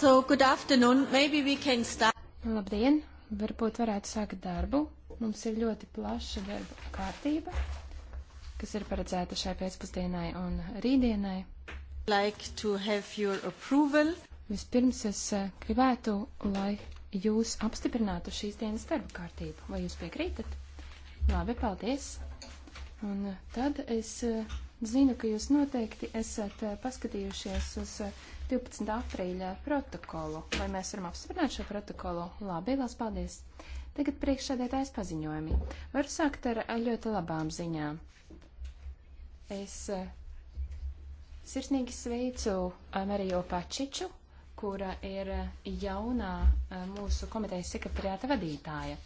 So, good afternoon. Maybe we can start. Labdien! Varbūt varētu sākt darbu. Mums ir ļoti plaša darba kārtība, kas ir paredzēta šai pēcpusdienai un rītdienai. Like to have your approval. Vispirms es eh, gribētu, lai jūs apstiprinātu šīs dienas darba kārtību. Vai jūs piekrītat? Labi, paldies! Un eh, tad es eh, Zinu, ka jūs noteikti esat eh, paskatījušies uz 12. Eh, aprīļa protokolu. Vai mēs varam apstiprināt šo protokolu? Labi, liels paldies. Tagad priekšsēdētājs paziņojumi. Varu sākt ar eh, ļoti labām ziņām. Es sirsnīgi sveicu Mariju Pačiču, kura ir jaunā mūsu komitejas sekretariāta vadītāja.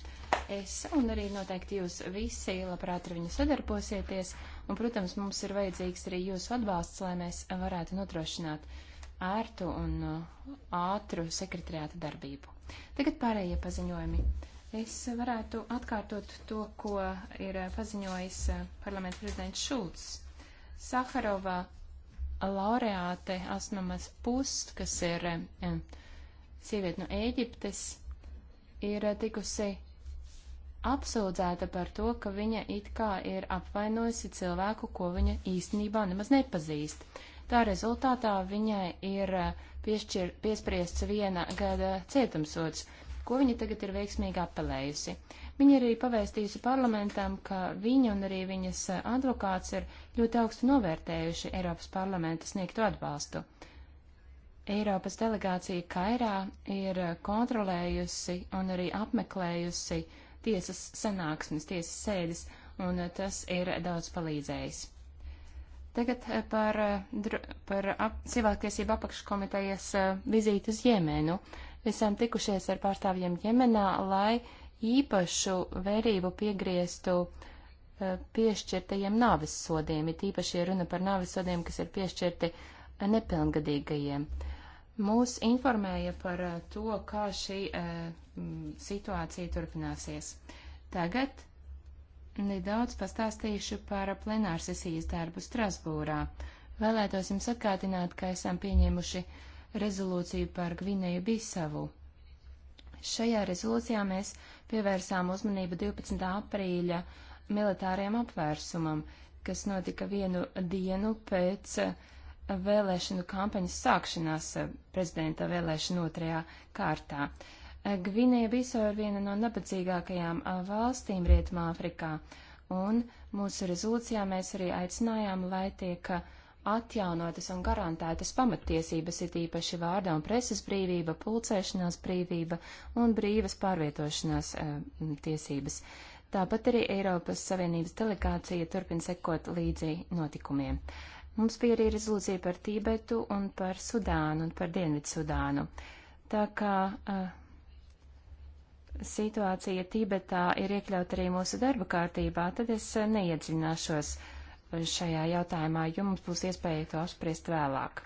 Es un arī noteikti jūs visi labprāt ar viņu sadarbosieties Un, protams, mums ir vajadzīgs arī jūsu atbalsts, lai mēs varētu nodrošināt ērtu un uh, ātru sekretariāta darbību. Tagad pārējie paziņojumi. Es varētu atkārtot to, ko ir paziņojis uh, parlamenta prezidents Šulcs. Saharova laureāte Asmamas Pust, kas ir um, sieviete no Ēģiptes, ir tikusi apsūdzēta par to, ka viņa it kā ir apvainojusi cilvēku, ko viņa īstenībā nemaz nepazīst. Tā rezultātā viņai ir eh, piešķir, piespriests viena gada cietumsots, ko viņa tagad ir veiksmīgi apelējusi. Viņa arī pavēstījusi parlamentam, ka viņa un arī viņas eh, advokāts ir ļoti augstu novērtējuši Eiropas parlamenta sniegto atbalstu. Eiropas delegācija Kairā ir eh, kontrolējusi un arī apmeklējusi uh, tiesas sanāksmes, tiesas sēdes, un eh, tas ir daudz palīdzējis. Tagad eh, par, eh, par ap, cilvēktiesību apakškomitejas vizīti uz Jemenu. Esam tikušies ar pārstāvjiem Jemenā, lai īpašu vērību piegrieztu piešķirtajiem nāves sodiem, it īpaši runa par nāves sodiem, kas ir piešķirti nepilngadīgajiem. Uh, mūs informēja par eh, to, kā šī eh, situācija turpināsies. Tagad nedaudz pastāstīšu par plenārsesijas darbu Strasbūrā. Vēlētos jums atkārtināt, ka esam pieņēmuši rezolūciju par Gvinēju Bisavu. Šajā rezolūcijā mēs pievērsām uzmanību 12. aprīļa militāriem apvērsumam, kas notika vienu dienu pēc uh, vēlēšanu kampaņas sākšanās eh, prezidenta vēlēšanu otrajā kārtā. Eh, Gvinēja Biso ir viena no nabadzīgākajām eh, valstīm Rietumā Afrikā, un mūsu rezolūcijā mēs arī aicinājām, lai tiek atjaunotas un garantētas pamattiesības, it īpaši vārda un preses brīvība, pulcēšanās brīvība un brīvas pārvietošanās e, tiesības. Tāpat arī Eiropas Savienības delegācija turpina sekot līdzi notikumiem. E, Mums bija arī rezolūcija par Tībetu un par Sudānu un par Dienvidu Sudānu. Tā kā uh, situācija Tībetā ir iekļaut arī mūsu darba kārtībā, tad es uh, eh, neiedziļināšos eh, šajā jautājumā, jo mums būs iespēja to apspriest vēlāk.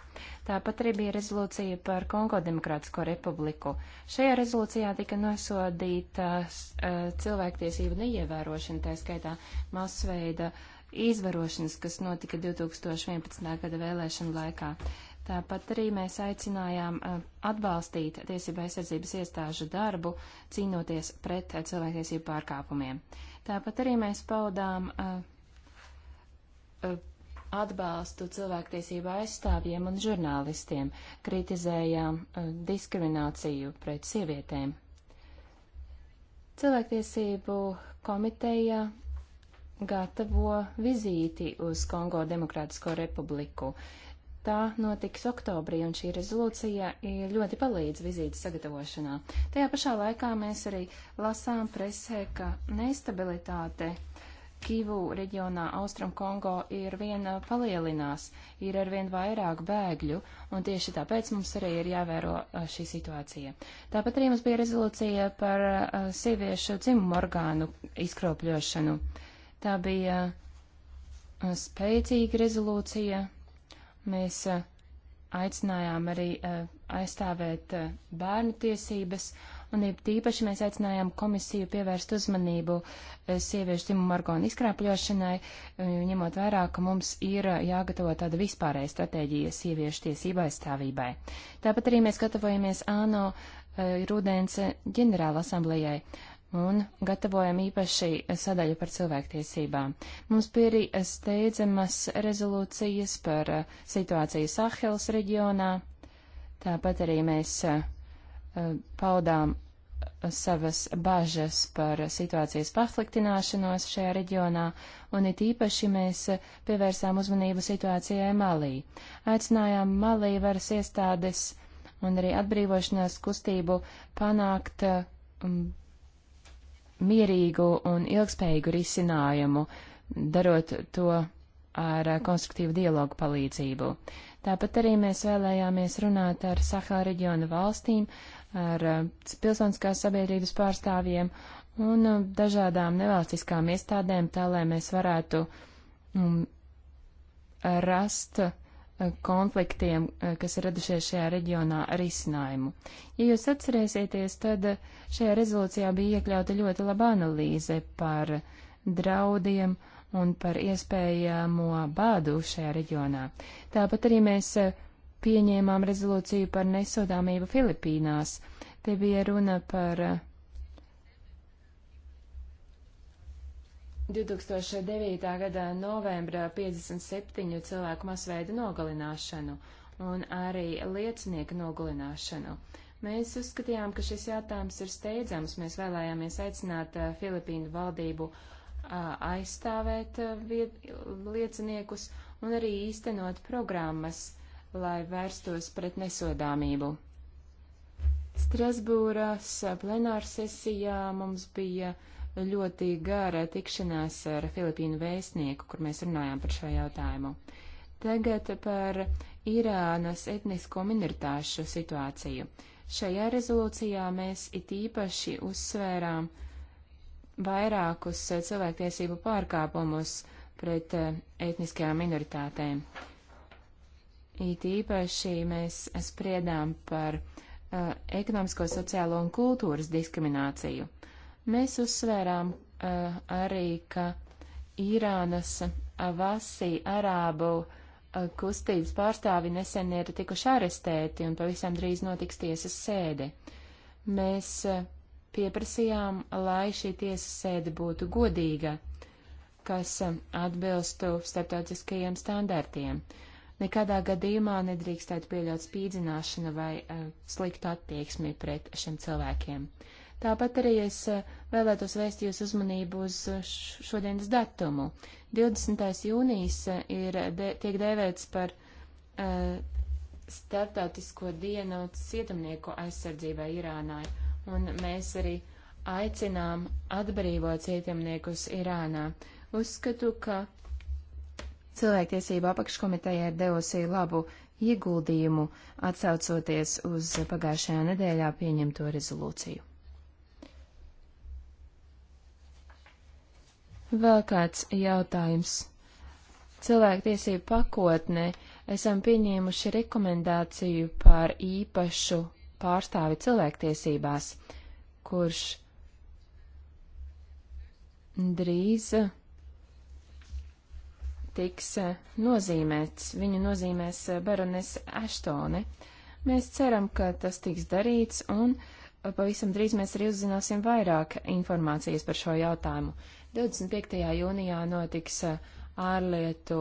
Tāpat arī bija rezolūcija par Kongo Demokrātisko republiku. Šajā rezolūcijā tika nosodīta uh, cilvēktiesību neievērošana, tā skaitā masveida uh, izvarošanas, kas notika 2011. gada vēlēšanu laikā. Tāpat arī mēs aicinājām uh, atbalstīt tiesību aizsardzības iestāžu darbu, cīnoties pret uh, cilvēktiesību pārkāpumiem. Tāpat arī mēs paudām uh, atbalstu cilvēktiesību aizstāvjiem un žurnālistiem, kritizējām diskrimināciju pret sievietēm. Cilvēktiesību komiteja gatavo vizīti uz Kongo Demokrātisko republiku. Tā notiks oktobrī, un šī rezolūcija ļoti palīdz vizītes sagatavošanā. Tajā pašā laikā mēs arī lasām presē, ka nestabilitāte Kivu reģionā Austrum Kongo ir vien palielinās, ir arvien vairāk bēgļu, un tieši tāpēc mums arī ir jāvēro šī situācija. Tāpat arī mums bija rezolūcija par sieviešu dzimumu orgānu izkropļošanu. Uh, Tā bija spēcīga rezolūcija. Mēs aicinājām arī aizstāvēt bērnu tiesības, un tīpaši mēs aicinājām komisiju pievērst uzmanību sieviešu dzimumu orgānu izkrāpļošanai, ņemot vērā, ka mums ir jāgatavo tāda vispārēja stratēģija sieviešu tiesību aizstāvībai. Tāpat arī mēs gatavojamies ANO rudens ģenerāla asamblējai un gatavojam īpaši sadaļu par cilvēktiesībām. Mums bija arī steidzamas rezolūcijas par eh, situāciju Sahels reģionā. Tāpat arī mēs eh, paudām eh, savas bažas par situācijas pasliktināšanos šajā reģionā, un it īpaši mēs pievērsām uzmanību situācijai Malī. Aicinājām Malī varas iestādes un arī atbrīvošanās kustību panākt um, mierīgu un ilgspējīgu risinājumu, darot to ar konstruktīvu dialogu palīdzību. Tāpat arī mēs vēlējāmies runāt ar Sahā reģiona valstīm, ar uh, pilsoniskās sabiedrības pārstāvjiem un uh, dažādām nevalstiskām iestādēm, tā lai mēs varētu um, rast uh, Eh, konfliktiem, eh, kas ir radušies šajā reģionā, risinājumu. Ja jūs atcerēsieties, tad šajā rezolūcijā bija iekļauta ļoti laba analīze par draudiem un par iespējamo bādu šajā reģionā. Tāpat arī mēs eh, pieņēmām rezolūciju par nesodāmību Filipīnās. Te bija runa par 2009. gada novembra 57 cilvēku masveida nogalināšanu un arī liecinieka nogalināšanu. Mēs uzskatījām, ka šis jautājums ir steidzams. Mēs vēlējāmies aicināt uh, Filipīnu valdību uh, aizstāvēt uh, viet, lieciniekus un arī īstenot programmas, lai vērstos pret nesodāmību. Strasbūras plenārsesijā mums bija uh, ļoti gara tikšanās ar Filipīnu vēstnieku, kur mēs runājām par šo jautājumu. Tagad par Irānas etnisko minoritāšu situāciju. Šajā rezolūcijā mēs it īpaši uzsvērām vairākus cilvēktiesību pārkāpumus pret eh, etniskajām minoritātēm. It īpaši mēs spriedām par uh, ekonomisko, sociālo un kultūras diskrimināciju. Uh, Mēs uzsvērām uh, eh, arī, ka Irānas Avasī arābu uh, kustības pārstāvi nesen ir tikuši arestēti un pavisam drīz notiks tiesas sēde. Mēs uh, pieprasījām, lai šī tiesas sēde būtu godīga, kas uh, atbilstu starptautiskajiem standartiem. Nekādā gadījumā nedrīkstētu pieļaut spīdzināšanu vai uh, sliktu attieksmi pret šiem cilvēkiem. Uh, Tāpat arī es eh, vēlētos vēst jūs uzmanību uz šodienas datumu. 20. jūnijas eh, ir, de, tiek dēvēts par uh, eh, Startautisko dienu cietumnieku aizsardzībai Irānai, un mēs arī aicinām atbrīvot cietumniekus Irānā. Uzskatu, ka cilvēktiesība apakškomiteja ir devusi labu ieguldījumu, atsaucoties uz pagājušajā nedēļā pieņemto rezolūciju. Vēl kāds jautājums. Cilvēktiesību pakotnē esam pieņēmuši rekomendāciju par īpašu pārstāvi cilvēktiesībās, kurš drīz tiks nozīmēts, viņu nozīmēs baronese Aštone. Mēs ceram, ka tas tiks darīts, un pavisam drīz mēs arī uzzināsim vairāk informācijas par šo jautājumu. 25. jūnijā notiks eh, ārlietu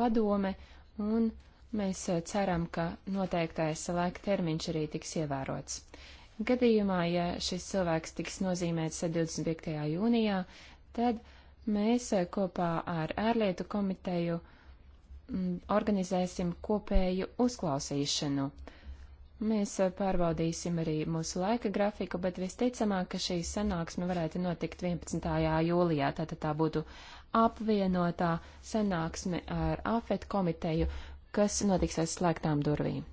padome, un mēs eh, ceram, ka noteiktais laika termiņš arī tiks ievērots. Gadījumā, ja šis cilvēks tiks nozīmēts 25. Eh, jūnijā, tad mēs kopā ar ārlietu komiteju mm, organizēsim kopēju uzklausīšanu. Uh, Mēs eh, pārbaudīsim arī mūsu laika grafiku, bet visticamāk, ka šī sanāksme varētu notikt 11. jūlijā, tātad tā būtu apvienotā sanāksme ar AFET komiteju, kas notiks aiz slēgtām durvīm.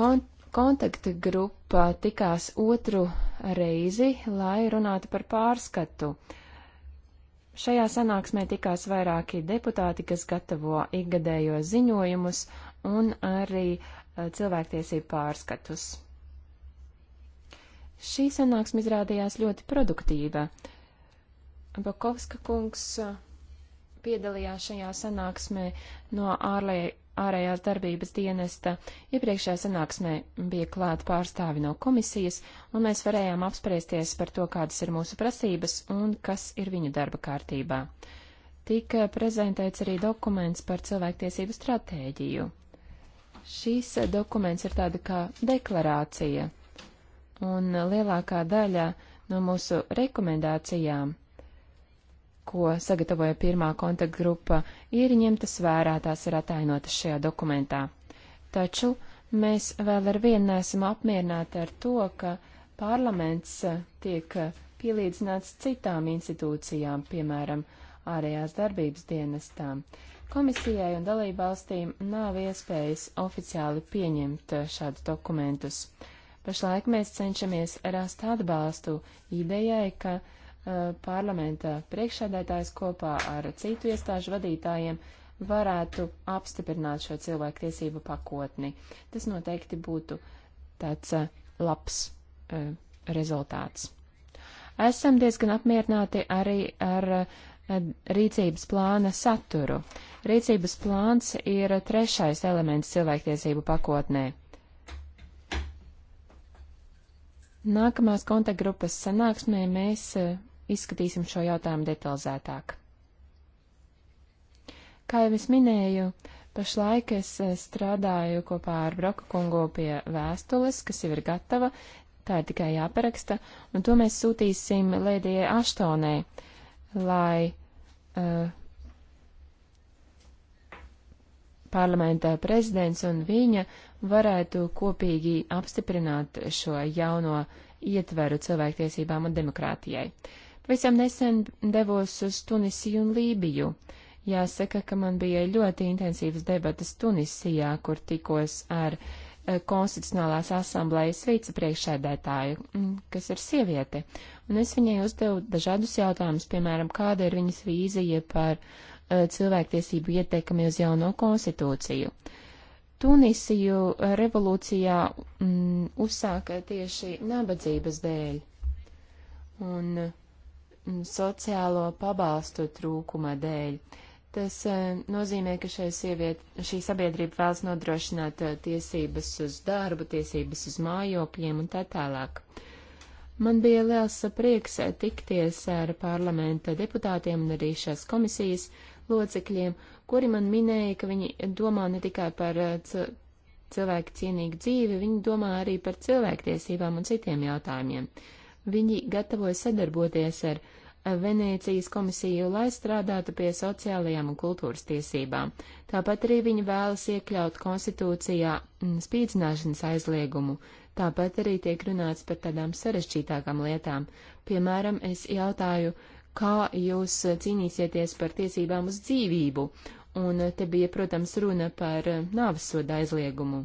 Kon kontakta grupa tikās otru reizi, lai runātu par pārskatu. Šajā sanāksmē tikās vairāki deputāti, kas gatavo ikgadējo ziņojumus un arī eh, cilvēktiesību pārskatus. Šī sanāksme izrādījās ļoti produktīva. Bakovska kungs eh, piedalījās šajā sanāksmē no ārlē, ārējās darbības dienesta. Iepriekšējā sanāksmē bija klāt pārstāvi no komisijas, un mēs varējām apspriesties par to, kādas ir mūsu prasības un kas ir viņu darba kārtībā. Tika prezentēts arī dokuments par cilvēktiesību stratēģiju. Šīs dokuments ir tāda kā deklarācija, un lielākā daļa no mūsu rekomendācijām, ko sagatavoja pirmā kontaktgrupa, ir ņemtas vērā, tās ir atainotas šajā dokumentā. Taču mēs vēl ar vienu nesam apmierināti ar to, ka parlaments tiek pielīdzināts citām institūcijām, piemēram, ārējās darbības dienestām. Uh, Komisijai un dalībvalstīm nav iespējas oficiāli pieņemt eh, šādus dokumentus. Pašlaik mēs cenšamies rast atbalstu idejai, ka uh, parlamenta priekšsēdētājs kopā ar citu iestāžu vadītājiem varētu apstiprināt šo cilvēku tiesību pakotni. Tas noteikti būtu tāds uh, labs uh, rezultāts. Esam diezgan apmierināti arī ar uh, Eh, rīcības plāna saturu. Rīcības plāns ir trešais elements cilvēktiesību pakotnē. Nākamās kontaktgrupas sanāksmē mēs eh, izskatīsim šo jautājumu detalizētāk. Kā jau es minēju, pašlaik es eh, strādāju kopā ar Broka kungu pie vēstules, kas jau ir gatava, tā ir tikai jāparaksta, un to mēs sūtīsim Lēdijai Aštonai lai uh, parlamenta prezidents un viņa varētu kopīgi apstiprināt šo jauno ietveru cilvēktiesībām un demokrātijai. Pavisam nesen devos uz Tunisiju un Lībiju. Jāsaka, ka man bija ļoti intensīvas debatas Tunisijā, kur tikos ar uh, Eh, konstitucionālās asamblejas vicepriekšēdētāju, mm, kas ir sieviete, un es viņai uzdevu dažādus jautājumus, piemēram, kāda ir viņas vīzija par eh, cilvēktiesību ieteikumi uz jauno konstitūciju. Tunisiju eh, revolūcijā mm, uzsāka tieši nabadzības dēļ un mm, sociālo pabalstu trūkuma dēļ. Tas eh, nozīmē, ka sieviet, šī sabiedrība vēlas nodrošināt eh, tiesības uz darbu, tiesības uz mājokļiem un tā tālāk. Man bija liels eh, prieks tikties ar parlamenta deputātiem un arī šās komisijas locekļiem, kuri man minēja, ka viņi domā ne tikai par cilvēku cienīgu dzīvi, viņi domā arī par cilvēktiesībām un citiem jautājumiem. Viņi gatavoja sadarboties ar Venēcijas komisiju, lai strādātu pie sociālajām un kultūras tiesībām. Tāpat arī viņi vēlas iekļaut konstitūcijā mm, spīdzināšanas aizliegumu. Tāpat arī tiek runāts par tādām sarežģītākām lietām. Piemēram, es jautāju, kā jūs cīnīsieties par tiesībām uz dzīvību, un te bija, protams, runa par eh, nāvesoda aizliegumu.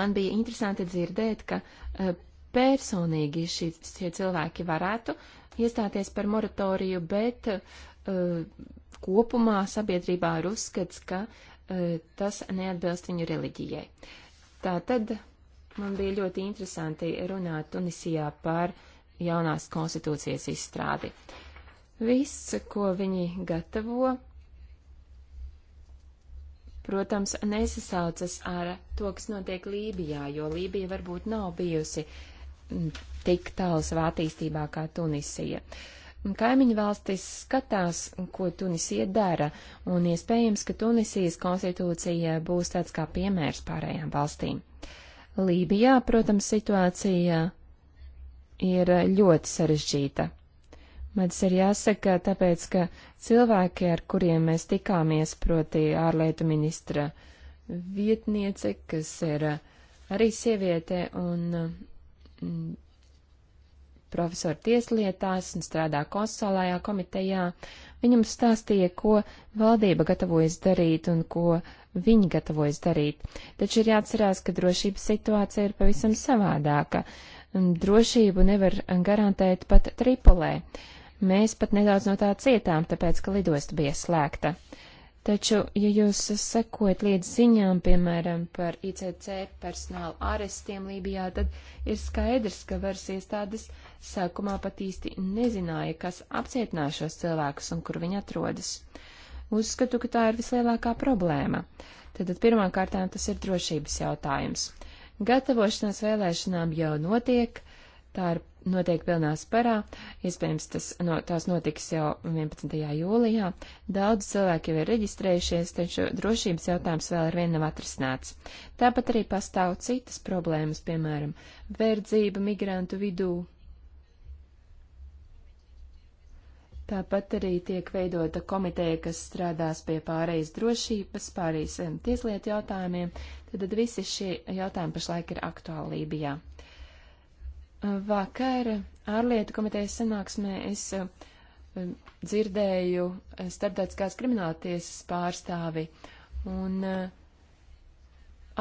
Man bija interesanti dzirdēt, ka eh, personīgi šie cilvēki varētu iestāties par moratoriju, bet uh, kopumā sabiedrībā ir uzskats, ka uh, tas neatbilst viņu reliģijai. Tā tad man bija ļoti interesanti runāt Tunisijā par jaunās konstitūcijas izstrādi. Viss, ko viņi gatavo, protams, nesasaucas ar to, kas notiek Lībijā, jo Lībija varbūt nav bijusi tik tālu savā attīstībā kā Tunisija. Kaimiņu valstis skatās, ko Tunisija dara, un iespējams, ka Tunisijas konstitūcija būs tāds kā piemērs pārējām valstīm. Lībijā, protams, situācija ir ļoti sarežģīta. Man tas ir jāsaka, tāpēc, ka cilvēki, ar kuriem mēs tikāmies, proti ārlietu ministra vietniece, kas ir arī sieviete, un mm, profesori tieslietās un strādā konsolājā komitejā. Viņam stāstīja, ko valdība gatavojas darīt un ko viņi gatavojas darīt. Taču ir jāatcerās, ka drošības situācija ir pavisam savādāka. Drošību nevar garantēt pat Tripolē. Mēs pat nedaudz no tā cietām, tāpēc, ka lidosta bija slēgta. Taču, ja jūs sekojat līdz ziņām, piemēram, par ICC personāla arestiem Lībijā, tad ir skaidrs, ka varas iestādes sākumā pat īsti nezināja, kas apcietināja šos cilvēkus un kur viņi atrodas. Uzskatu, ka tā ir vislielākā problēma. Tātad pirmām kārtām tas ir drošības jautājums. Gatavošanās vēlēšanām jau notiek, tā ir notiek pilnā sparā, iespējams tas, no, tās notiks jau 11. jūlijā. Daudz cilvēki jau ir reģistrējušies, taču drošības jautājums vēl ar vienu nav atrisināts. Tāpat arī pastāv citas problēmas, piemēram, verdzība migrantu vidū. Tāpat arī tiek veidota komiteja, kas strādās pie pārejas drošības, pārejas tieslietu jautājumiem. Tad, tad visi šie jautājumi pašlaik ir aktuāli Lībijā. Vakar ārlietu komitejas sanāksmē es dzirdēju eh, starptautiskās krimināltiesas pārstāvi, un eh,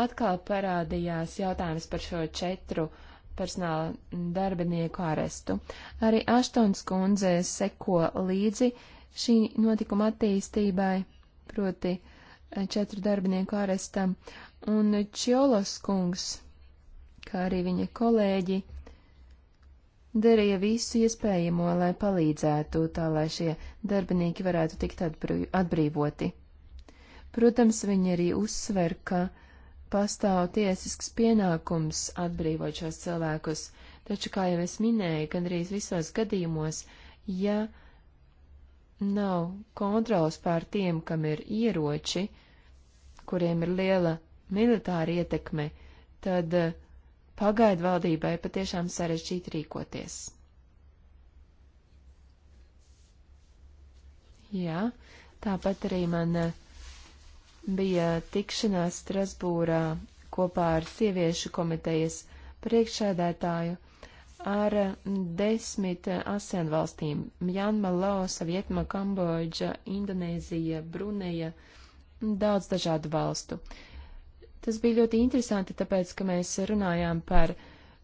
atkal parādījās jautājums par šo četru uh, personāla darbinieku arestu. Arī Aštons kundze seko līdzi šī notikuma attīstībai, proti eh, četru darbinieku arestam, un Čiolos kungs, kā arī viņa kolēģi, darīja visu iespējamo, lai palīdzētu tā, lai šie darbinieki varētu tikt atbrīvoti. Protams, viņi arī uzsver, ka pastāv tiesisks pienākums atbrīvot šos cilvēkus, taču, kā jau es minēju, gandrīz visos gadījumos, ja nav kontrols pār tiem, kam ir ieroči, kuriem ir liela militāra ietekme, tad eh, pagaidu valdībai patiešām sarežģīti rīkoties. Jā, tāpat arī man eh, bija tikšanās Strasbūrā kopā ar sieviešu komitejas priekšsēdētāju ar desmit ASEAN valstīm - Mjanma, Laosa, Vietma, Kambodža, Indonēzija, Bruneja un daudz dažādu valstu. Tas bija ļoti interesanti, tāpēc, ka mēs runājām par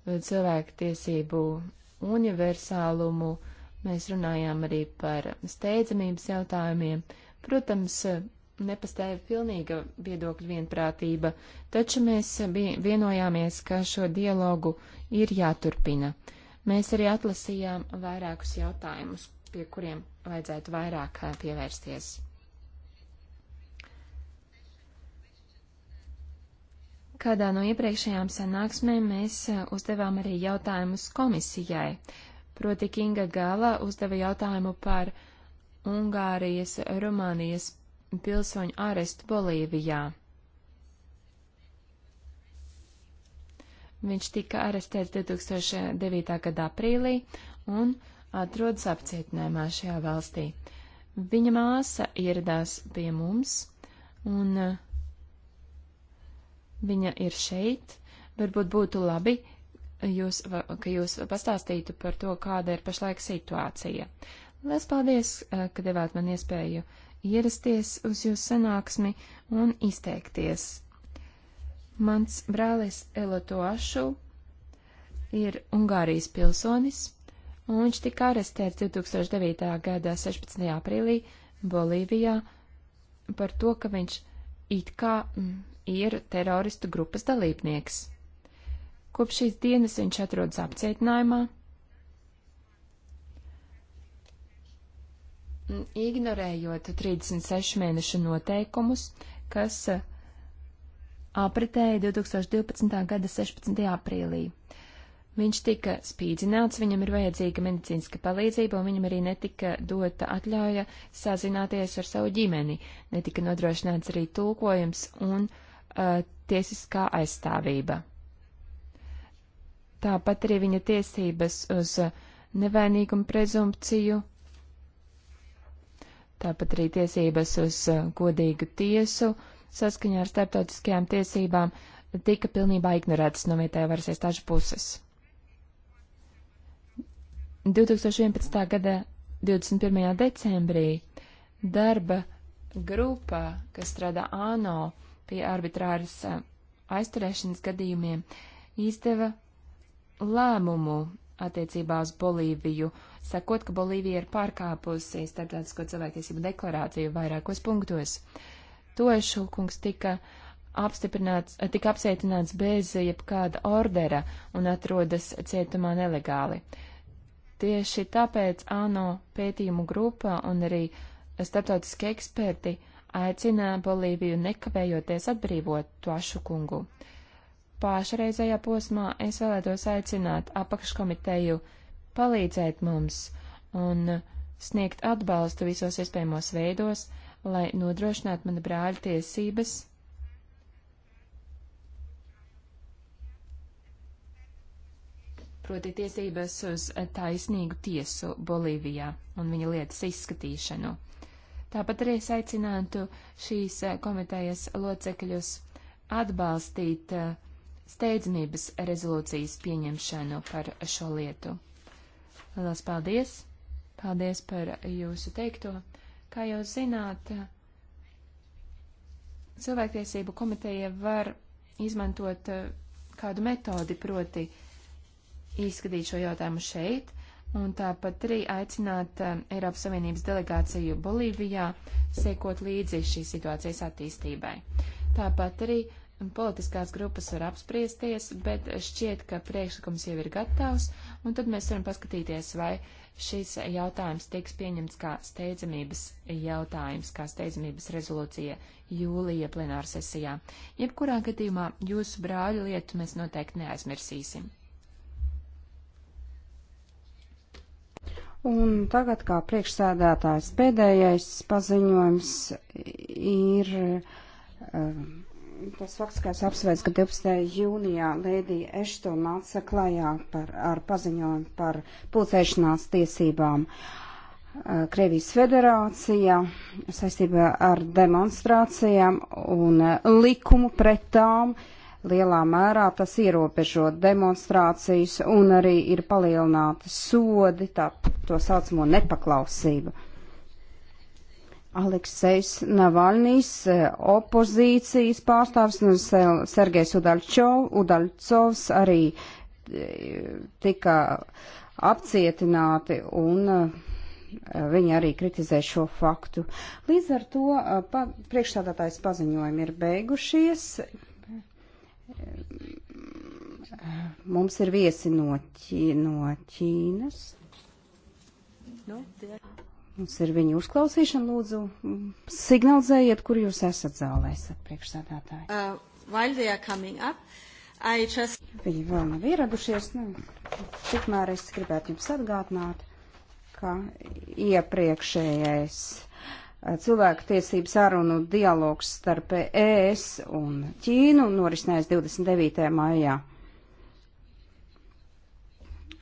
cilvēku tiesību universālumu, mēs runājām arī par steidzamības jautājumiem. Protams, nepastāja pilnīga viedokļa vienprātība, taču mēs vienojāmies, ka šo dialogu ir jāturpina. Mēs arī atlasījām vairākus jautājumus, pie kuriem vajadzētu vairāk pievērsties. Kādā no iepriekšējām sanāksmēm mēs uzdevām arī jautājumus komisijai. Proti Kinga Gala uzdeva jautājumu par Ungārijas, Rumānijas pilsoņu arestu Bolīvijā. Viņš tika arestēts 2009. gada aprīlī un atrodas apcietinājumā šajā valstī. Viņa māsa ieradās pie mums, un uh, viņa ir šeit. Varbūt būtu labi, jūs, ka jūs pastāstītu par to, kāda ir pašlaik situācija. Lielas paldies, uh, ka devāt man iespēju uh, ierasties uz jūsu sanāksmi un izteikties. Mans brālis Elotoašu ir Ungārijas pilsonis, un viņš tika arestēts 2009. gada 16. aprīlī Bolīvijā par to, ka viņš it kā mm, ir teroristu grupas dalībnieks. Kopš šīs dienas viņš atrodas apcietinājumā, ignorējot 36 mēnešu noteikumus, kas eh, apritēja 2012. gada 16. aprīlī. Viņš tika spīdzināts, viņam ir vajadzīga medicīniska palīdzība, un viņam arī netika dota atļauja sazināties ar savu ģimeni, netika nodrošināts arī tulkojums un uh, tiesiskā aizstāvība. Tāpat arī viņa tiesības uz eh, nevainīgumu prezumpciju tāpat arī tiesības uz uh, godīgu tiesu saskaņā ar starptautiskajām tiesībām tika pilnībā ignorētas no vietējā varas iestāžu puses. 2011. gada 21. decembrī darba grupā, kas strādā ANO pie arbitrāras uh, aizturēšanas gadījumiem, izdeva lēmumu attiecībā uz Bolīviju, sakot, ka Bolīvija ir pārkāpusi starptautisko cilvēktiesību deklarāciju vairākos punktos. Tošu kungs tika apstiprināts, tika apcietināts bez jebkāda ordera un atrodas cietumā nelegāli. Tieši tāpēc ANO pētījumu grupā un arī starptautiski eksperti aicina Bolīviju nekavējoties atbrīvot Tošu kungu. Uh, pašreizējā posmā es vēlētos aicināt apakškomiteju palīdzēt mums un sniegt atbalstu visos iespējamos veidos, lai nodrošinātu mana brāļa tiesības. Proti tiesības uz taisnīgu tiesu Bolīvijā un viņa lietas izskatīšanu. Tāpat arī es aicinātu šīs komitejas locekļus atbalstīt uh, steidzamības rezolūcijas pieņemšanu par šo lietu. Lielas paldies! Paldies par jūsu teikto! Kā jūs zināt, cilvēktiesību komiteja var izmantot eh, kādu metodi, proti izskatīt šo jautājumu šeit, un tāpat arī aicināt eh, Eiropas Savienības delegāciju Bolīvijā, sekot līdzi šīs situācijas attīstībai. Tāpat arī Politiskās grupas var apspriesties, bet šķiet, ka priekšlikums jau ir gatavs, un tad mēs varam paskatīties, vai šis jautājums tiks pieņemts kā steidzamības jautājums, kā steidzamības rezolūcija jūlija plenāra sesijā. Jebkurā gadījumā jūsu brāļu lietu mēs noteikti neaizmirsīsim. Un tagad, kā priekšsēdētājs, pēdējais paziņojums ir. Um, tas fakts, kā es apsveicu, ka 12. jūnijā Lēdija Eštona nāca klajā par, ar paziņojumu par pulcēšanās tiesībām Krievijas federācijā saistībā ar demonstrācijām un likumu pret tām. Lielā mērā tas ierobežo demonstrācijas un arī ir palielināti sodi, tā to saucamo nepaklausību. Aleksejs Navalnīs, e, opozīcijas pārstāvs, un Sergejs Udaļcovs arī e, tika apcietināti, un e, viņi arī kritizē šo faktu. Līdz ar to pa, priekšstādātājs paziņojumi ir beigušies. Mums ir viesi no, ķi, no Ķīnas. No, Mums ir viņa uzklausīšana, lūdzu, signalizējiet, kur jūs esat zālē, saka priekšsādātāji. Uh, just... Viņi vēl nav ieradušies, nu, tikmēr es gribētu jums atgādināt, ka iepriekšējais uh, cilvēku tiesību sarunu dialogs starp ES un Ķīnu norisinājās 29. maijā.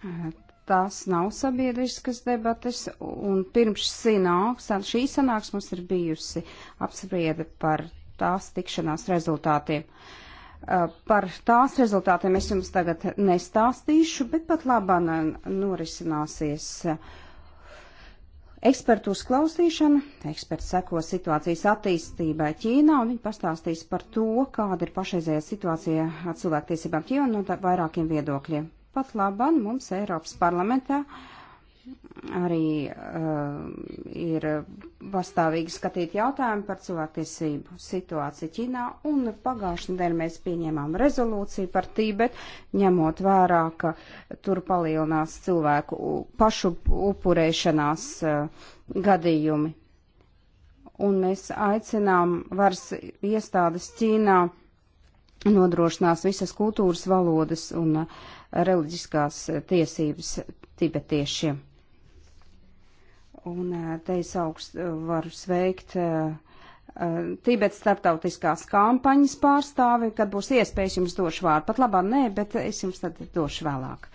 Uh, tās nav sabiedriskas debates, un pirms sanāks, šī sanāks mums ir bijusi apspriede par tās tikšanās rezultātiem. Uh, par tās rezultātiem es jums tagad nestāstīšu, bet pat labā norisināsies uh, ekspertu uzklausīšana. Eksperts seko situācijas attīstībai Ķīnā, un viņi pastāstīs par to, kāda ir pašreizējā situācija cilvēktiesībām Ķīnā no vairākiem viedokļiem. Pat labam mums Eiropas parlamentā arī uh, ir pastāvīgi skatīt jautājumu par cilvēktiesību situāciju Ķinā, un pagājušajā nedēļā mēs pieņēmām rezolūciju par Tībet, ņemot vērā, ka tur palielinās cilvēku pašu upurēšanās uh, gadījumi. Un mēs aicinām varas iestādes Ķīnā nodrošinās visas kultūras valodas un uh, reliģiskās tiesības tibetiešiem. Un eh, te es augst varu sveikt eh, eh, Tibets starptautiskās kampaņas pārstāvi, kad būs iespējas jums došu vārdu. Pat labāk nē, bet es jums tad došu vēlāk.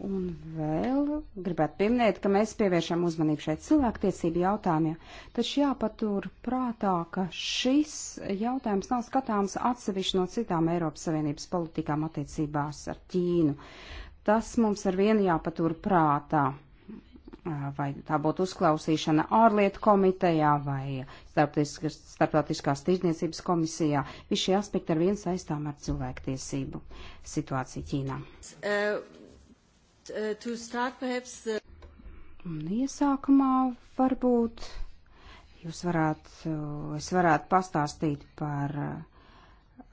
Un vēl gribētu pieminēt, ka mēs pievēršam uzmanību šeit cilvēktiesību jautājumiem, taču jāpatur prātā, ka šis jautājums nav skatāms atsevišķi no citām Eiropas Savienības politikām attiecībās ar Ķīnu. Tas mums ar vienu jāpatur prātā. Vai tā būtu uzklausīšana ārlietu komitejā vai starptautiskās, starptautiskās tirdzniecības komisijā, visi šie aspekti ar vienu saistām ar cilvēktiesību situāciju Ķīnā. Uh uh, to start perhaps the... Uh, Un iesākumā varbūt jūs varētu, uh, es varētu pastāstīt par uh,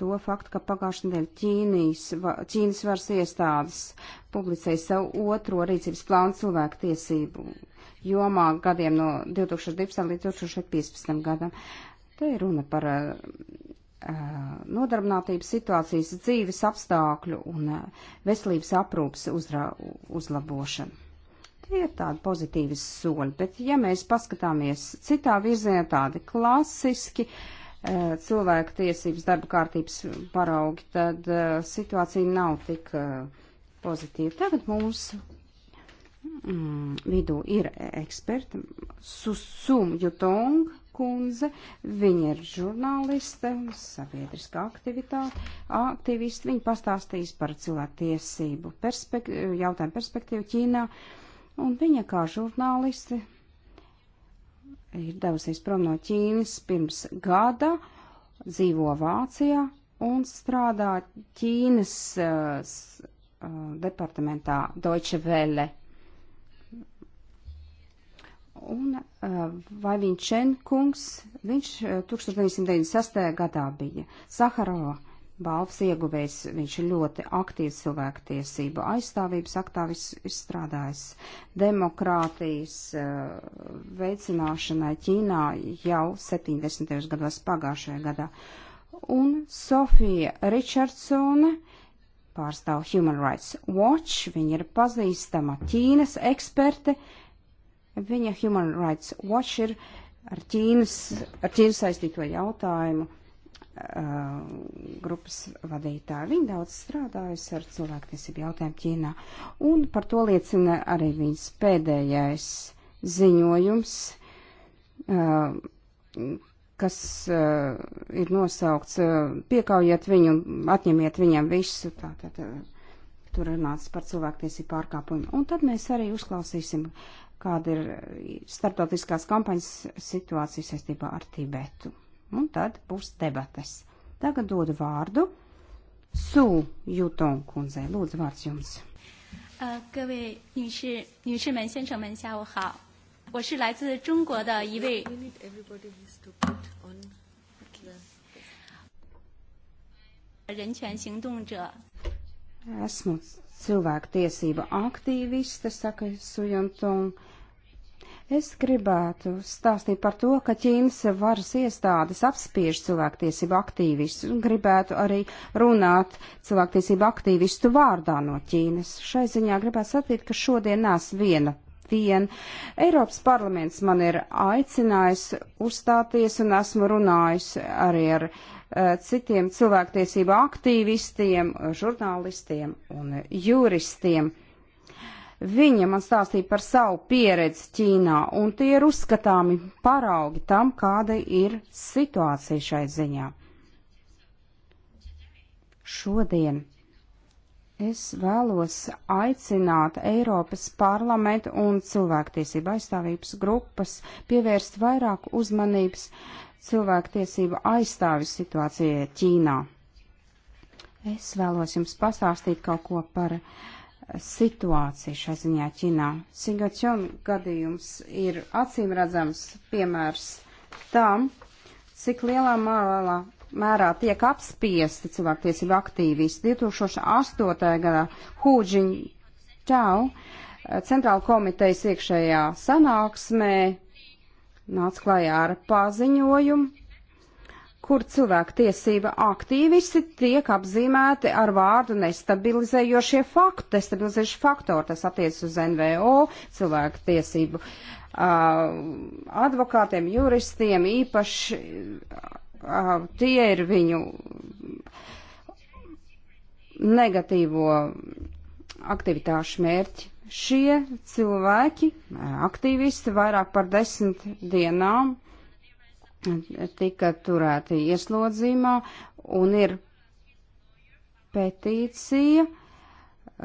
to faktu, ka pagājušajā nedēļā Ķīnijas, Ķīnas varas iestādes publicēja savu otro rīcības plānu cilvēku tiesību jomā gadiem no 2012. līdz 2015. gadam. Te ir runa par Eh, nodarbinātības situācijas, dzīves apstākļu un eh, veselības aprūpas uzra, uzlabošanu. Tie ir tādi pozitīvi soļi, bet ja mēs paskatāmies citā virzienā, tādi klasiski eh, cilvēku tiesības darba kārtības paraugi, tad situācija nav tik pozitīva. Tagad mums mm, vidū ir eksperti Susum Jutong kundze. Viņa ir žurnāliste, sabiedriska aktivitāte, aktivisti. Viņa pastāstīs par cilvēktiesību perspek jautājumu perspektīvu Ķīnā. Un viņa kā žurnāliste ir devusies prom no Ķīnas pirms gada, dzīvo Vācijā un strādā Ķīnas uh, departamentā Deutsche Welle. Un uh, vai viņš Čenkungs, viņš uh, eh, 1996. gadā bija Saharova balvas ieguvējs, viņš ir ļoti aktīvs cilvēktiesību aizstāvības aktāvis, izstrādājis demokrātijas uh, veicināšanai Ķīnā jau 70. gados pagājušajā gadā. Un Sofija Richardsone pārstāv Human Rights Watch, viņa ir pazīstama Ķīnas eksperte. Uh, Viņa Human Rights Watch ir ar Ķīnas, ar Ķīnas saistīto jautājumu uh, grupas vadītāja. Viņa daudz strādājusi ar cilvēktiesību jautājumu Ķīnā, un par to liecina arī viņas pēdējais ziņojums, uh, kas uh, ir nosaukts Piekaujiet viņu un atņemiet viņam visu. Tātad, tur runāts par cilvēktiesību pārkāpumiem. Un tad mēs arī uzklausīsim uh, kāda ir starptautiskās kampaņas situācija saistībā ar Tibetu. Un tad būs debates. Tagad dodu vārdu Su Jutong kundzei. Lūdzu, vārds jums. Uh, 各位女士、女士们、先生们，下午好！我是来自中国的一位。人权行动者。Esmu cilvēku tiesība aktīviste, saka Sujantung. Es gribētu stāstīt par to, ka Ķīnas varas iestādes apspiež cilvēktiesību aktīvistus un gribētu arī runāt cilvēktiesību aktīvistu vārdā no Ķīnas. Šai ziņā gribētu sacīt, ka šodien nāc viena. Vien. Eiropas parlaments man ir aicinājis uzstāties un esmu runājis arī ar uh, citiem cilvēktiesību aktīvistiem, žurnālistiem un juristiem. Viņa man stāstīja par savu pieredzi Ķīnā, un tie ir uzskatāmi paraugi tam, kāda ir situācija šai ziņā. Šodien es vēlos aicināt Eiropas parlamentu un cilvēktiesību aizstāvības grupas pievērst vairāk uzmanības cilvēktiesību aizstāvju situācijai Ķīnā. Es vēlos jums pastāstīt kaut ko par uh, situācija šai ziņā Ķinā. Singačom gadījums ir acīm redzams piemērs tam, cik lielā mērā, mērā tiek apspiesti cilvēktiesību aktīvisti. 2008. gadā Hūģiņ Čau Centrāla komitejas iekšējā sanāksmē nāca klajā ar paziņojumu, kur cilvēku tiesība aktīvisti tiek apzīmēti ar vārdu nestabilizējošie fakti, nestabilizējuši faktori. Tas attiec uz NVO, cilvēku tiesību uh, advokātiem, juristiem, īpaši uh, tie ir viņu negatīvo aktivitāšu mērķi. Šie cilvēki, aktīvisti, vairāk par desmit dienām tika turēti ieslodzījumā, un ir petīcija uh,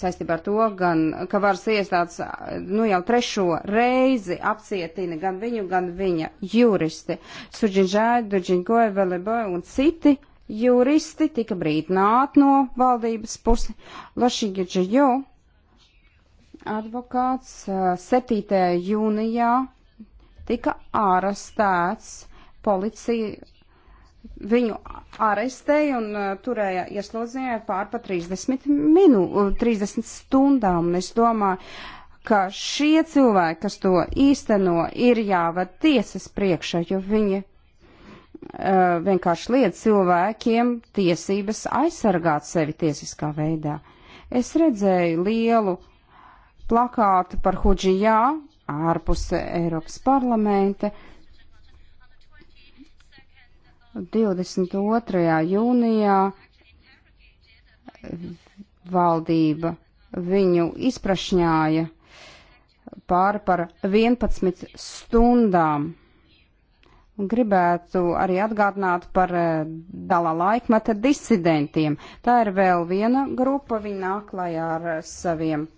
saistībā ar to, gan, ka varas iestādes uh, nu, jau trešo reizi apcietina gan viņu, gan viņa juristi. Suģinžai, Duģingoja, Veleboja un citi juristi tika brīdināti no valdības pusi. Lašiģiģiģo advokāts 7. Uh, jūnijā tika ārastēts. Policija viņu arestēja un uh, turēja ieslodzījumā pār pa 30 minū, 30 stundām. Un es domāju, ka šie cilvēki, kas to īsteno, ir jāved tiesas priekšā, jo viņi uh, vienkārši liedz cilvēkiem tiesības aizsargāt sevi tiesiskā veidā. Es redzēju lielu plakātu par Hudžijā, ārpus Eiropas parlamenta. 22. jūnijā valdība viņu izprašņāja pāri par 11 stundām. Gribētu arī atgādināt par eh, dalā laikmeta disidentiem. Tā ir vēl viena grupa, viņi nāk klajā ar eh, saviem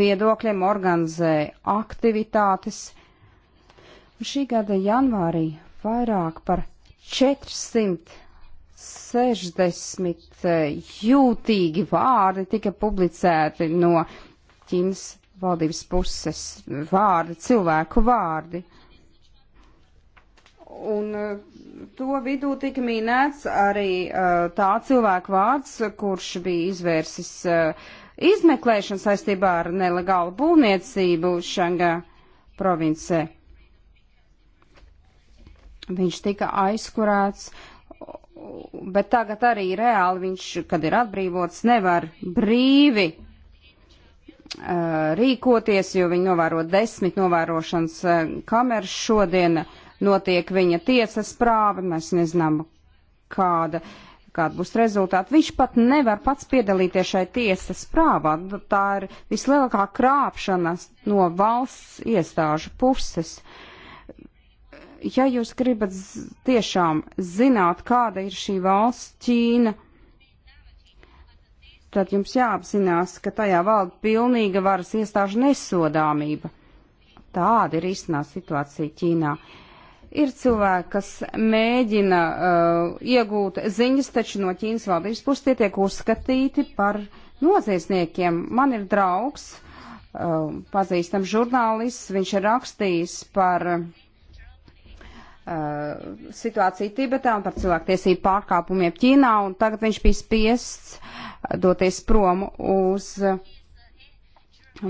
viedokļiem, organizēja aktivitātes. Un šī gada janvārī vairāk par 460 eh, jūtīgi vārdi tika publicēti no Ķīnas valdības puses vārdi, cilvēku vārdi. Un eh, to vidū tika minēts arī uh, tā cilvēka vārds, kurš bija izvērsis uh, izmeklēšanu saistībā ar nelegālu būvniecību Šangā provincē. Viņš tika aizkurāts, bet tagad arī reāli viņš, kad ir atbrīvots, nevar brīvi uh, rīkoties, jo viņi novēro desmit novērošanas kameras šodien, notiek viņa tiesas prāva, mēs nezinām, kāda uh, kāda būs rezultāta. Viņš pat nevar pats piedalīties šai tiesas prāvā. Tā ir vislielākā krāpšanas no valsts iestāžu puses. Ja jūs gribat tiešām zināt, kāda ir šī valsts Ķīna, tad jums jāapzinās, ka tajā valda pilnīga varas iestāžu nesodāmība. Tāda ir īstenā situācija Ķīnā. Ir cilvēki, kas mēģina uh, iegūt ziņas, taču no Ķīnas valdības puses tie tiek uzskatīti par noziedzniekiem. Man ir draugs, uh, pazīstams žurnālists, viņš ir rakstījis par uh, situāciju Tibetā un par cilvēktiesību pārkāpumiem Ķīnā, un tagad viņš bija spiests uh, doties prom uz. Uh,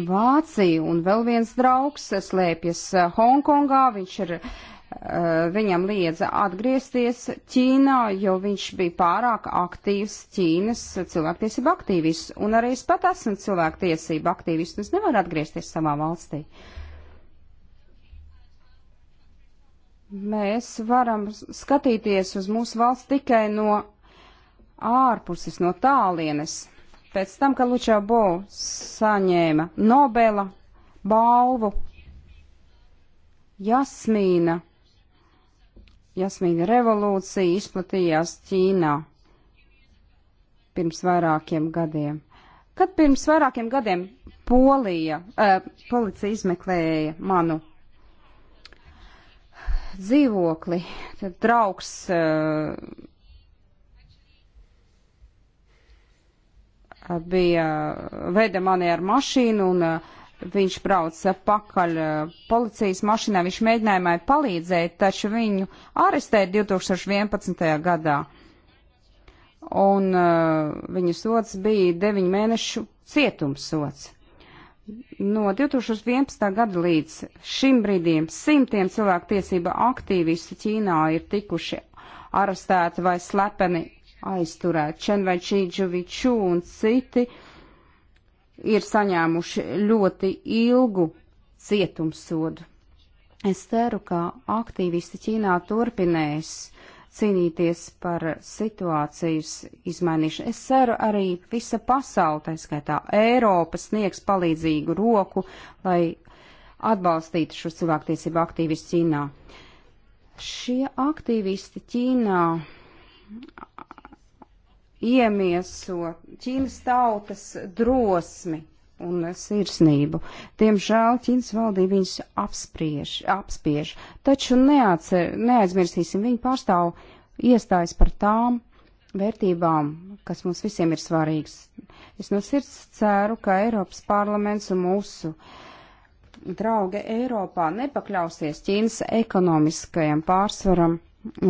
Vācija un vēl viens draugs uh, slēpjas uh, Hongkongā, viņš ir uh, Eh, viņam liedza atgriezties Ķīnā, jo viņš bija pārāk aktīvs Ķīnas cilvēktiesību aktīvists. Un arī es pat esmu cilvēktiesību aktīvists, un es nevaru atgriezties savā valstī. Mēs varam skatīties uz mūsu valsts tikai no ārpuses, no tālienes. Pēc tam, kad Lučabo saņēma Nobela balvu, Jasmīna Jasmīna revolūcija izplatījās Ķīnā pirms vairākiem gadiem. Kad pirms vairākiem gadiem Polija, eh, policija izmeklēja manu dzīvokli, tad draugs eh, bija veda mani ar mašīnu un eh, Viņš brauca pakaļ eh, policijas mašīnā, viņš mēģinājumai palīdzēt, taču viņu arestēja 2011. gadā. Un uh, viņa sots bija 9 mēnešu cietumsots. No 2011. gada līdz šim brīdim simtiem cilvēku tiesība aktīvisti Ķīnā ir tikuši arestēti vai slepeni aizturēt. Čenvai Čīdžuviču un citi ir saņēmuši ļoti ilgu cietumsodu. Es ceru, ka aktīvisti Ķīnā turpinēs cīnīties par situācijas izmainīšanu. Es ceru arī visa pasaule, tā skaitā Eiropa, sniegs palīdzīgu roku, lai atbalstītu šo cilvēktiesību aktīvistu Ķīnā. Šie aktīvisti Ķīnā iemieso Ķīnas tautas drosmi un sirsnību. Diemžēl Ķīnas valdība viņus apspriež, apspiež, taču neatcer, neaizmirsīsim, viņi pārstāv iestājas par tām vērtībām, kas mums visiem ir svarīgas. Es no sirds ceru, ka Eiropas parlaments un mūsu draugi Eiropā nepakļausies Ķīnas ekonomiskajam pārsvaram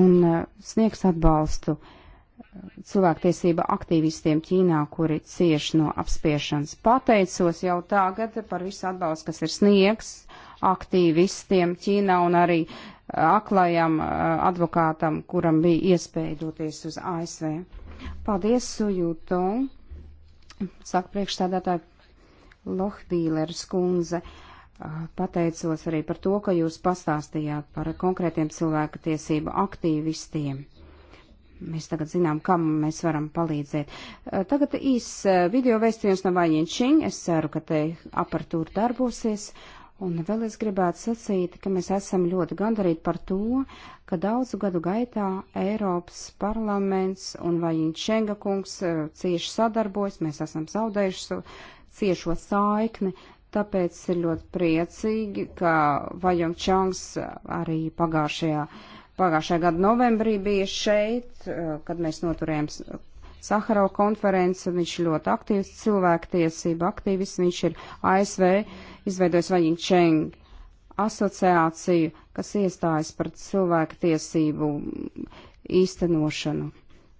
un eh, sniegs atbalstu uh, cilvēktiesība aktīvistiem Ķīnā, kuri cieši no apspiešanas. Pateicos jau tagad par visu atbalstu, kas ir sniegs aktīvistiem Ķīnā un arī eh, aklajam eh, advokātam, kuram bija iespēja doties uz ASV. Paldies, Sujūto. Saka priekšstādātāja Lohbīlers kundze. Eh, pateicos arī par to, ka jūs pastāstījāt par konkrētiem cilvēku tiesību aktīvistiem Mēs tagad zinām, kam mēs varam palīdzēt. Tagad īs video vēstījums no Vaļņiņšiņ. Es ceru, ka te aparatūra darbosies. Un vēl es gribētu sacīt, ka mēs esam ļoti gandarīti par to, ka daudzu gadu gaitā Eiropas parlaments un Vaļņiņšenga kungs cieši sadarbojas. Mēs esam zaudējuši ciešo saikni. Tāpēc ir ļoti priecīgi, ka Vaļņiņšangs arī pagājušajā gadā Pagājušā gada novembrī bija šeit, eh, kad mēs noturējām Saharau konferenci, viņš ir ļoti aktīvs cilvēktiesība aktīvists, viņš ir ASV izveidojis Vaļiņ Čeng asociāciju, kas iestājas par cilvēktiesību īstenošanu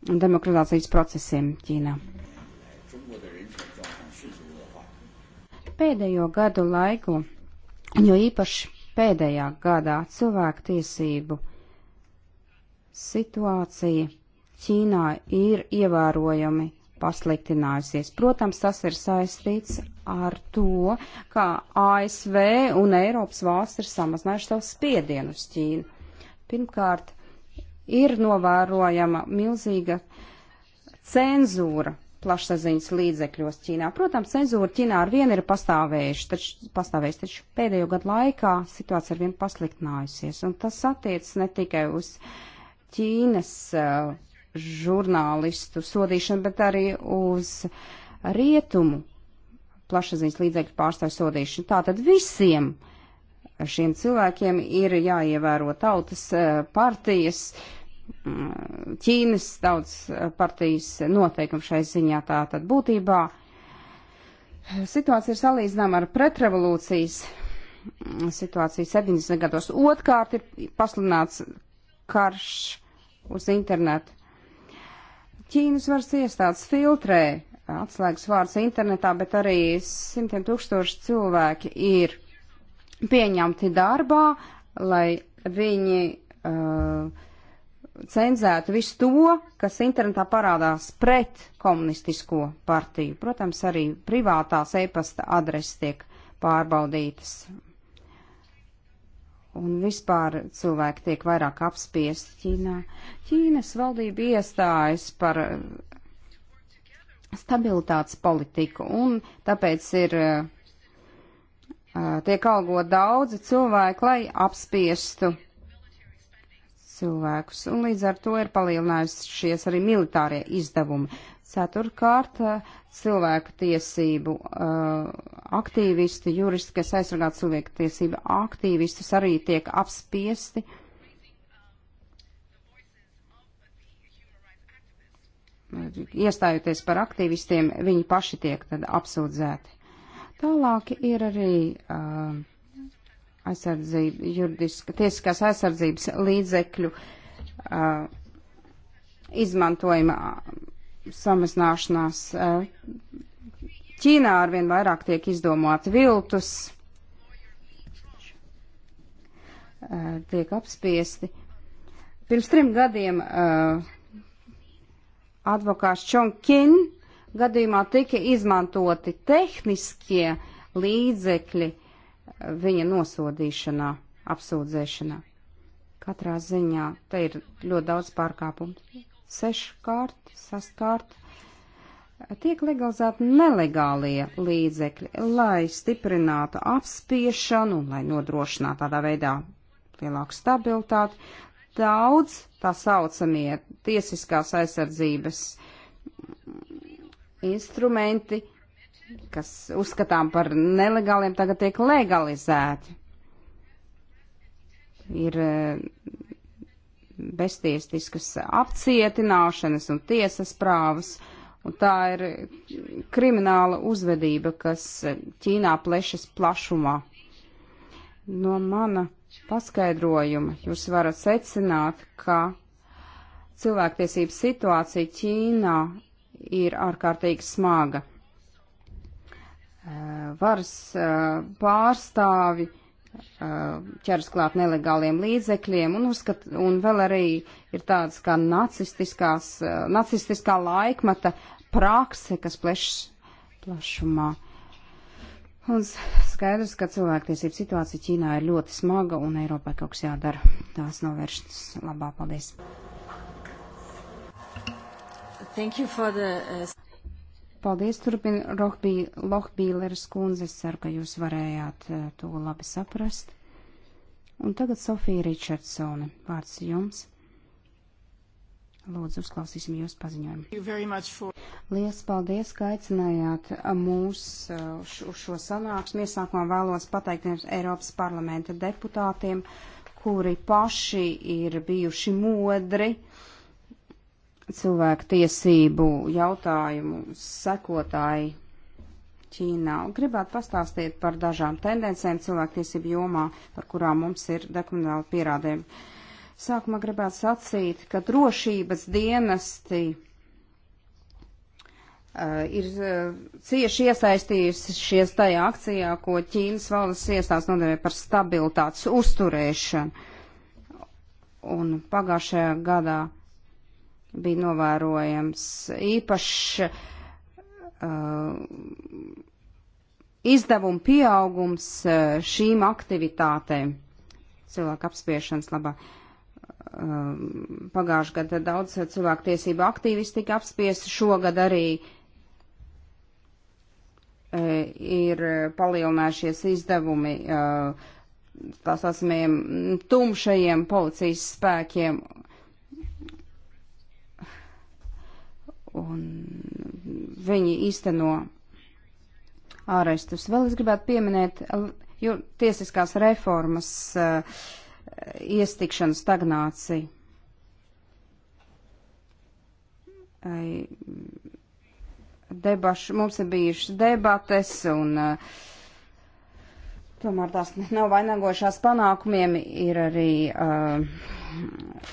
un demokratizācijas procesiem Ķīnā. Pēdējo gadu laiku, jo īpaši pēdējā gadā cilvēktiesību tiesību situācija Ķīnā ir ievērojami pasliktinājusies. Protams, tas ir saistīts ar to, ka ASV un Eiropas valsts ir samazinājuši savu spiedienu uz Ķīnu. Pirmkārt, ir novērojama milzīga cenzūra plašsaziņas līdzekļos Ķīnā. Protams, cenzūra Ķīnā ar vienu ir pastāvējuši, taču, pastāvējuši, taču pēdējo gadu laikā situācija ar vienu pasliktinājusies, un tas attiec ne tikai uz uh, Ķīnas eh, žurnālistu sodīšanu, bet arī uz rietumu plašsaziņas līdzekļu pārstāvju sodīšanu. Tātad visiem šiem cilvēkiem ir jāievēro tautas eh, partijas, mm, Ķīnas tautas eh, partijas noteikumi šai ziņā. Tātad būtībā situācija ir salīdzināma ar pretrevolūcijas mm, situāciju 70. gados. Otkārt ir pasludināts karš uz internetu. Ķīnas varas iestādes filtrē atslēgas vārds internetā, bet arī simtiem tūkstoši cilvēki ir pieņemti darbā, lai viņi uh, cenzētu visu to, kas internetā parādās pret komunistisko partiju. Protams, arī privātās e-pasta adreses tiek pārbaudītas un vispār cilvēki tiek vairāk apspiesti Ķīnā. Ķīnas valdība iestājas par uh, stabilitātes politiku un tāpēc ir uh, uh, tiek algot daudzi cilvēki, lai apspiestu cilvēkus, un līdz ar to ir palielinājušies arī militārie izdevumi. Ceturkārt, cilvēku tiesību uh, aktīvisti, juristi, kas aizsargā cilvēku tiesību aktīvistus, arī tiek apspiesti. Iestājoties par aktīvistiem, viņi paši tiek tad apsūdzēti. Tālāk ir arī uh, aizsardzība, juridiska, tiesiskās aizsardzības līdzekļu uh, izmantojuma samazināšanās. Uh, Ķīnā arvien vairāk tiek izdomāti viltus, uh, tiek apspiesti. Pirms trim gadiem uh, advokāts Čonkin gadījumā tika izmantoti tehniskie līdzekļi, uh, viņa nosodīšanā, apsūdzēšanā. Katrā ziņā te ir ļoti daudz pārkāpumu. Seškārt, sastkārt tiek legalizēti nelegālie līdzekļi, lai stiprinātu apspiešanu, lai nodrošinātu tādā veidā lielāku stabilitāti. Daudz tā saucamie tiesiskās aizsardzības instrumenti kas uzskatām par nelegāliem, tagad tiek legalizēti. Ir eh, bestiestiskas apcietināšanas un tiesas prāvas, un tā ir krimināla uzvedība, kas Ķīnā plešas plašumā. No mana paskaidrojuma jūs varat secināt, ka cilvēktiesības situācija Ķīnā ir ārkārtīgi smaga. Eh, varas eh, pārstāvi eh, ķers klāt nelegāliem līdzekļiem un, uzskat, un vēl arī ir tāds kā nacistiskās, nacistiskā laikmeta prakse, kas plešs plašumā. Un skaidrs, ka cilvēktiesību situācija Ķīnā ir ļoti smaga un Eiropai kaut kas jādara. Tās novēršas labā. Paldies! The, uh... Paldies, turpina Lohbīleres kundze, ceru, ka jūs varējāt eh, to labi saprast. Un tagad Sofija Ričardsone, vārds jums. Lūdzu, uzklausīsim jūsu paziņojumu. For... Lielas paldies, ka aicinājāt eh, mūs eh, uz šo sanāksmi. Iesākumā vēlos pateikt Eiropas parlamenta deputātiem, kuri paši ir bijuši modri. Uh, cilvēku tiesību jautājumu sekotāji Ķīnā. Gribētu pastāstīt par dažām tendencēm cilvēku tiesību jomā, par kurām mums ir dokumentāli pierādījumi. Sākumā gribētu sacīt, ka drošības dienesti uh, ir uh, cieši iesaistījušies tajā akcijā, ko Ķīnas valdes iestāsts nodēvē par stabilitātes uzturēšanu. Un pagājušajā gadā uh, bija novērojams īpašs uh, izdevumu pieaugums uh, šīm aktivitātēm cilvēku apspiešanas labā. Uh, Pagājušajā gadā daudz cilvēku tiesību aktīvisti tika apspiesti, šogad arī uh, ir palielinājušies izdevumi uh, tās asmiem mm, tumšajiem policijas spēkiem un viņi īsteno ārestus. Vēl es gribētu pieminēt jo, tiesiskās reformas uh, eh, iestikšanu stagnāciju. Debaš, mums ir bijušas debates un uh, tomēr tās nav vainagojušās panākumiem, ir arī uh,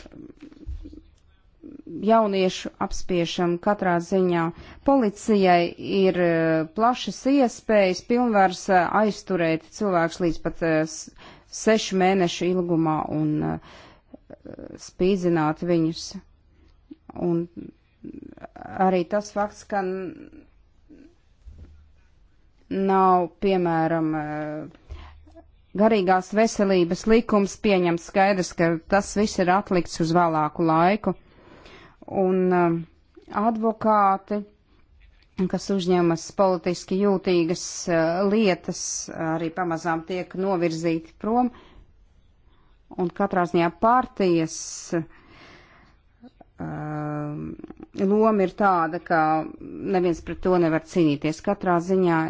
jauniešu apspiešanu katrā ziņā. Policijai ir e, plašas iespējas pilnvars e, aizturēt cilvēks līdz pat e, sešu mēnešu ilgumā un spīdzināt viņus. Un arī tas fakts, ka nav, piemēram, garīgās veselības likums pieņemts skaidrs, ka tas viss ir atlikts uz vēlāku laiku un um, advokāti, kas uzņemas politiski jūtīgas uh, lietas, arī pamazām tiek novirzīti prom, un katrā ziņā partijas um, loma ir tāda, ka neviens pret to nevar cīnīties. Katrā ziņā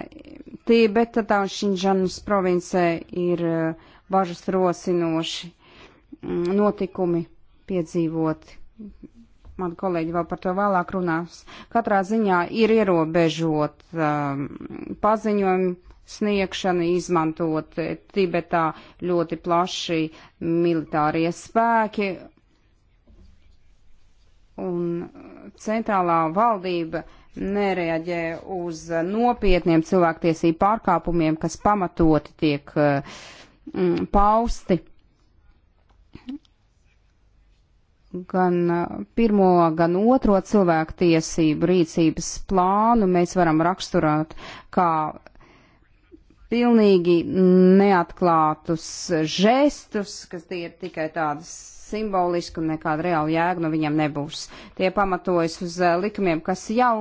Tībeta tā Šinžanas provincē ir uh, bažas rosinoši mm, notikumi piedzīvoti. Man kolēģi vēl par to vēlāk runās. Katrā ziņā ir ierobežot um, paziņojumu sniegšana, izmantot Tibetā ļoti plaši militārie spēki. Un centrālā valdība nereaģē uz nopietniem cilvēktiesību pārkāpumiem, kas pamatoti tiek mm, pausti. gan pirmo, gan otro cilvēku tiesību rīcības plānu mēs varam raksturāt kā pilnīgi neatklātus žestus, kas tie ir tikai tādas simboliski un nekāda reāla jēga no viņiem nebūs. Tie pamatojas uz likumiem, kas jau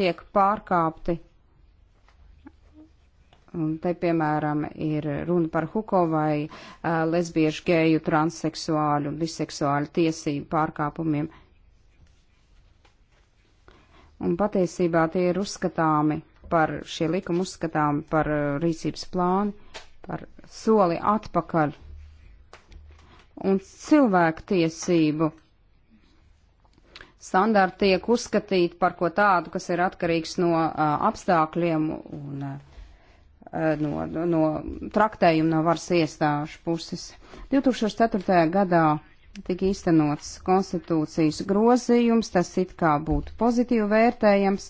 tiek pārkāpti Un te, piemēram, ir runa par huko vai uh, lesbiešu, geju, transseksuāļu un biseksuāļu tiesību pārkāpumiem. Un patiesībā tie ir uzskatāmi par, šie likumi uzskatāmi par uh, rīcības plānu, par soli atpakaļ. Un cilvēku tiesību standarti tiek uzskatīti par ko tādu, kas ir atkarīgs no uh, apstākļiem un. Uh, Eh, no, no traktējuma no varas iestāžu puses. 2004. gadā tika īstenots konstitūcijas grozījums, tas it kā būtu pozitīvi vērtējams,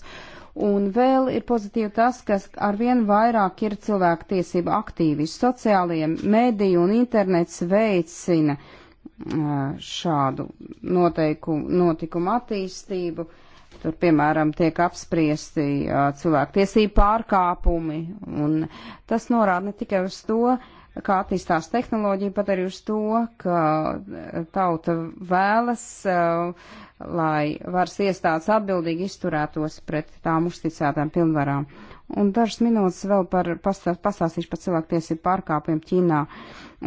un vēl ir pozitīvi tas, ka arvien vairāk ir cilvēku tiesību aktīvi, sociālie mediji un internets veicina eh, šādu noteiku, notikumu attīstību. Uh, Tur, piemēram, tiek apspriesti uh, cilvēku tiesību pārkāpumi, un tas norāda ne tikai uz to, kā attīstās tehnoloģija, bet arī uz to, ka tauta vēlas, uh, lai varas iestādes atbildīgi izturētos pret tām uzticētām pilnvarām. Un dažas minūtes vēl par pastāstīšu par cilvēktiesību pārkāpumiem Ķīnā.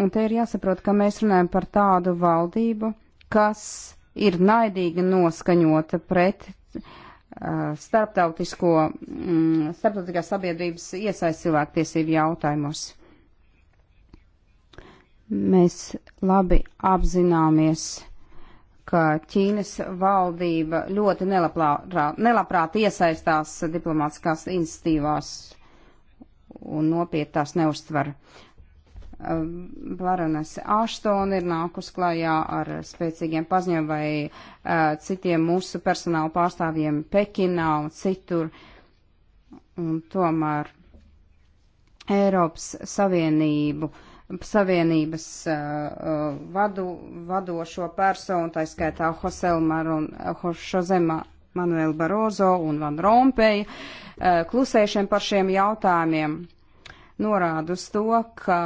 Un te ir jāsaprot, ka mēs runājam par tādu valdību, kas ir naidīgi noskaņota pret Uh, starptautisko, mm, starptautiskās sabiedrības iesaist cilvēktiesību jautājumos. Mēs labi apzināmies, ka Ķīnas valdība ļoti nelabprāt, nelabprāt iesaistās diplomātiskās institīvās un nopietni tās neustver. Varonas Aštona ir nākus klajā ar spēcīgiem paziņojumiem vai uh, citiem mūsu personāla pārstāvjiem Pekinā un citur. Un tomēr Eiropas Savienību, Savienības uh, vadu, vadošo personu, tā skaitā Hoselmar un Hošozema Manuela Barozo un Van Rompeja, uh, klusējušiem par šiem jautājumiem norāda uz to, ka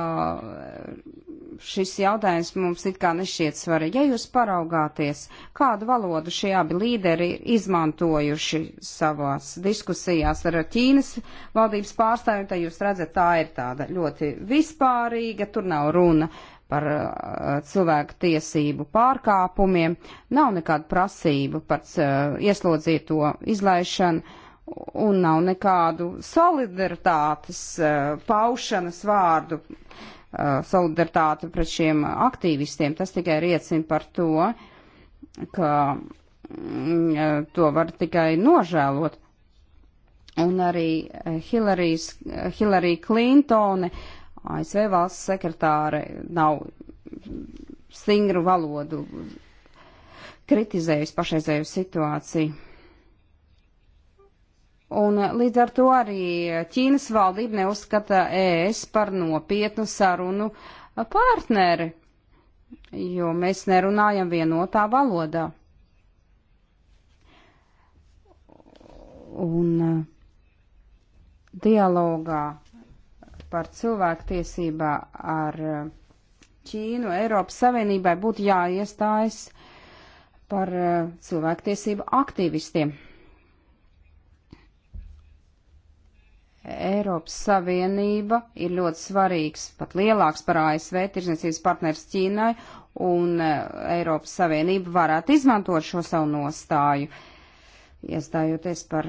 šis jautājums mums it kā nešķiet svarīgi. Ja jūs paraugāties, kādu valodu šie abi līderi ir izmantojuši savās diskusijās ar Ķīnas valdības pārstāvjiem, tad jūs redzat, tā ir tāda ļoti vispārīga, tur nav runa par uh, cilvēku tiesību pārkāpumiem, nav nekādu prasību par uh, ieslodzīto izlaišanu un nav nekādu solidaritātes eh, paušanas vārdu eh, solidaritāti pret šiem aktīvistiem. Tas tikai liecina par to, ka mm, eh, to var tikai nožēlot. Un arī Hillarijas, Hillarija Klintone, ASV valsts sekretāre, nav stingru valodu kritizējusi pašreizēju situāciju. Un eh, līdz ar to arī eh, Ķīnas valdība neuzskata ES par nopietnu sarunu eh, partneri, jo mēs nerunājam vienotā valodā. Un dialogā par cilvēktiesībā ar Ķīnu Eiropas Savienībai būtu jāiestājas par cilvēktiesību aktīvistiem. Eiropas Savienība ir ļoti svarīgs, pat lielāks par ASV tirzniecības partners Ķīnai, un e, Eiropas Savienība varētu izmantot šo savu nostāju, iestājoties par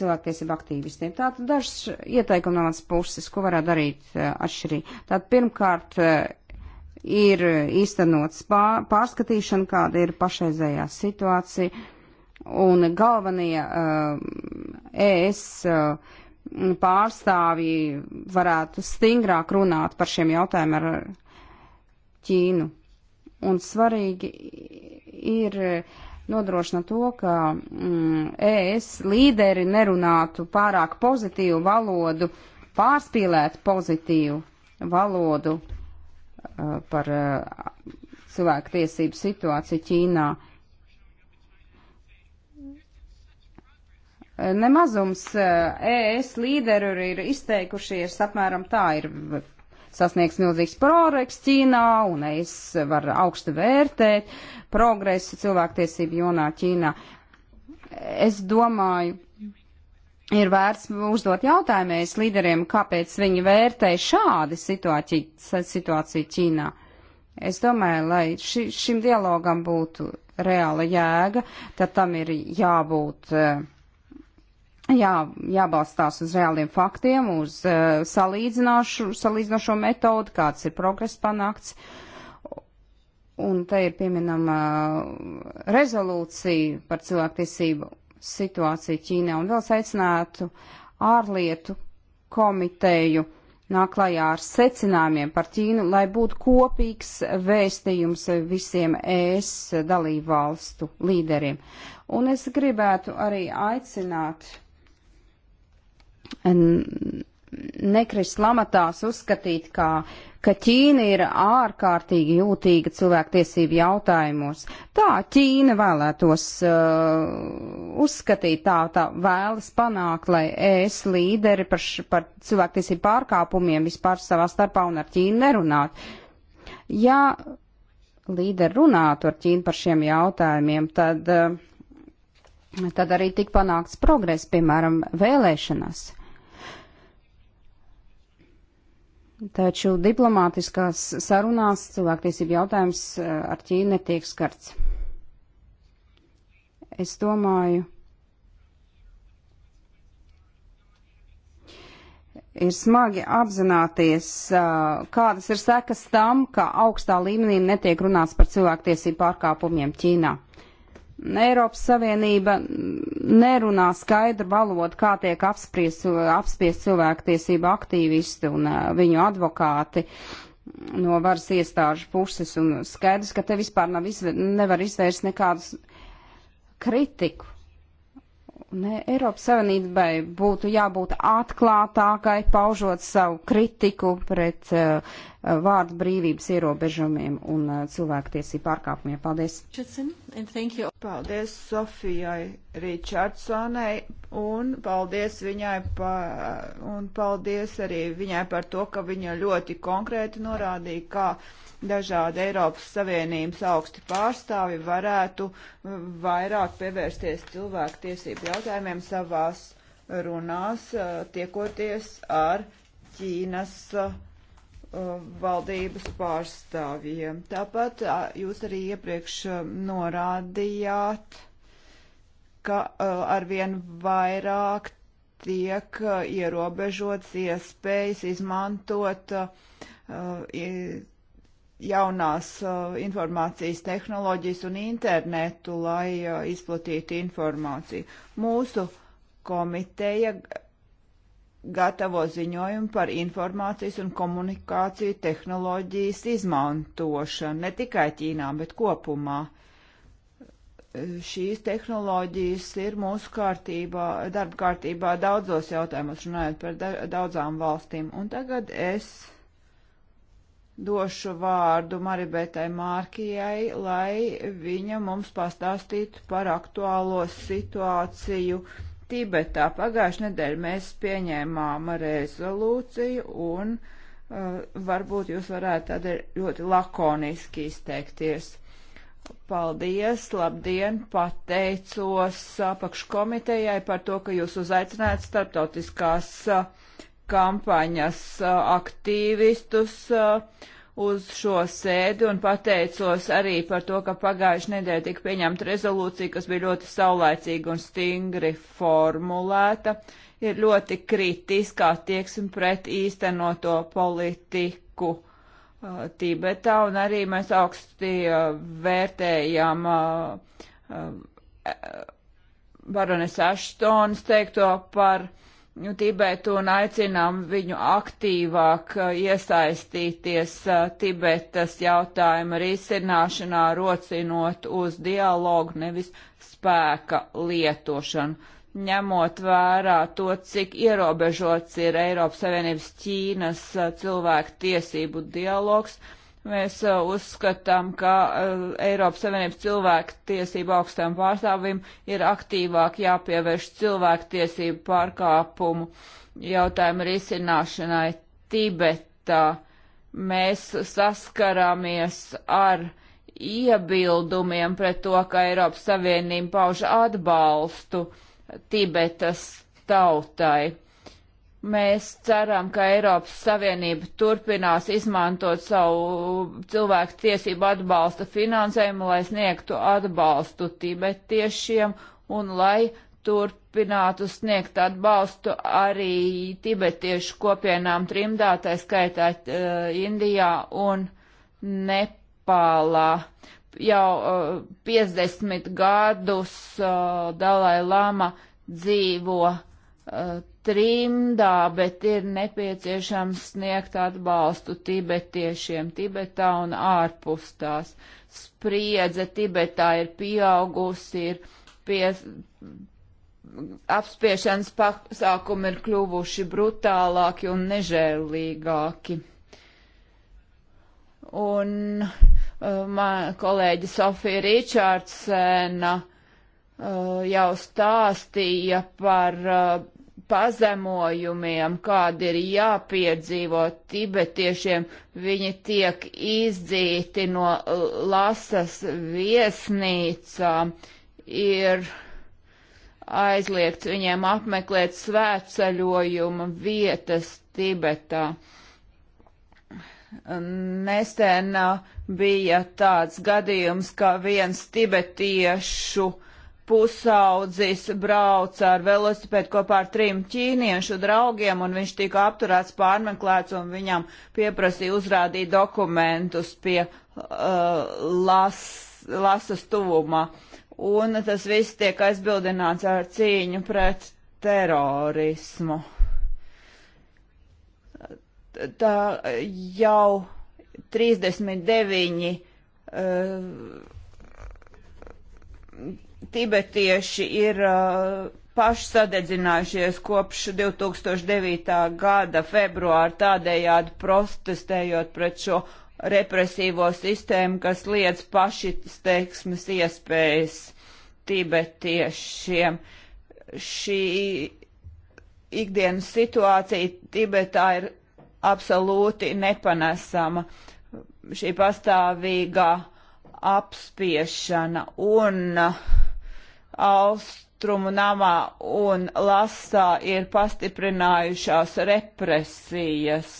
cilvēktiesību aktīvistiem. Tātad dažs ieteikumi no mans puses, ko varētu darīt e, atšķirīgi. Tātad pirmkārt e, ir īstenots pārskatīšana, kāda ir pašreizējā situācija, un galvenie uh, ES uh, pārstāvji varētu stingrāk runāt par šiem jautājumiem ar Ķīnu. Un svarīgi ir nodrošināt to, ka mm, ES līderi nerunātu pārāk pozitīvu valodu, pārspīlēt pozitīvu valodu uh, par uh, cilvēku tiesību situāciju Ķīnā. Uh, Nemazums ES eh, e līderi ir izteikušies apmēram tā ir sasniegs milzīgs progress Ķīnā, un es varu augstu vērtēt progresu cilvēktiesību jonā Ķīnā. Es domāju, ir vērts uzdot jautājumies līderiem, kāpēc viņi vērtē šādi situāciju, situāciju Ķīnā. Es domāju, lai ši, šim dialogam būtu reāla jēga, tad tam ir jābūt uh, jā, jābalstās uz reāliem faktiem, uz uh, salīdzinošo metodu, kāds ir progress panākts. Un te ir pieminama uh, eh, rezolūcija par cilvēktiesību situāciju Ķīnā un vēl aicinātu ārlietu komiteju nāk klajā ar secinājumiem par Ķīnu, lai būtu kopīgs vēstījums visiem ES dalībvalstu līderiem. Un es gribētu arī aicināt nekrist lamatās uzskatīt, kā, ka Ķīna ir ārkārtīgi jūtīga cilvēktiesību jautājumos. Tā Ķīna vēlētos uh, uzskatīt, tā, tā vēlas panākt, lai es līderi par, š, par cilvēktiesību pārkāpumiem vispār savā starpā un ar Ķīnu nerunāt. Ja līderi runātu ar Ķīnu par šiem jautājumiem, tad, uh, tad arī tik panākts progress, piemēram, vēlēšanās Taču diplomātiskās sarunās cilvēktiesību jautājums eh, ar Ķīnu netiek skarts. Es domāju, ir smagi apzināties, eh, kādas ir sekas tam, ka augstā līmenī netiek runāts par cilvēktiesību pārkāpumiem Ķīnā. Eiropas Savienība nerunā skaidru valodu, kā tiek apspriest, apspriest cilvēktiesību aktīvisti un viņu advokāti no varas iestāžu puses. Un skaidrs, ka te vispār nav izve, nevar izvērst nekādus kritiku. Ne, Eiropas Savienībai būtu jābūt atklātākai, paužot savu kritiku pret uh, Eh, vārdu brīvības ierobežumiem un eh, cilvēktiesību pārkāpumiem. Paldies! Paldies Sofijai Ričardsonai un paldies viņai pa, un paldies arī viņai par to, ka viņa ļoti konkrēti norādīja, kā dažādi Eiropas Savienības augsti pārstāvi varētu eh, vairāk pievērsties cilvēktiesību jautājumiem savās runās, tiekoties ar Ķīnas Uh, valdības pārstāvjiem. Tāpat uh, jūs arī iepriekš uh, norādījāt, ka arvien vairāk tiek ierobežots iespējas izmantot jaunās informācijas tehnoloģijas un internetu, lai izplatītu informāciju. Mūsu komiteja gatavo ziņojumu par informācijas un komunikāciju tehnoloģijas izmantošanu ne tikai Ķīnā, bet kopumā. Šīs tehnoloģijas ir mūsu kārtībā, darba kārtībā daudzos jautājumos, runājot par daudzām valstīm. Un tagad es došu vārdu Maribetai Mārkijai, lai viņa mums pastāstītu par aktuālo situāciju uh, Tibetā. Pagājušajā nedēļā mēs pieņēmām rezolūciju un uh, varbūt jūs varētu tādēļ ļoti lakoniski izteikties. Paldies, labdien, pateicos apakškomitejai par to, ka jūs uzaicinājāt starptautiskās uh, kampaņas uh, aktīvistus. Uh, uz šo sēdi un pateicos arī par to, ka pagājuši nedēļa tika pieņemta rezolūcija, kas bija ļoti saulēcīga un stingri formulēta. Ir ļoti kritiskā tieksme pret īstenoto politiku. Uh, Tibetā, un arī mēs augstī uh, vērtējām uh, e, e, barones Aštonas teikto par Tibetu un aicinām viņu aktīvāk uh, iesaistīties uh, Tibetas jautājuma risināšanā, rocinot uz dialogu, nevis spēka lietošanu. Ņemot vērā to, cik ierobežots ir Eiropas Savienības Ķīnas uh, cilvēku tiesību dialogs, uh, Mēs uh, uzskatām, ka uh, Eiropas Savienības cilvēku tiesību augstam pārstāvim ir aktīvāk jāpievērš cilvēku tiesību pārkāpumu jautājumu risināšanai Tibetā. Mēs saskarāmies ar iebildumiem pret to, ka Eiropas Savienība pauž atbalstu Tibetas tautai Mēs ceram, ka Eiropas Savienība turpinās izmantot savu cilvēku tiesību atbalsta finansējumu, lai sniegtu atbalstu tibetiešiem un lai turpinātu sniegt atbalstu arī tibetiešu kopienām trimdā, tā skaitā uh, Indijā un Nepālā. Jau uh, 50 gadus uh, Dalai Lama dzīvo uh, trimdā, bet ir nepieciešams sniegt atbalstu tibetiešiem Tibetā un ārpus tās. Spriedze Tibetā ir pieaugusi, ir pie, apspiešanas pasākumi ir kļuvuši brutālāki un nežēlīgāki. Un uh, man kolēģi Sofija Ričārdsena uh, jau stāstīja par uh, pazemojumiem, kādi ir jāpiedzīvo tibetiešiem, viņi tiek izdzīti no lasas viesnīcām, ir aizliegts viņiem apmeklēt svētceļojuma vietas Tibetā. Nesen uh, bija tāds gadījums, ka viens tibetiešu uh, pusaudzis brauca ar velosipēdu kopā ar trim ķīniešu draugiem, un viņš tika apturēts, pārmeklēts, un viņam pieprasīja uzrādīt dokumentus pie uh, las, lasas tuvuma. Un tas viss tiek aizbildināts ar cīņu pret terorismu. Tā jau 39 uh, tibetieši ir uh, paši sadedzinājušies kopš 2009. gada februāra tādējādi protestējot pret šo represīvo sistēmu, kas liedz paši steiksmes iespējas tibetiešiem. Šī ikdienas situācija Tibetā ir absolūti nepanesama. Šī pastāvīgā apspiešana un uh, Austrumu namā un Lasā ir pastiprinājušās represijas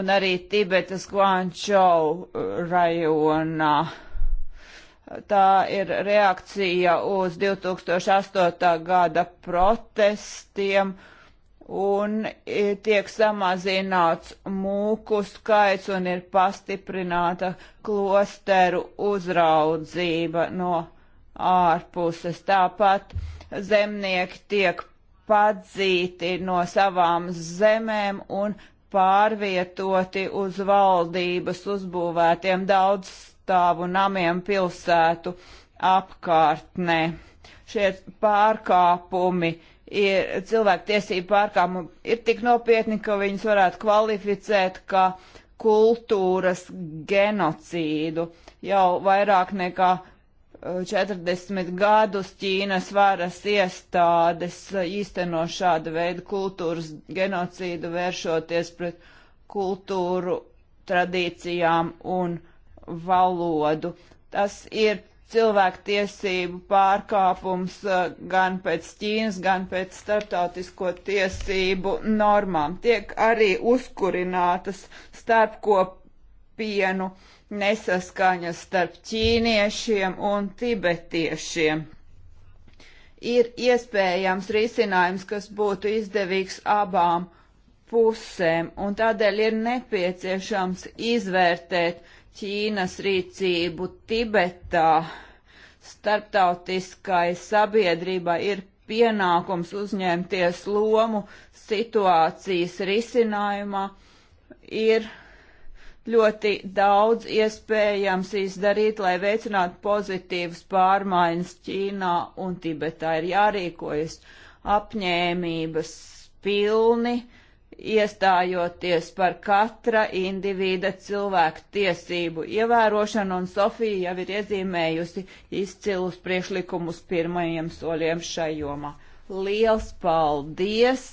un arī Tibetas Guančau rajonā. Tā ir reakcija uz 2008. gada protestiem un tiek samazināts mūku skaits un ir pastiprināta klosteru uzraudzība no ārpuses. Tāpat zemnieki tiek padzīti no savām zemēm un pārvietoti uz valdības uzbūvētiem daudzstāvu namiem pilsētu apkārtnē. Šie pārkāpumi ir cilvēktiesību pārkāpumi ir tik nopietni, ka viņus varētu kvalificēt kā kultūras genocīdu. Jau vairāk nekā 40 gadus Ķīnas varas iestādes īsteno šāda veida kultūras genocīdu, vēršoties pret kultūru, tradīcijām un valodu. Tas ir cilvēktiesību pārkāpums eh, gan pēc Ķīnas, gan pēc starptautisko tiesību normām. Tiek arī uzkurinātas starpkopienu uh, nesaskaņas starp ķīniešiem un tibetiešiem. Ir iespējams risinājums, kas būtu izdevīgs abām pusēm, un tādēļ ir nepieciešams izvērtēt Ķīnas rīcību Tibetā. Starptautiskai sabiedrībai ir pienākums uzņemties lomu situācijas risinājumā, ir ļoti daudz iespējams izdarīt, lai veicinātu pozitīvas pārmaiņas Ķīnā un Tibetā. Ir jārīkojas apņēmības pilni, iestājoties par katra individa cilvēku tiesību ievērošanu, un Sofija jau ir iezīmējusi izcilus priešlikumus pirmajiem soļiem šai jomā. Liels paldies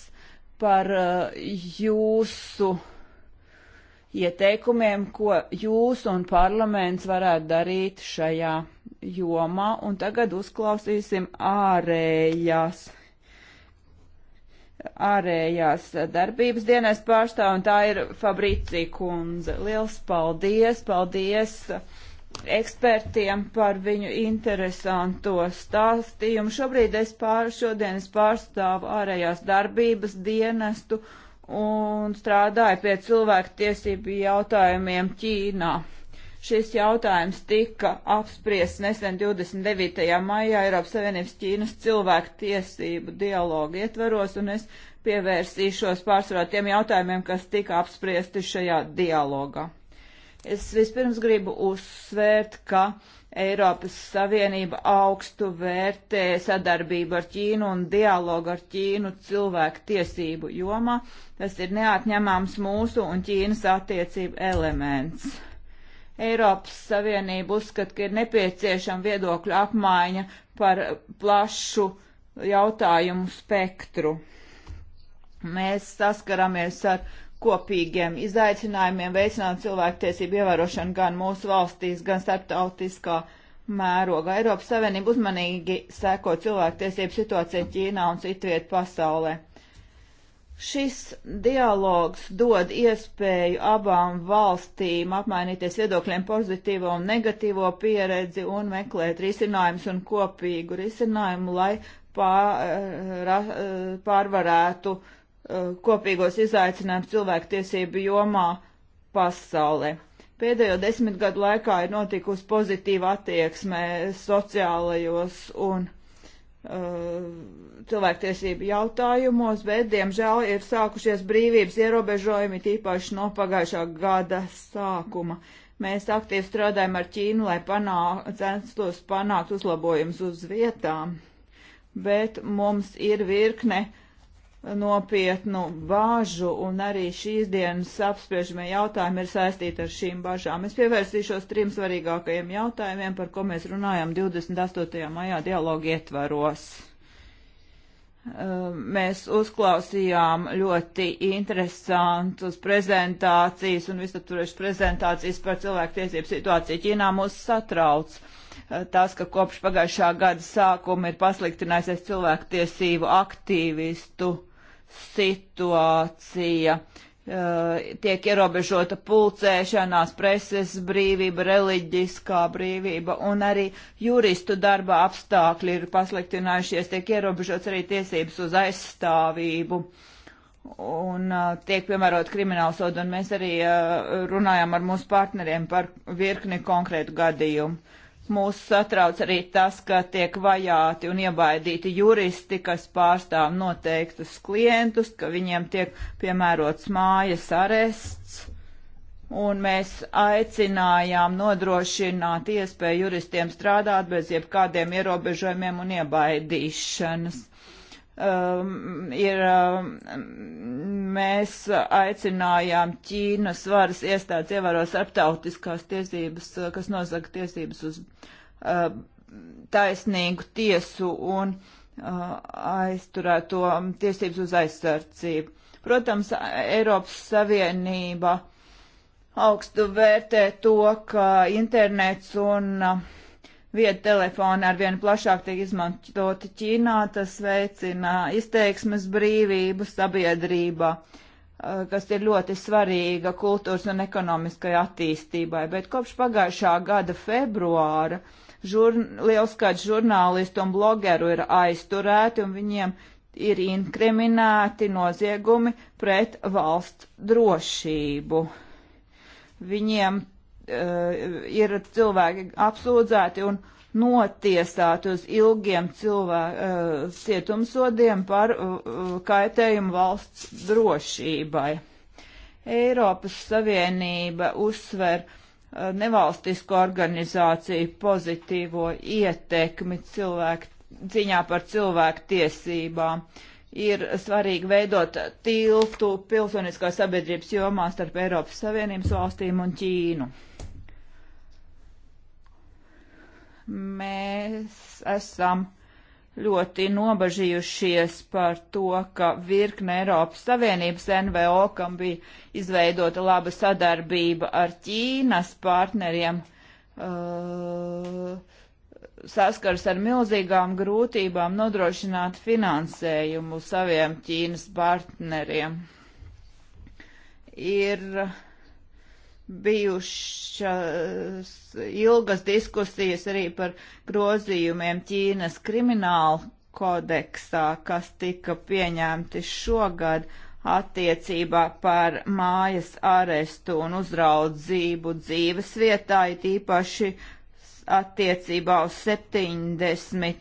par uh, jūsu! ieteikumiem, ko jūs un parlaments varētu darīt šajā jomā. Un tagad uzklausīsim ārējās, ārējās darbības dienas pārstāvu, un tā ir Fabrici kundze. Liels paldies, paldies ekspertiem par viņu interesanto stāstījumu. Šobrīd es pār, šodien es pārstāvu ārējās darbības dienestu. Tu un strādāja pie cilvēku tiesību jautājumiem Ķīnā. Šis jautājums tika apspriests nesen 29. maijā Eiropas Savienības Ķīnas cilvēku tiesību dialogu ietveros, un es pievērsīšos pārsvarā tiem jautājumiem, kas tika apspriesti šajā dialogā. Es vispirms gribu uzsvērt, ka Eiropas Savienība augstu vērtē sadarbību ar Ķīnu un dialogu ar Ķīnu cilvēku tiesību jomā. Tas ir neatņemams mūsu un Ķīnas attiecību elements. Eiropas Savienība uzskata, ka ir nepieciešama viedokļu apmaiņa par plašu jautājumu spektru. Mēs saskaramies ar kopīgiem izaicinājumiem veicināt cilvēktiesību ievērošanu gan mūsu valstīs, gan starptautiskā mērogā. Eiropas Savienība uzmanīgi sēko cilvēktiesību situāciju Ķīnā un citviet pasaulē. Šis dialogs dod iespēju abām valstīm apmainīties viedokļiem pozitīvo un negatīvo pieredzi un meklēt risinājumus un kopīgu risinājumu, lai eh, eh, pārvarētu Uh, kopīgos izaicinājumus cilvēktiesību jomā pasaulē. Pēdējo desmit gadu laikā ir notikusi pozitīva attieksme sociālajos un uh, cilvēktiesību jautājumos, bet, diemžēl, ir sākušies brīvības ierobežojumi, tīpaši no pagājušā gada sākuma. Mēs aktīvi strādājam ar Ķīnu, lai panāk, censtos panākt uzlabojumus uz vietām, bet mums ir virkne uh, nopietnu bāžu, un arī šīs dienas apspriežamie jautājumi ir saistīti ar šīm bažām. Es pievērsīšos trim svarīgākajiem jautājumiem, par ko mēs runājam 28. maijā dialogu ietvaros. Ehm, mēs uzklausījām ļoti interesantus prezentācijas un visaptvarošas prezentācijas par cilvēktiesību situāciju Ķīnā mūs satrauc eh, tas, ka kopš pagājušā gada sākuma ir pasliktinājusies cilvēktiesību aktīvistu uh, situācija. Eh, tiek ierobežota pulcēšanās, preses brīvība, reliģiskā brīvība un arī juristu darba apstākļi ir pasliktinājušies, tiek ierobežots arī tiesības uz aizstāvību un eh, tiek piemērot krimināla soda, un mēs arī eh, runājām ar mūsu partneriem par virkni konkrētu gadījumu. Mūs satrauc arī tas, ka tiek vajāti un iebaidīti juristi, kas pārstāv noteiktus klientus, ka viņiem tiek piemērots mājas arests. Un mēs aicinājām nodrošināt iespēju juristiem strādāt bez jebkādiem ierobežojumiem un iebaidīšanas. Uh, um, ir, um, mēs aicinājām Ķīnas varas iestādes ievērot starptautiskās tiesības, uh, kas nosaka tiesības uz uh, taisnīgu tiesu un uh, aizturēt to um, tiesības uz aizsardzību. Protams, Eiropas Savienība augstu vērtē to, ka internets un uh, Vieta telefona ar vienu plašāk tiek izmantota Ķīnā, tas veicina izteiksmes brīvību sabiedrībā, kas ir ļoti svarīga kultūras un ekonomiskai attīstībai. Bet kopš pagājušā gada februāra žurn liels skaits žurnālistu un blogeru ir aizturēti un viņiem ir inkriminēti noziegumi pret valsts drošību. Viņiem Eh, ir cilvēki apsūdzēti un notiesāti uz ilgiem cilvēku eh, cietumsodiem par eh, kaitējumu valsts drošībai. Eiropas Savienība uzsver nevalstisko organizāciju pozitīvo ietekmi cilvēku, ziņā par cilvēku tiesībām. Ir svarīgi veidot tiltu pilsoniskās sabiedrības jomā starp Eiropas Savienības valstīm un Ķīnu. Mēs esam ļoti nobažījušies par to, ka virkne Eiropas Savienības NVO, kam bija izveidota laba sadarbība ar Ķīnas partneriem, uh, saskars ar milzīgām grūtībām nodrošināt finansējumu saviem Ķīnas partneriem. Ir uh, bijušas ilgas diskusijas arī par grozījumiem Ķīnas krimināla kodeksā, kas tika pieņemti šogad attiecībā par mājas arestu un uzraudzību dzīves vietā, it īpaši attiecībā uz 73.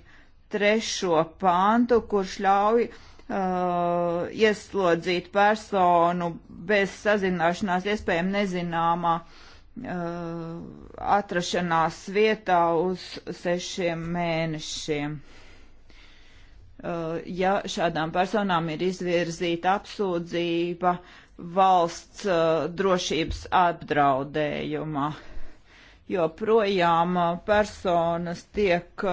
pāntu, kurš ļauj uh, ieslodzīt personu bez sazināšanās iespējami nezināmā uh, atrašanās vietā uz sešiem mēnešiem. Uh, ja šādām personām ir izvirzīta apsūdzība valsts uh, drošības apdraudējumā, jo projām uh, personas tiek uh,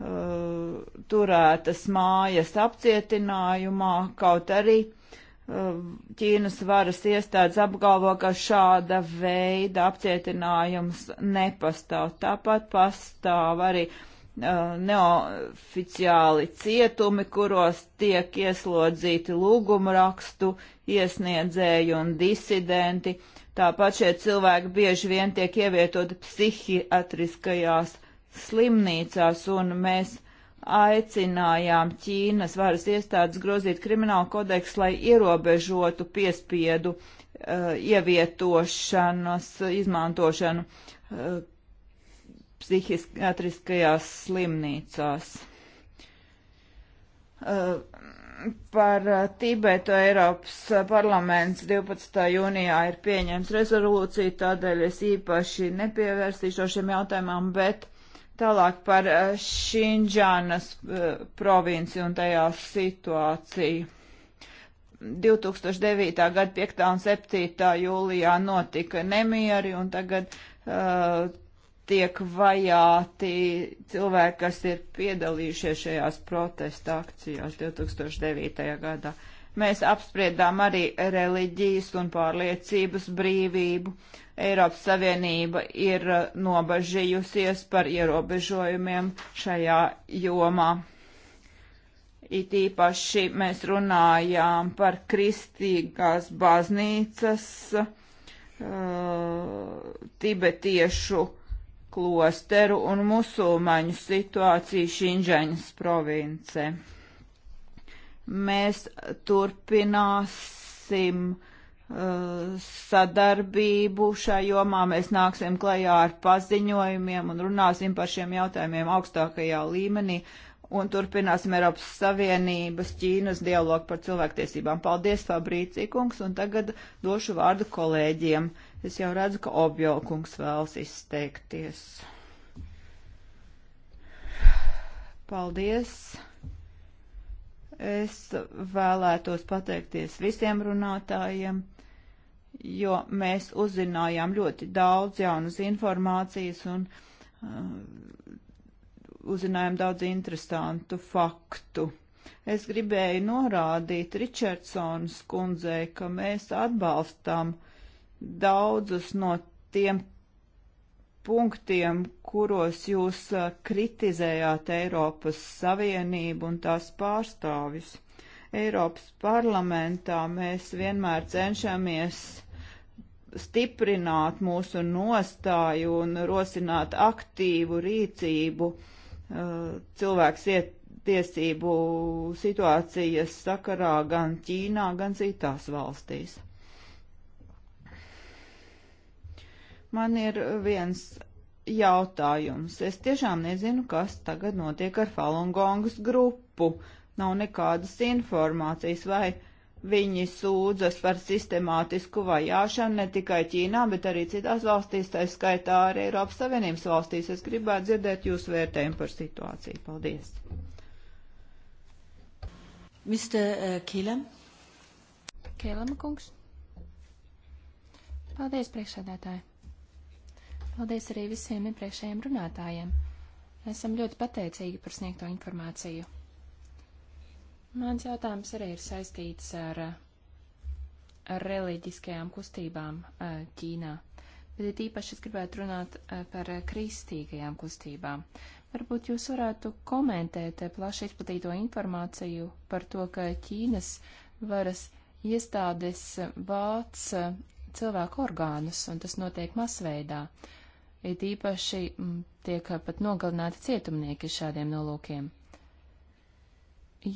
Uh, turētas mājas apcietinājumā, kaut arī uh, Ķīnas varas iestādes apgalvo, ka šāda veida apcietinājums nepastāv. Tāpat pastāv arī uh, neoficiāli cietumi, kuros tiek ieslodzīti lūgumrakstu iesniedzēji un disidenti. Tāpat šie cilvēki bieži vien tiek ievietoti psihiatriskajās uh, slimnīcās, un mēs aicinājām Ķīnas varas iestādes grozīt kriminālu kodeksu, lai ierobežotu piespiedu uh, ievietošanas, izmantošanu uh, psihiatriskajās slimnīcās. Uh, par Tibetu Eiropas parlaments 12. jūnijā ir pieņems rezolūciju, tādēļ es īpaši nepievērsīšos šiem jautājumam, bet uh, Tālāk par Šinģānas eh, eh, provinci un tajā situāciju. 2009. gada 5. un 7. jūlijā notika nemieri un tagad uh, tiek vajāti cilvēki, kas ir piedalījušies šajās protesta akcijās 2009. gadā. Uh, Mēs apspriedām arī reliģijas un pārliecības brīvību. Eiropas Savienība ir uh, nobažījusies par ierobežojumiem šajā jomā. It īpaši mēs runājām par kristīgās baznīcas, uh, tibetiešu klosteru un musulmaņu situāciju Šinžaņas provincē. Mēs turpināsim uh, sadarbību šajā jomā. Mēs nāksim klajā ar paziņojumiem un runāsim par šiem jautājumiem augstākajā līmenī un turpināsim Eiropas Savienības Ķīnas dialogu par cilvēktiesībām. Paldies, Fabrīcija kungs, un tagad došu vārdu kolēģiem. Es jau redzu, ka Objo kungs vēlas izteikties. Paldies! Es vēlētos pateikties visiem runātājiem, jo mēs uzzinājām ļoti daudz jaunas informācijas un uh, uzzinājām daudz interesantu faktu. Es gribēju norādīt Ričardsons kundzei, ka mēs atbalstām daudzus no tiem punktiem, kuros jūs uh, kritizējāt Eiropas Savienību un tās pārstāvis. Eiropas parlamentā mēs vienmēr cenšamies stiprināt mūsu nostāju un rosināt aktīvu rīcību uh, cilvēks iet tiesību situācijas sakarā gan Ķīnā, gan citās valstīs. Man ir viens jautājums. Es tiešām nezinu, kas tagad notiek ar Falungongas grupu. Nav nekādas informācijas, vai viņi sūdzas par sistemātisku vajāšanu ne tikai Ķīnā, bet arī citās valstīs, tā skaitā arī Eiropas Savienības valstīs. Es gribētu dzirdēt jūsu vērtējumu par situāciju. Paldies! Mr. Eh, Kīlem. Kīlema kungs. Paldies, priekšsēdētāji. Paldies arī visiem iepriekšējiem runātājiem. Esam ļoti pateicīgi par sniegto informāciju. Mans jautājums arī ir saistīts ar, ar reliģiskajām kustībām Ķīnā, bet it īpaši es gribētu runāt par kristīgajām kustībām. Varbūt jūs varētu komentēt plaši izplatīto informāciju par to, ka Ķīnas varas iestādes vāc cilvēku orgānus, un tas notiek masveidā it īpaši mm, tiek pat nogalināti cietumnieki šādiem nolūkiem.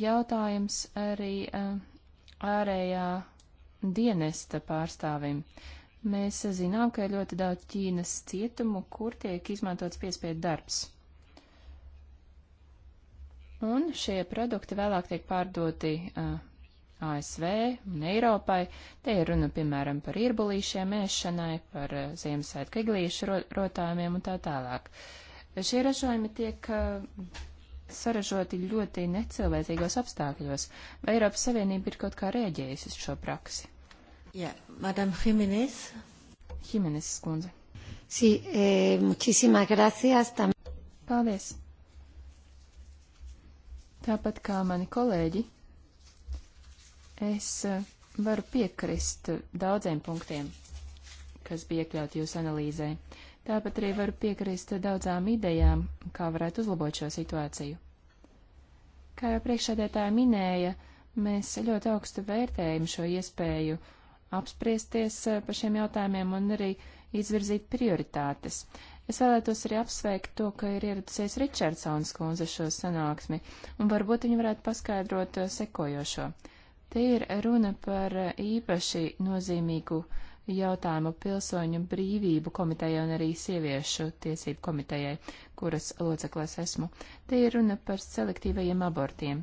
Jautājums arī eh, ārējā dienesta pārstāvim. Mēs zinām, ka ir ļoti daudz Ķīnas cietumu, kur tiek izmantots piespiedu darbs. Un šie produkti vēlāk tiek pārdoti uh, ASV un Eiropai. Te ir runa, piemēram, par īrbolīšiem ēšanai, par eh, Ziemassvētku eglīšu rotājumiem un tā tālāk. Šie ražojumi tiek eh, saražoti ļoti necilvēcīgos apstākļos. Vai Eiropas Savienība ir kaut kā rēģējusi uz šo praksi? Jā, yeah, Madam Jimenez. Jimenez skundze. Sí, eh, muchísimas gracias. Tam... Paldies. Tāpat kā mani kolēģi, Es eh, varu piekrist daudziem punktiem, kas bija iekļauti jūsu analīzē. Tāpat arī varu piekrist daudzām idejām, kā varētu uzlabot šo situāciju. Kā jau priekšsēdētāja minēja, mēs ļoti augstu vērtējam šo iespēju apspriesties eh, par šiem jautājumiem un arī izvirzīt prioritātes. Es vēlētos arī apsveikt to, ka ir ieradusies Ričardsons kundze šo sanāksmi, un varbūt viņa varētu paskaidrot eh, sekojošo. Te ir runa par īpaši nozīmīgu jautājumu pilsoņu brīvību komitejai un arī sieviešu tiesību komitejai, kuras loceklēs esmu. Te ir runa par selektīvajiem abortiem.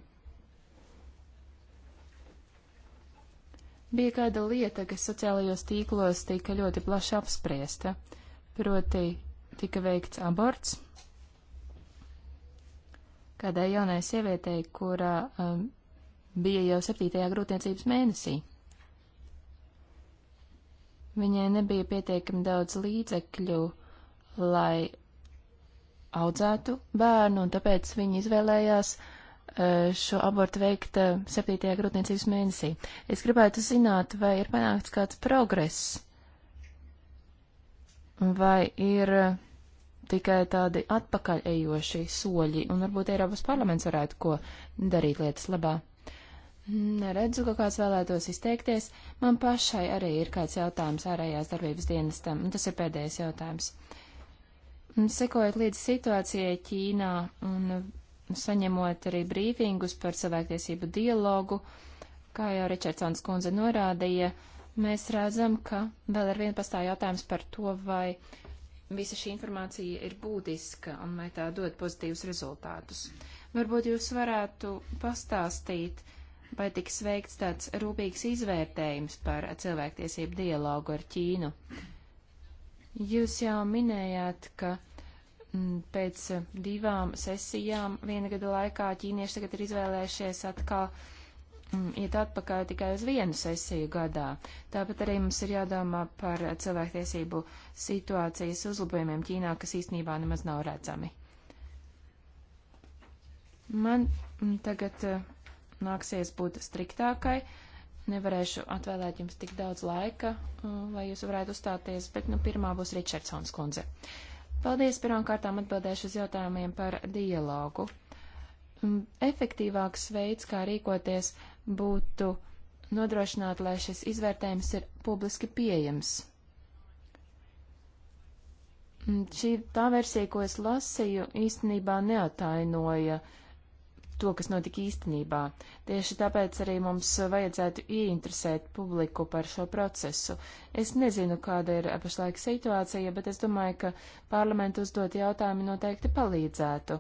Bija kāda lieta, kas sociālajos tīklos tika ļoti plaši apspriesta, proti tika veikts aborts kādai jaunai sievietei, kura um, bija jau septītajā grūtniecības mēnesī. Viņai nebija pietiekami daudz līdzekļu, lai audzētu bērnu, un tāpēc viņa izvēlējās e, šo abortu veikt e, septītajā grūtniecības mēnesī. Es gribētu zināt, vai ir panākts kāds progress, vai ir e, tikai tādi atpakaļ ejoši soļi, un varbūt Eiropas parlaments varētu ko darīt lietas labā. Neredzu, ka kāds vēlētos izteikties. Man pašai arī ir kāds jautājums ārējās darbības dienestam, un tas ir pēdējais jautājums. Sekojot līdz situācijai Ķīnā un saņemot arī brīfingus par cilvēktiesību dialogu, kā jau Ričardsons kundze norādīja, mēs redzam, ka vēl ar vienu pastāv jautājums par to, vai visa šī informācija ir būtiska un vai tā dod pozitīvus rezultātus. Varbūt jūs varētu pastāstīt, uh, vai tiks veikts tāds rūpīgs izvērtējums par cilvēktiesību dialogu ar Ķīnu? Jūs jau minējāt, ka mm, pēc divām sesijām viena gada laikā ķīnieši tagad ir izvēlējušies atkal mm, iet atpakaļ tikai uz vienu sesiju gadā. Tāpat arī mums ir jādomā par cilvēktiesību situācijas uzlabojumiem Ķīnā, kas īstenībā nemaz nav redzami. Man mm, tagad nāksies būt striktākai. Nevarēšu atvēlēt jums tik daudz laika, uh, lai jūs varētu uzstāties, bet nu pirmā būs Ričardsons kundze. Paldies, pirmām kārtām atbildēšu uz jautājumiem par dialogu. Mm, efektīvāks veids, kā rīkoties, būtu nodrošināt, lai šis izvērtējums ir publiski pieejams. Mm, šī tā versija, ko es lasīju, īstenībā neatainoja uh, to, kas notika īstenībā. Tieši tāpēc arī mums vajadzētu ieinteresēt publiku par šo procesu. Es nezinu, kāda ir pašlaik situācija, bet es domāju, ka parlamentu uzdot jautājumi noteikti palīdzētu.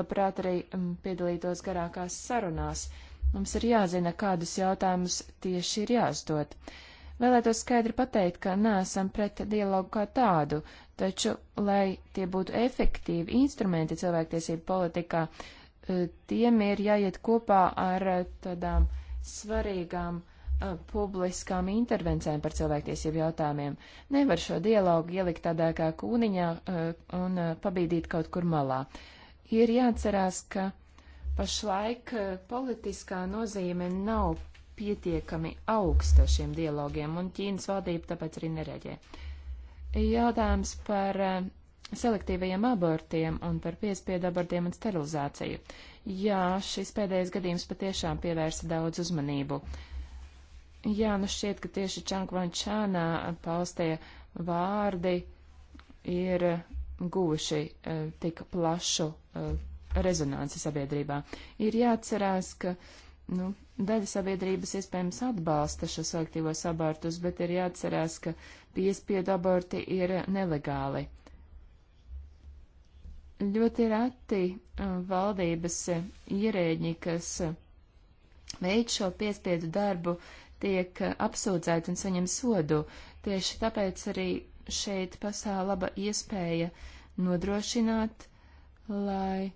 Labprāt arī mm, piedalītos garākās sarunās. Mums ir jāzina, kādus jautājumus tieši ir jāuzdot. Vēlētos skaidri pateikt, ka neesam pret dialogu kā tādu, taču, lai tie būtu efektīvi instrumenti cilvēktiesību politikā, Eh, tiem ir jāiet kopā ar eh, tādām svarīgām uh, publiskām intervencēm par cilvēktiesību jautājumiem. Nevar šo dialogu ielikt tādā kā kūniņā uh, un uh, pabīdīt kaut kur malā. Ir jāatcerās, ka pašlaik politiskā nozīme nav pietiekami augsta šiem dialogiem, un Ķīnas valdība tāpēc arī nereģē. Jautājums par selektīvajiem abortiem un par piespiedu abortiem un sterilizāciju. Jā, šis pēdējais gadījums patiešām pievērsa daudz uzmanību. Jā, nu šķiet, ka tieši Čankvančānā paustie vārdi ir guvuši e, tik plašu e, rezonanci sabiedrībā. Ir jāatcerās, ka nu, daļa sabiedrības iespējams atbalsta šo selektīvos abortus, bet ir jāatcerās, ka piespiedu aborti ir nelegāli. Ļoti reti uh, valdības uh, ierēģi, kas uh, veic šo piespiedu darbu, tiek apsūdzēti un saņem sodu. Tieši tāpēc arī šeit pastāv laba iespēja nodrošināt, lai,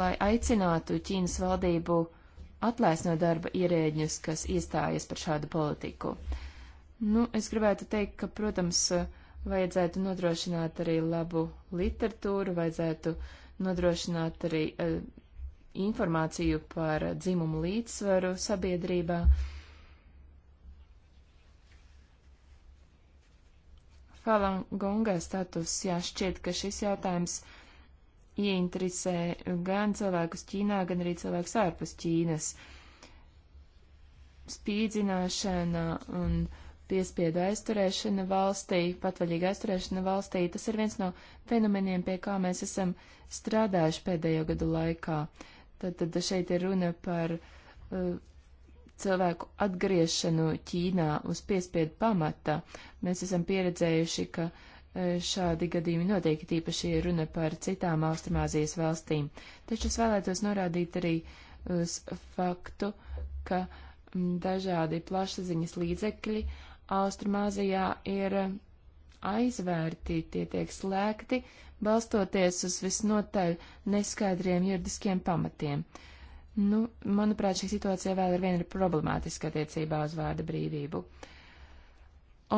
lai aicinātu Ķīnas valdību atlaist no darba ierēģņus, kas iestājas par šādu politiku. Nu, es gribētu teikt, ka, protams, uh, vajadzētu nodrošināt arī labu literatūru, vajadzētu nodrošināt arī uh, informāciju par dzimumu līdzsvaru sabiedrībā. Falan Gonga status, jā, šķiet, ka šis jautājums ieinteresē gan cilvēkus Ķīnā, gan arī cilvēkus ārpus Ķīnas. Spīdzināšana un uh, piespiedu aizturēšana valstī, patvaļīga aizturēšana valstī, tas ir viens no fenomeniem, pie kā mēs esam strādājuši pēdējo gadu laikā. Tad, tad šeit ir runa par uh, cilvēku atgriešanu Ķīnā uz piespiedu pamata. Mēs esam pieredzējuši, ka uh, šādi gadījumi notiek, tīpaši ir runa par citām Austrumāzijas valstīm. Taču es vēlētos norādīt arī uz faktu, ka m, mm, dažādi plašsaziņas līdzekļi uh, Austrumāzijā ir aizvērti, tie tiek slēgti, balstoties uz visnotaļ neskaidriem juridiskiem pamatiem. Nu, manuprāt, šī situācija vēl ar vienu ir problemātiska attiecībā uz vārda brīvību.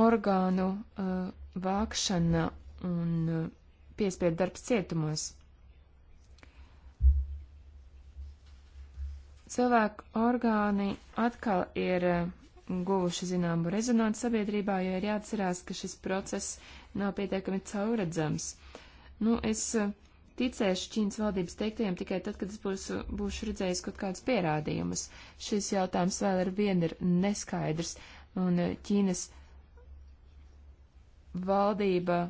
Orgānu uh, vākšana un uh, piespiedu darbs cietumos. Cilvēku orgāni atkal ir uh, guvuši zināmu rezonanci sabiedrībā, jo ir jāatcerās, ka šis process nav pietiekami cauredzams. Nu, es eh, ticēšu Ķīnas valdības teiktajiem tikai tad, kad es būšu, būšu redzējis kaut kādus pierādījumus. Šis jautājums vēl ar vienu ir neskaidrs, un eh, Ķīnas valdība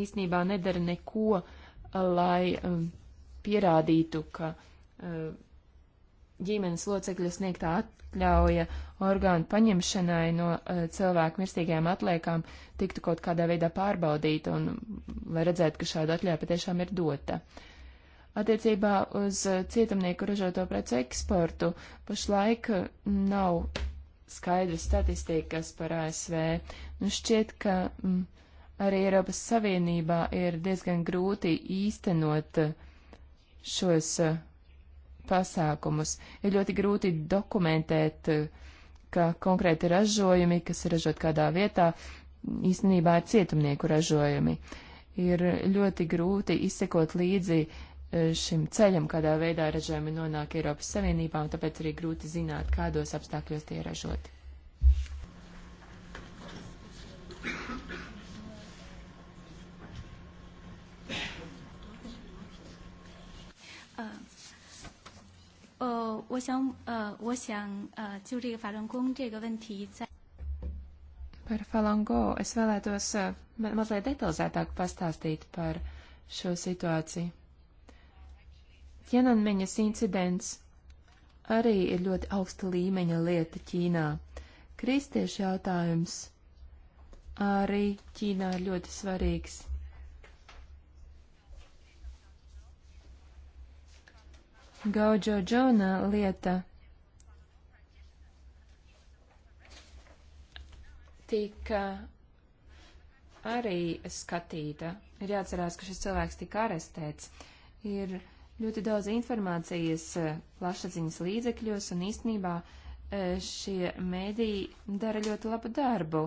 īsnībā nedara neko, eh, lai um, pierādītu, ka uh, ģimenes locekļu sniegtā atļauja orgānu paņemšanai no uh, cilvēku mirstīgajām atliekām tiktu kaut kādā veidā pārbaudīta un lai redzētu, ka šāda atļauja patiešām ir dota. Attiecībā uz eh, cietumnieku ražoto preču eksportu pašlaik eh, nav skaidras statistikas par ASV. Nu šķiet, ka m, mm, arī Eiropas Savienībā ir diezgan grūti īstenot šos uh, pasākumus. Ir ļoti grūti dokumentēt, eh, ka konkrēti ražojumi, kas ir ražot kādā vietā, īstenībā ir cietumnieku ražojumi. Ir ļoti grūti izsekot līdzi eh, šim ceļam, kādā veidā ražojumi nonāk Eiropas Savienībā, un tāpēc arī grūti zināt, kādos apstākļos tie ir ražoti. 呃，我想呃，我想呃，就这个法轮功这个问题在。Par falango es vēlētos uh, mazliet detalizētāk pastāstīt par šo situāciju. Tienanmeņas incidents arī ir ļoti augsta līmeņa lieta Ķīnā. Kristiešu jautājums arī Ķīnā ir ļoti svarīgs. Gauģo Džona lieta tika arī skatīta. Ir jāatcerās, ka šis cilvēks tika arestēts. Ir ļoti daudz informācijas plašsaziņas līdzekļos, un īstenībā šie mēdīji dara ļoti labu darbu.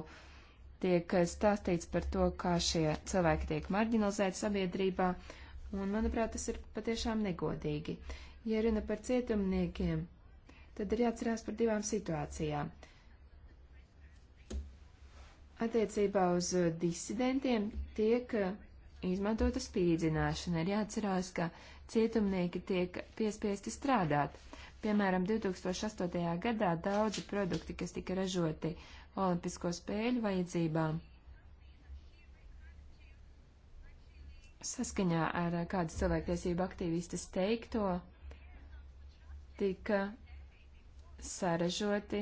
Tiek stāstīts par to, kā šie cilvēki tiek marginalizēti sabiedrībā, un, manuprāt, tas ir patiešām negodīgi. Uh, Ja runa par cietumniekiem, tad ir jāatcerās par divām situācijām. Attiecībā uz disidentiem tiek uh, izmantota spīdzināšana. Ir jāatcerās, ka cietumnieki tiek piespiesti strādāt. Piemēram, 2008. gadā daudzi produkti, kas tika ražoti Olimpisko spēļu vajadzībām, saskaņā ar uh, kādas cilvēktiesību aktīvistas teikto, tika saražoti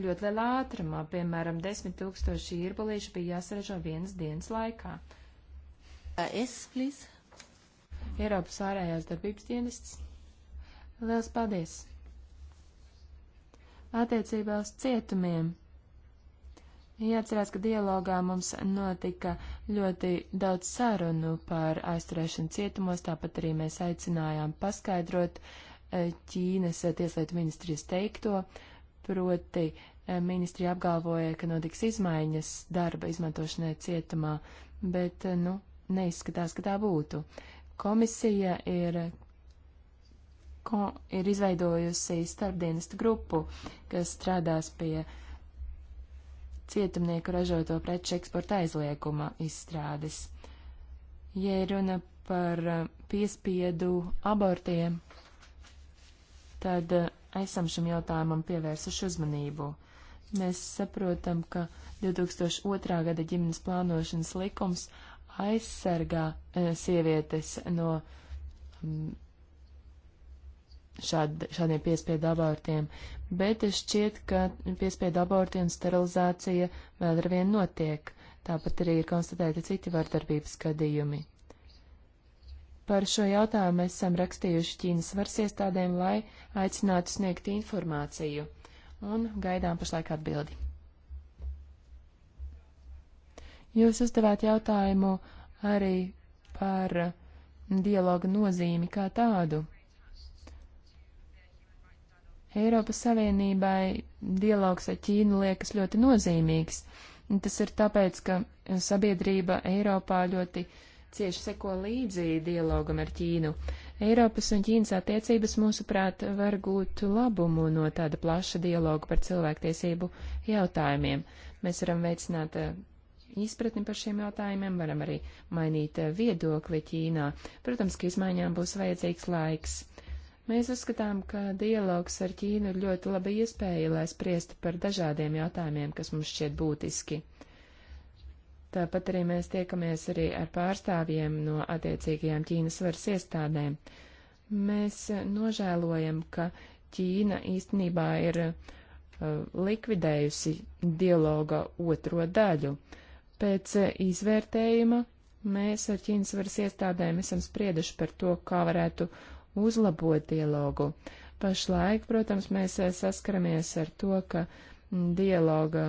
ļoti lielā ātrumā. Piemēram, 10 tūkstoši īrbolīšu bija jāsaražo vienas dienas laikā. Uh, es, please. Eiropas ārējās darbības dienests. Liels paldies! Attiecībā uz cietumiem. Jāatcerās, ka dialogā mums notika ļoti daudz sarunu par aizturēšanu cietumos, tāpat arī mēs aicinājām paskaidrot uh, Ķīnas tieslietu ministrijas teikto, proti eh, ministrija apgalvoja, ka notiks izmaiņas darba izmantošanai cietumā, bet, eh, nu, neizskatās, ka tā būtu. Komisija ir, ko, ir izveidojusi starpdienestu grupu, kas strādās pie cietumnieku ražoto preču eksporta aizlieguma izstrādes. Ja runa par eh, piespiedu abortiem, tad eh, esam šim jautājumam pievērsuši uzmanību. Mēs saprotam, ka 2002. gada ģimenes plānošanas likums aizsargā eh, sievietes no mm, šād, šādiem piespiedu abortiem, bet šķiet, ka piespiedu aborti un sterilizācija vēl ar vienu notiek. Tāpat arī ir konstatēti citi vardarbības gadījumi. Par šo jautājumu mēs esam rakstījuši Ķīnas varas iestādēm, lai aicinātu sniegt informāciju, un gaidām pašlaik atbildi. Jūs uzdevāt jautājumu arī par dialoga nozīmi kā tādu. Eiropas Savienībai dialogs ar Ķīnu liekas ļoti nozīmīgs. Tas ir tāpēc, ka sabiedrība Eiropā ļoti uh, cieši seko līdzi dialogam ar Ķīnu. Eiropas un Ķīnas attiecības, mūsuprāt, var gūt labumu no tāda plaša dialoga par cilvēktiesību jautājumiem. Mēs varam veicināt eh, izpratni par šiem jautājumiem, varam arī mainīt eh, viedokli Ķīnā. Protams, ka izmaiņām būs vajadzīgs laiks. Mēs uzskatām, ka dialogs ar Ķīnu ir ļoti laba iespēja, lai spriestu par dažādiem jautājumiem, kas mums šķiet būtiski. Tāpat arī mēs tiekamies arī ar pārstāvjiem no attiecīgajām Ķīnas varas iestādēm. Mēs eh, nožēlojam, ka Ķīna īstenībā ir uh, likvidējusi dialoga otro daļu. Pēc uh, izvērtējuma mēs ar Ķīnas varas iestādēm esam sprieduši par to, kā varētu uzlabot dialogu. Pašlaik, protams, mēs uh, saskaramies ar to, ka mm, dialoga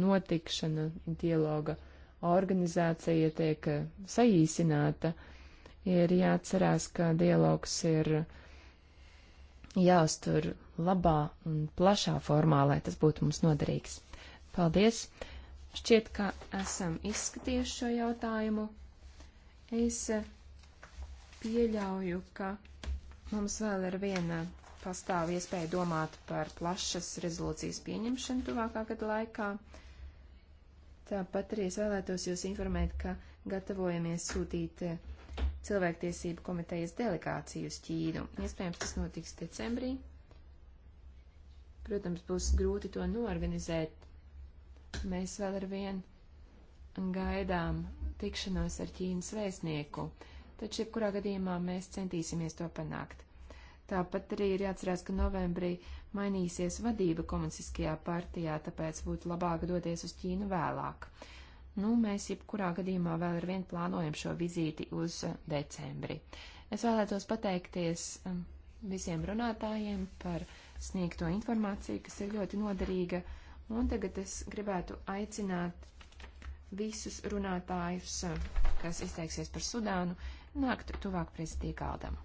notikšana, dialoga uh, organizācija tiek eh, saīsināta, ir jāatcerās, ka dialogs ir jāuztur labā un plašā formā, lai tas būtu mums noderīgs. Paldies! Šķiet, ka esam izskatījuši šo jautājumu. Es eh, pieļauju, ka mums vēl ir viena pastāv iespēja domāt par plašas rezolūcijas pieņemšanu tuvākā gada laikā. Tāpat arī es vēlētos jūs informēt, ka gatavojamies sūtīt eh, cilvēktiesību komitejas delegāciju uz Ķīnu. Iespējams, tas notiks decembrī. Protams, būs grūti to norganizēt. Mēs vēl ar vienu gaidām tikšanos ar Ķīnas vēstnieku, taču jebkurā gadījumā mēs centīsimies to panākt. Tāpat arī ir jāatcerās, ka novembrī mainīsies vadība komunistiskajā partijā, tāpēc būtu labāk doties uz Ķīnu vēlāk. Nu, mēs jebkurā gadījumā vēl ar vien plānojam šo vizīti uz eh, decembri. Es vēlētos pateikties eh, visiem runātājiem par sniegto informāciju, kas ir ļoti noderīga, un tagad es gribētu aicināt visus runātājus, eh, kas izteiksies par Sudānu, nākt tuvāk prezidija galdam.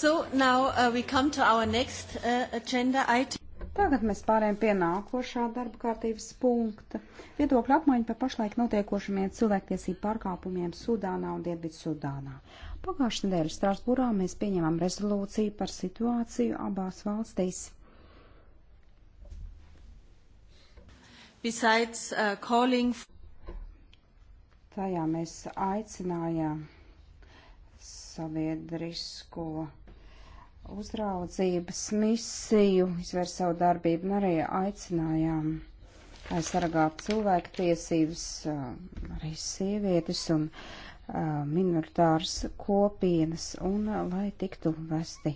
So now uh, we come to our next uh, agenda item. Tagad mēs pārējām pie nākošā darba kārtības punkta. Viedokļa apmaiņa par pašlaik notiekošamiem cilvēktiesību pārkāpumiem Sudānā un Dienvidu Sudānā. Pagājušajā nedēļā Strasbūrā mēs pieņēmām rezolūciju par situāciju abās valstīs. Besides, uh, calling... Tajā mēs aicinājām sabiedrisko uzraudzības misiju, izvērs savu darbību un arī aicinājām aizsargāt cilvēku tiesības, um, arī sievietes un um, minoritāras kopienas, un uh, lai tiktu vesti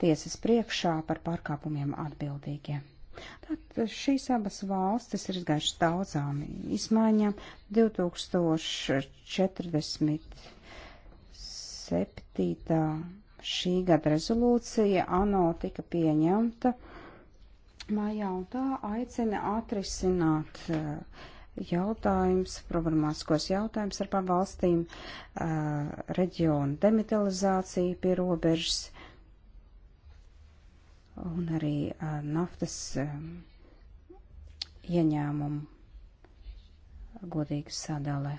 tiesas priekšā par pārkāpumiem atbildīgiem. Tad šīs abas valstis ir izgājušas daudzām izmaiņām. 2047. Šī gada rezolūcija ANO tika pieņemta mājā un tā aicina atrisināt eh, jautājums, problemātiskos jautājums ar valstīm, eh, reģionu demitalizāciju pie robežas un arī eh, naftas ieņēmumu godīgas sadalē.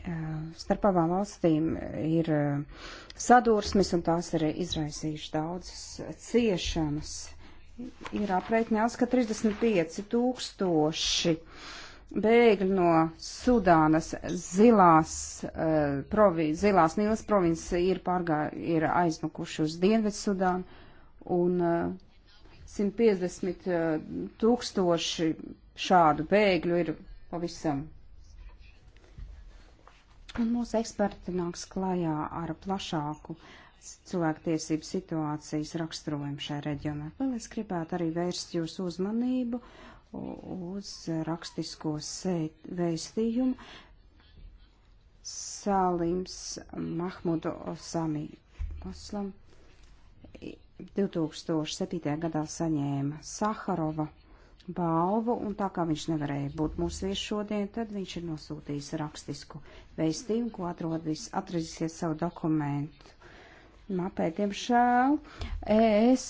Eh, starp abām valstīm ir eh, sadursmes un tās ir izraisījušas daudzas ciešanas. Ir aprēķināts, ka 35 tūkstoši bēgļi no Sudānas zilās, uh, provi, zilās Nīlas provinces ir, pārgā, ir aizmukuši uz Dienvidu Sudānu un uh, 150 tūkstoši šādu bēgļu ir pavisam Un mūsu eksperti nāks klajā ar plašāku cilvēktiesību situācijas raksturojumu šajā reģionā. Vēl es gribētu arī vērst jūsu uzmanību uz rakstisko vēstījumu Sālims Mahmudu Osami Moslam 2007. gadā saņēma Saharova balvu, un tā kā viņš nevarēja būt mūsu viesis šodien, tad viņš ir nosūtījis rakstisku vēstījumu, ko atrodīs, atradīsies savu dokumentu. Mapē, diemžēl, es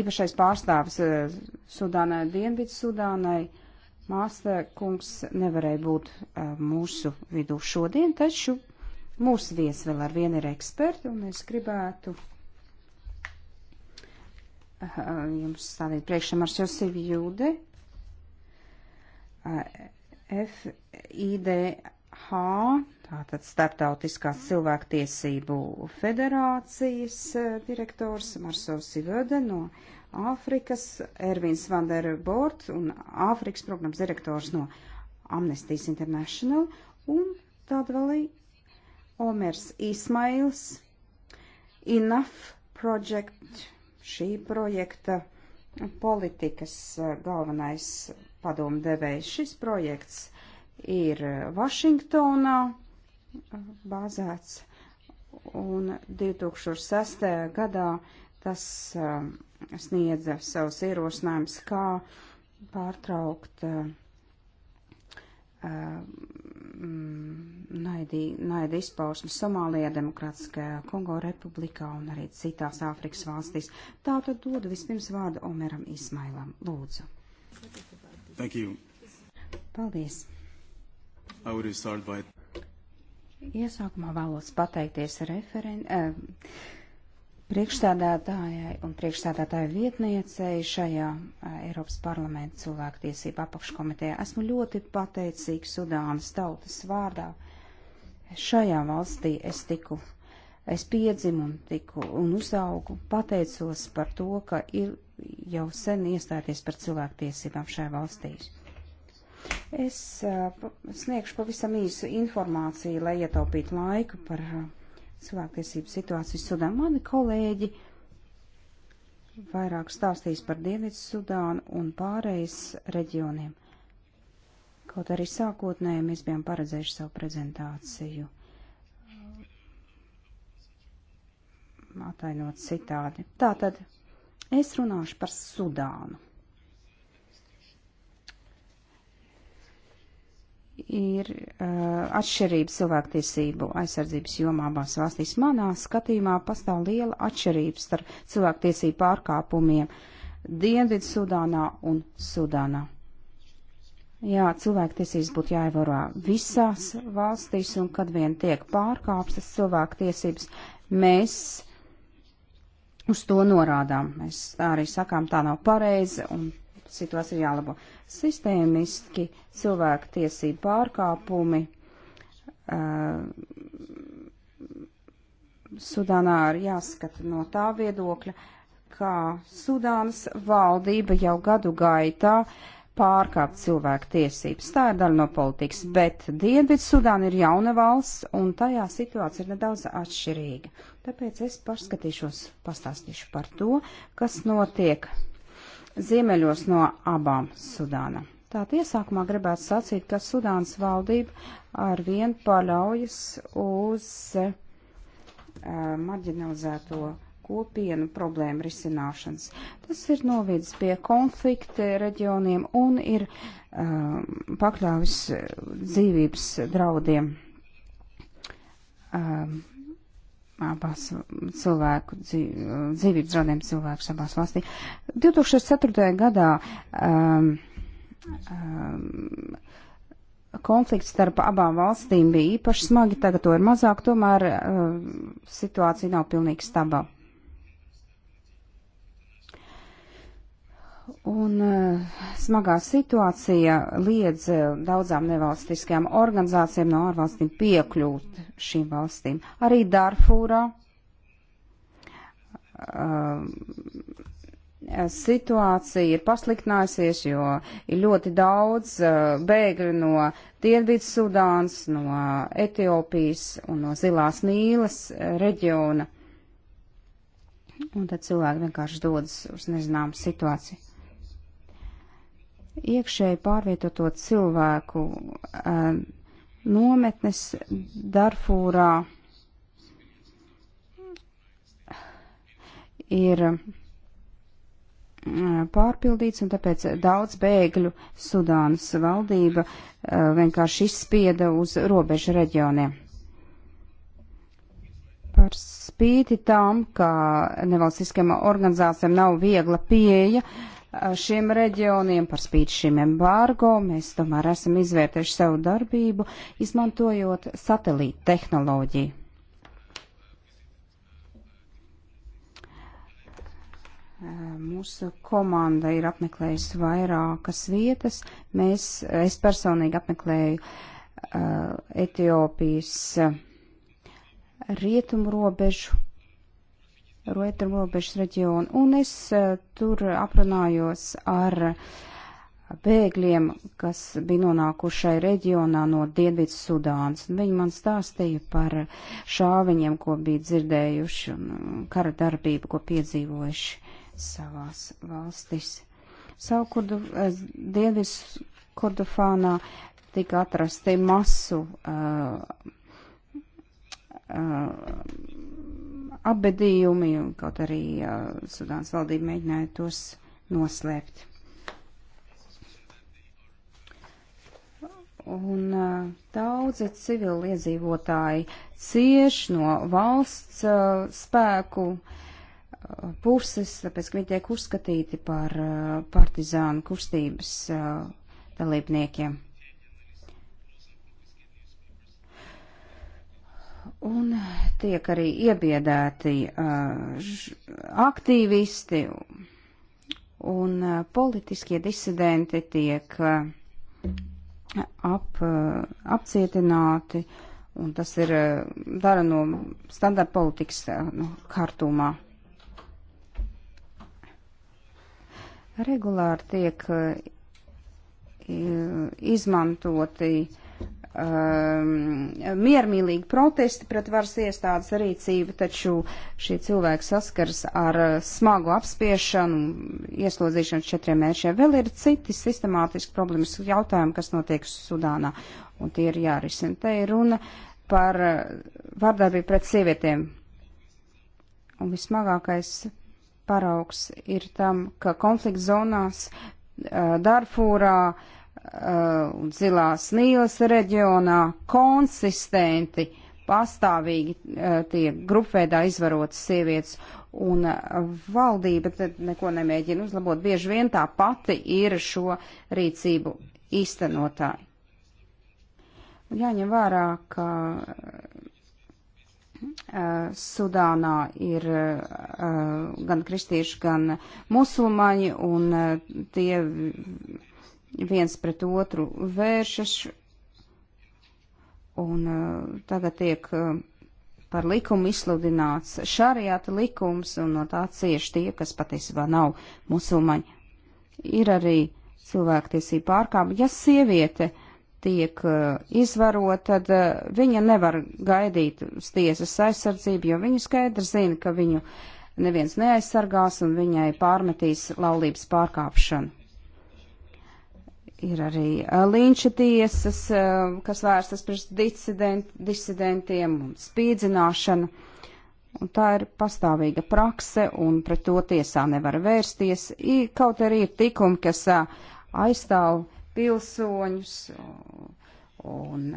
īpašais pārstāvis Sudānai, Dienvidu Sudānai, Māsta kungs nevarēja būt mūsu vidū šodien, taču mūsu viesi vēl ar vienu ir eksperti, un es gribētu jums stādīt priekšā Mars Josivi Jūde, FIDH, tātad Startautiskās cilvēktiesību federācijas direktors Marso Sivöde no Āfrikas, Ervins Vanderbort un Āfrikas programmas direktors no Amnestijas International un tāda vēl Omers Ismails, INAF Project šī projekta politikas eh, galvenais padomdevējs. Šis projekts ir Vašingtonā eh, bāzēts un 2006. gadā tas eh, sniedza savus ierosinājumus, kā pārtraukt uh, Um, naidi, naida izpausmi Somālijā, Demokrātiskajā Kongo republikā un arī citās Āfrikas valstīs. Tā tad dodu vispirms vārdu Omeram Ismailam. Lūdzu. Thank you. Paldies. By... Iesākumā vēlos pateikties referen... Uh, priekšstādātājai un priekšstādātāju vietniecei šajā Eiropas parlamenta cilvēktiesība apakškomitejā. Esmu ļoti pateicīgs Sudānas tautas vārdā. Šajā valstī es tiku, es piedzimu un tiku un uzaugu, pateicos par to, ka ir jau sen iestāties par cilvēktiesībām šajā valstī. Es uh, sniegšu pavisam īsu informāciju, lai ietaupītu laiku par uh, cilvēktiesību situāciju Sudan. Mani kolēģi vairāk stāstīs par Dienvidu Sudānu un pārējais reģioniem. Kaut arī sākotnēji mēs bijām paredzējuši savu prezentāciju. Uh, atainot citādi. Tātad es runāšu par Sudānu. ir uh, atšķirība cilvēktiesību aizsardzības jomā abās valstīs. Manā skatījumā pastāv liela atšķirība starp cilvēktiesību pārkāpumiem Dienvidu Sudānā un Sudānā. Jā, cilvēktiesības būtu jāievarā visās valstīs, un kad vien tiek pārkāpstas cilvēktiesības, mēs uz to norādām. Mēs tā arī sakām, tā nav pareizi, un situācija ir jālabo. Sistēmiski cilvēku tiesību pārkāpumi uh, Sudānā ir jāskata no tā viedokļa, kā Sudānas valdība jau gadu gaitā pārkāpt cilvēku tiesības. Tā ir daļa no politikas, bet Dienvidu Sudāna ir jauna valsts un tajā situācija ir nedaudz atšķirīga. Tāpēc es paskatīšos, pastāstīšu par to, kas notiek ziemeļos no abām Sudāna. Tātad iesākumā gribētu sacīt, ka Sudānas valdība ar vienu paļaujas uz uh, marginalizēto kopienu problēmu risināšanas. Tas ir noviedis pie konflikta reģioniem un ir uh, pakļāvis eh, dzīvības draudiem. Uh, abās cilvēku dzīv, dzīvības draudiem cilvēkus abās valstī. 2004. gadā um, um, konflikts starp abām valstīm bija īpaši smagi, tagad to ir mazāk, tomēr um, situācija nav pilnīgi stabila. Un e, smagā situācija liedz e, daudzām nevalstiskajām organizācijām no ārvalstīm piekļūt šīm valstīm. Arī Darfūrā uh, situācija ir pasliktinājusies, jo ir ļoti daudz uh, bēgļu no Dienvidas Sudāns, no Etiopijas un no Zilās Nīlas reģiona. Un tad cilvēki vienkārši dodas uz nezināmu situāciju iekšēji pārvietoto cilvēku um, nometnes Darfūrā ir pārpildīts, un tāpēc daudz bēgļu Sudānas valdība vienkārši izspieda uz robežu reģioniem. Par spīti tam, ka nevalstiskajām organizācijām nav viegla pieeja, uh, šiem reģioniem, par spīti šim embargo. Mēs tomēr esam izvērtējuši savu darbību, izmantojot satelīta tehnoloģiju. Mūsu komanda ir apmeklējusi vairākas vietas. Mēs, es personīgi apmeklēju uh, Etiopijas uh, rietumu robežu Roetru robežas reģionu, un es eh, tur aprunājos ar bēgļiem, kas bija nonākušai reģionā no Dienvidu Sudānas. Viņi man stāstīja par šāviņiem, ko bija dzirdējuši, un mm, kara darbību, ko piedzīvojuši savās valstis. Savu kurdu, eh, Dienvidu Kordofānā tika atrasti masu uh, uh, apbedījumi, kaut arī uh, Sudānas valdība mēģināja tos noslēpt. Un uh, daudzi civiliedzīvotāji cieš no valsts uh, spēku uh, puses, tāpēc, ka viņi tiek uzskatīti par uh, partizānu kustības uh, dalībniekiem. Un tiek arī iebiedēti uh, aktīvisti un uh, politiskie disidenti tiek uh, ap, uh, apcietināti, un tas ir uh, dara no standarta politikas uh, nu, kārtumā. Regulāri tiek uh, izmantoti uh, um, miermīlīgi protesti pret varas iestādes rīcību, taču šie cilvēki saskars ar smagu apspiešanu, ieslodzīšanu četriem mēnešiem. Vēl ir citi sistemātiski problēmas jautājumi, kas notiek Sudānā, un tie ir jārisina. Te ir runa par uh, vardarbību pret sievietēm. Un vismagākais paraugs ir tam, ka konflikt zonās, uh, Darfūrā, uh, un uh, zilās nīlas reģionā konsistenti, pastāvīgi uh, tiek grupveidā izvarotas sievietes, un uh, valdība neko nemēģina uzlabot. Bieži vien tā pati ir šo rīcību īstenotāji. Jāņem vērā, ka Sudānā ir gan kristieši, gan musulmaņi, un tie viens pret otru vēršas un uh, tagad tiek uh, par likumu izsludināts šariāta likums, un no tā cieši tie, kas patiesībā nav musulmaņi. Ir arī cilvēktiesība pārkāpuma. Ja sieviete tiek uh, izvarot, tad uh, viņa nevar gaidīt uz tiesas aizsardzību, jo viņa skaidri zina, ka viņu neviens neaizsargās un viņai pārmetīs laulības pārkāpšanu. Ir arī līnča tiesas, kas vērstas pret disident, disidentiem un spīdzināšanu. Un tā ir pastāvīga prakse, un pret to tiesā nevar vērsties. I, kaut arī ir tikumi, kas aizstāv pilsoņus, un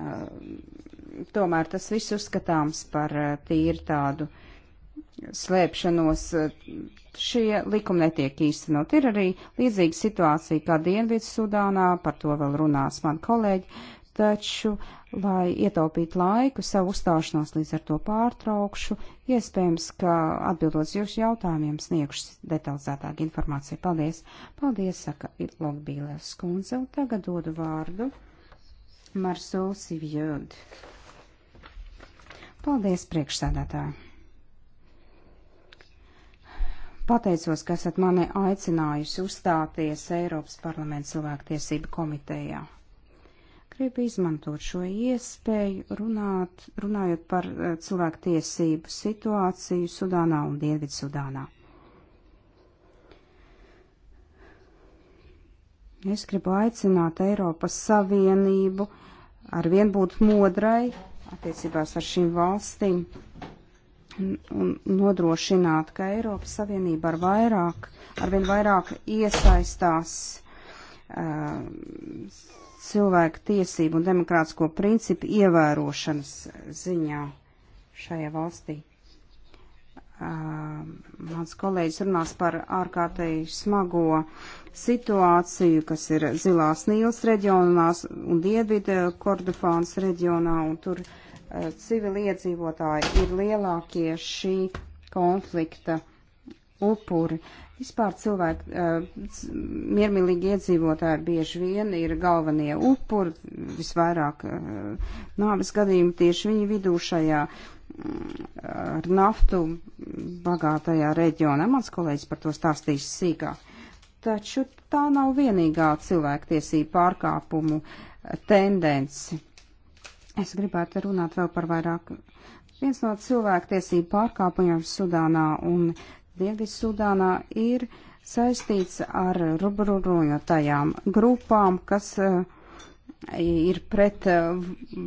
tomēr tas viss uzskatāms par tīri tādu uh, slēpšanos eh, šie likumi netiek īstenot. Ir arī līdzīga situācija kā Dienvidu Sudānā, par to vēl runās mani kolēģi, taču, lai ietaupītu laiku, savu uzstāšanos līdz ar to pārtraukšu, iespējams, ka atbildot jūsu jautājumiem sniegšu detalizētāku informāciju. Paldies! Paldies, saka Logbīlēs kundze, un tagad dodu vārdu Marsol Sivjod. Paldies, priekšsēdētāji! Pateicos, ka esat mani aicinājusi uzstāties Eiropas parlamenta cilvēktiesību komitejā. Gribu izmantot šo iespēju runāt, runājot par eh, cilvēktiesību situāciju Sudānā un Dienvidsudānā. Es gribu aicināt Eiropas Savienību ar vien būt modrai attiecībās ar šīm valstīm, un nodrošināt, ka Eiropas Savienība ar vairāk, arvien vairāk iesaistās uh, cilvēku tiesību un demokrātisko principu ievērošanas ziņā šajā valstī. Uh, mans kolēģis runās par ārkārtēji smago situāciju, kas ir Zilās Nīlas reģionās un Dievida Kordofāns reģionā, un tur uh, Eh, civiliedzīvotāji ir lielākie šī konflikta upuri. Vispār cilvēki, uh, miermīlīgi iedzīvotāji bieži vien ir galvenie upuri, visvairāk uh, nāves gadījumi tieši viņu vidū šajā uh, ar naftu bagātajā reģionā. Mans kolēģis par to stāstīs sīkāk. Taču tā nav vienīgā cilvēktiesība pārkāpumu tendence. Es gribētu runāt vēl par vairāk. Viens no cilvēktiesību pārkāpumiem Sudānā un Dienvidu Sudānā ir saistīts ar rubrurojotajām grupām, kas uh, ir pret uh,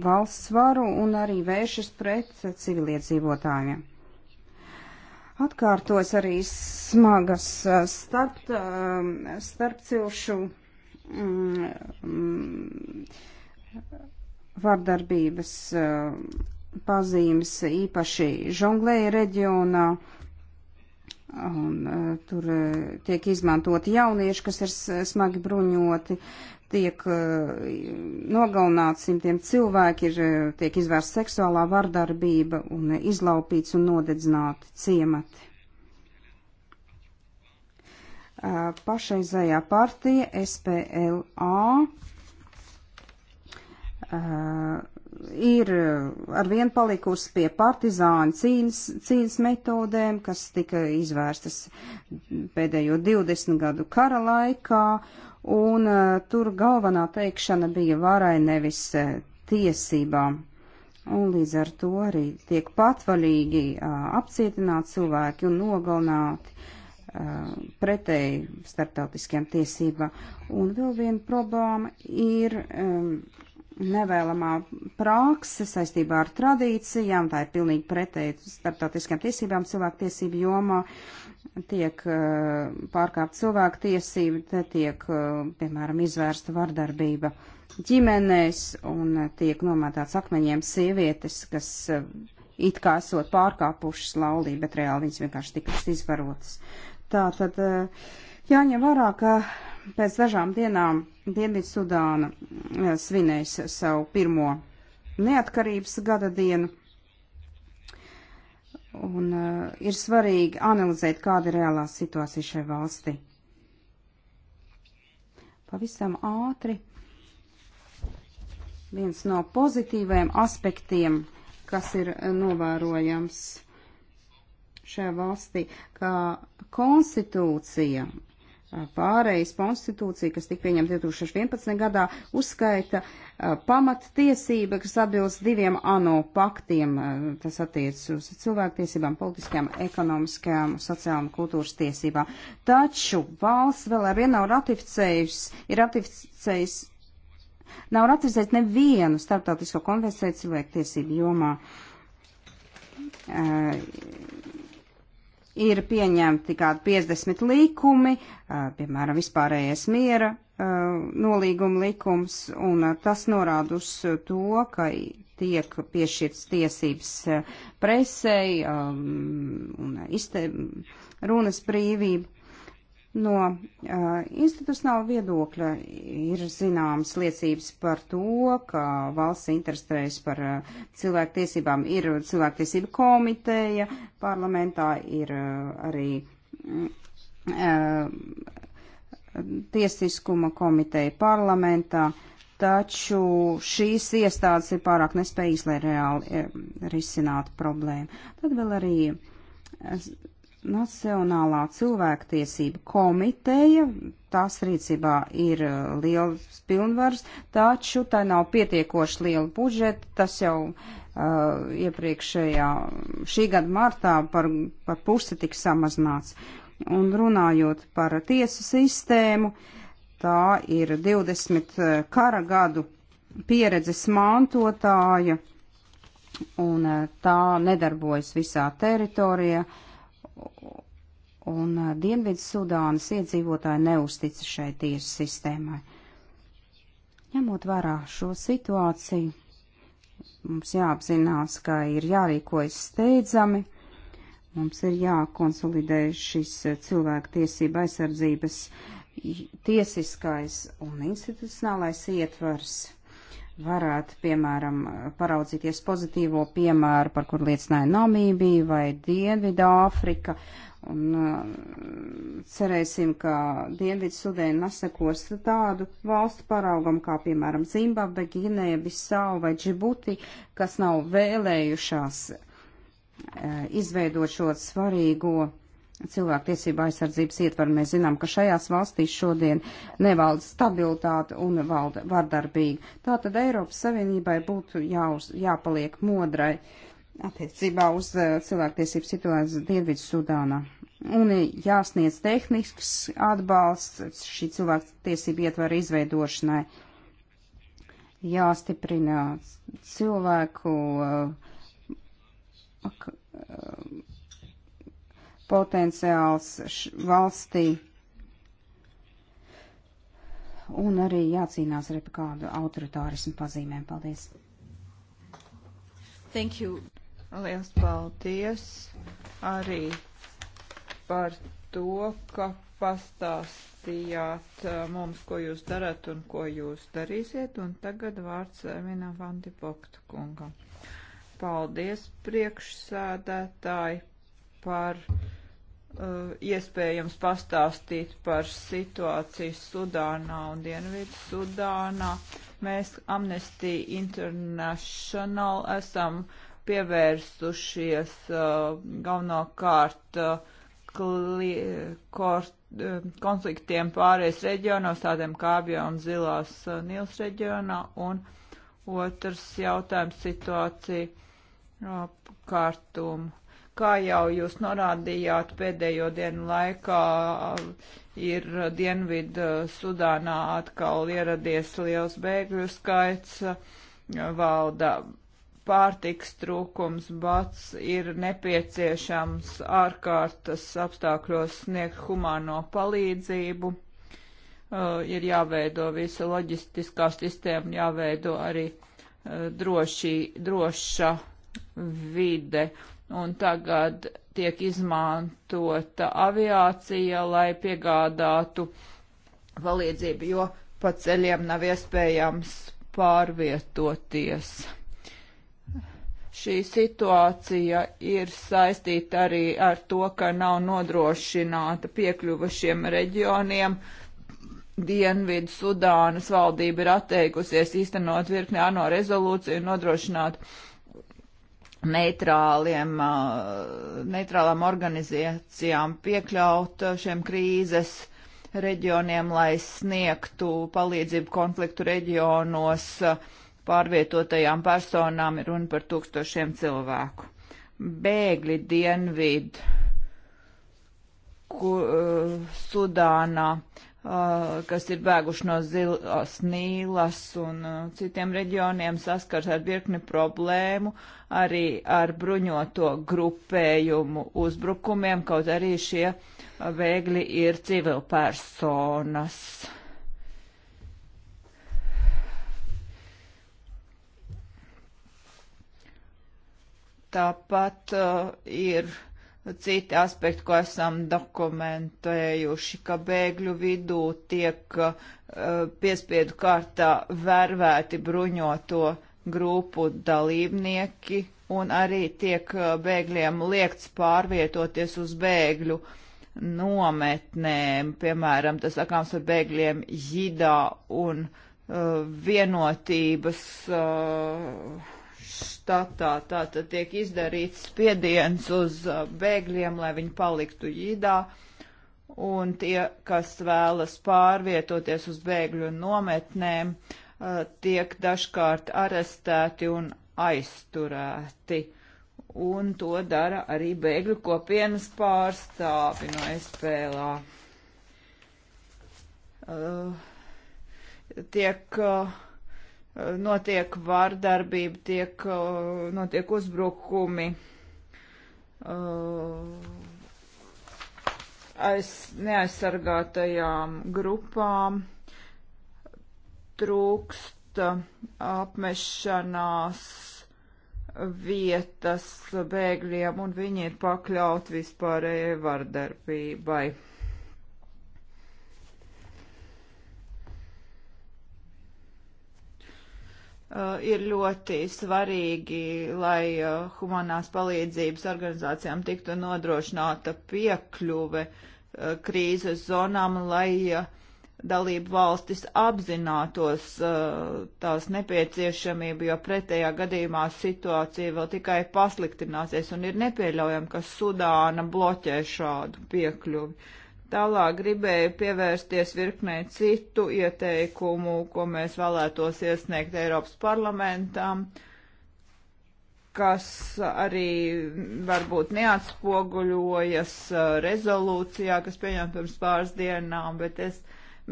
valsts varu un arī vēršas pret uh, civiliedzīvotājiem. Atkārtos arī smagas eh, starp, starpcilšu mm, mm, vardarbības eh, pazīmes, īpaši Žonglēja reģionā. Un, uh, tur uh, tiek izmantoti jaunieši, kas ir smagi bruņoti, tiek uh, nogalināts simtiem cilvēki, ir, uh, tiek izvērsta seksuālā vardarbība un uh, izlaupīts un nodedzināti ciemati. Uh, pašreizējā partija SPLA Uh, ir ar vien palikusi pie partizāņu cīņas, cīņas metodēm, kas tika izvērstas pēdējo 20 gadu kara laikā, un uh, tur galvenā teikšana bija varai nevis uh, tiesībām. Un līdz ar to arī tiek patvaļīgi uh, apcietināti cilvēki un nogalināti uh, pretēji starptautiskiem tiesībām. Un vēl viena problēma ir um, nevēlamā prakse saistībā ar tradīcijām, tā ir pilnīgi pretēji starptautiskām tiesībām cilvēktiesību jomā, tiek uh, pārkāpt cilvēktiesība, te tiek, uh, piemēram, izvērsta vardarbība ģimenēs un uh, tiek nomētāts akmeņiem sievietes, kas uh, it kā esot pārkāpušas laulību, bet reāli viņas vienkārši tikas izvarotas. Tā tad uh, jāņem vērā, ka pēc dažām dienām Dienvidsudāna eh, svinēs savu pirmo neatkarības gada dienu. Un uh, ir svarīgi analizēt, kāda ir reālā situācija šai valstī. Pavisam ātri. Viens no pozitīvajiem aspektiem, kas ir eh, novērojams šajā valstī, kā konstitūcija pārejas konstitūcija, kas tika pieņemta 2011. gadā, uzskaita pamattiesība, kas atbilst diviem ANO paktiem. Tas attiec uz cilvēktiesībām, politiskajām, ekonomiskajām, sociālām, kultūras tiesībām. Taču valsts vēl arvien nav ratificējusi, ir ratificējusi. Nav ratificēts nevienu starptautisko konvenciju cilvēktiesību jomā. Uh, ir pieņemti kādi 50 likumi, piemēram, vispārējais miera nolīguma likums, un tas norāda uz to, ka tiek piešķirts tiesības presei un izte, runas brīvība. No uh, institucionāla viedokļa ir zināmas liecības par to, ka valsts interesēs par uh, cilvēktiesībām ir cilvēktiesība komiteja, parlamentā ir uh, arī tiesiskuma komiteja parlamentā, taču šīs iestādes ir pārāk nespējīgas, lai reāli risinātu problēmu. Tad vēl arī Nacionālā cilvēktiesība komiteja, tās rīcībā ir uh, liels pilnvars, taču tā nav pietiekoši liela budžeta, tas jau uh, iepriekšējā šī gada martā par, par pusi tika samazināts. Un runājot par tiesu sistēmu, tā ir 20 uh, kara gadu pieredzes mantotāja, un uh, tā nedarbojas visā teritorijā. Uh, un uh, Dienvidu Sudānas iedzīvotāji neuzticas šai tiesu sistēmai. Ņemot vērā šo situāciju, mums jāapzinās, ka ir jārīkojas steidzami, mums ir jākonsolidē šis uh, cilvēku tiesība aizsardzības tiesiskais un institucionālais ietvars varētu, piemēram, paraudzīties pozitīvo piemēru, par kur liecināja Namībija vai Dienvidā Āfrika. Un uh, cerēsim, ka Dienvidu Sudēna nesekos tādu valstu paraugam kā, piemēram, Zimbabve, Gineja, Bisau vai Džibuti, kas nav vēlējušās uh, izveidot šo svarīgo cilvēktiesība aizsardzības ietvaru. Mēs zinām, ka šajās valstīs šodien nevalda stabilitāte un valda vardarbība. Tātad Eiropas Savienībai būtu jāuz, jāpaliek modrai attiecībā uz uh, cilvēktiesību situāciju Dienvidu Sudānā. Un jāsniedz tehnisks atbalsts šī cilvēktiesība ietvara izveidošanai. Jāstiprina cilvēku uh, ak, uh, potenciāls valstī. Un arī jācīnās ar kādu autoritārismu pazīmēm. Paldies! Thank you! Liels paldies arī par to, ka pastāstījāt uh, mums, ko jūs darat un ko jūs darīsiet, un tagad vārds Minam Vandipokta kungam. Paldies priekšsēdētāji par Eh, iespējams pastāstīt par situāciju Sudānā un Dienvidu Sudānā. Mēs Amnesty International esam pievērsušies uh, galvenokārt uh, kli, kort, uh, konfliktiem pārējais reģionos, tādiem kā Abja un Zilās uh, Nils reģionā, un otrs jautājums situācija apkārtumu. Uh, Kā jau jūs norādījāt, pēdējo dienu laikā ir Dienvidu Sudānā atkal ieradies liels bēgļu skaits, valda pārtiks trūkums, bats ir nepieciešams ārkārtas apstākļos sniegt humāno palīdzību, uh, ir jāveido visa loģistiskā sistēma, jāveido arī uh, droši, droša vide un tagad tiek izmantota aviācija, lai piegādātu palīdzību, jo pa ceļiem nav iespējams pārvietoties. Šī situācija ir saistīta arī ar to, ka nav nodrošināta piekļuva šiem reģioniem. Dienvidu Sudānas valdība ir atteikusies īstenot virkni ANO rezolūciju un nodrošināt uh, neitrāliem, neitrālām organizācijām piekļaut šiem krīzes reģioniem, lai sniegtu palīdzību konfliktu reģionos pārvietotajām personām, ir runa par tūkstošiem cilvēku. Bēgļi dienvidu Sudānā Uh, kas ir bēguši no Zilās Nīlas un uh, citiem reģioniem, saskars ar virkni problēmu, arī ar bruņoto grupējumu uzbrukumiem, kaut arī šie vēgli ir civilpersonas. Tāpat uh, ir citi aspekti, ko esam dokumentējuši, ka bēgļu vidū tiek uh, piespiedu kārtā vērvēti bruņoto grupu dalībnieki un arī tiek uh, bēgļiem liekts pārvietoties uz bēgļu nometnēm, piemēram, tas sakāms ar bēgļiem Jidā un uh, vienotības uh, štatā. Tātad tiek izdarīts spiediens uz uh, bēgļiem, lai viņi paliktu jīdā, un tie, kas vēlas pārvietoties uz bēgļu nometnēm, uh, tiek dažkārt arestēti un aizturēti. Un to dara arī bēgļu kopienas pārstāvi no SPLA. Uh, tiek uh, notiek vārdarbība, tiek, notiek uzbrukumi. Aiz, neaizsargātajām grupām trūksta apmešanās vietas bēgļiem, un viņi ir pakļaut vispārējai vardarbībai. Uh, ir ļoti svarīgi, lai uh, humanās palīdzības organizācijām tiktu nodrošināta piekļuve uh, krīzes zonām, lai dalību valstis apzinātos tās nepieciešamību, jo pretējā gadījumā situācija vēl tikai pasliktināsies un ir nepieļaujami, ka Sudāna bloķē šādu piekļuvi. Tālāk gribēju pievērsties virknei citu ieteikumu, ko mēs vēlētos iesniegt Eiropas parlamentam, kas arī varbūt neatspoguļojas uh, rezolūcijā, kas pieņem pirms pāris dienām, bet es,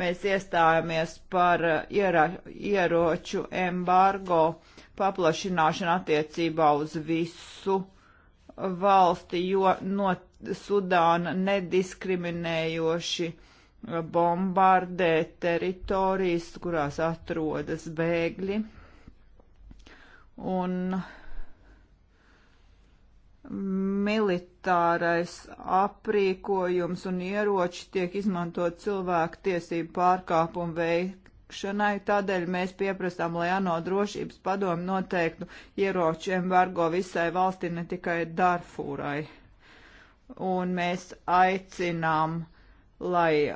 mēs iestājāmies par uh, iera, ieroču embargo paplašināšanu attiecībā uz visu valsti, jo not Sudāna nediskriminējoši bombardē teritorijas, kurās atrodas bēgļi. Un militārais aprīkojums un ieroči tiek izmantot cilvēku tiesību pārkāpumu veikšanai. Tādēļ mēs pieprasām, lai ANO drošības padomu noteiktu ieroču embargo visai valstī, ne tikai Darfūrai un mēs aicinām, lai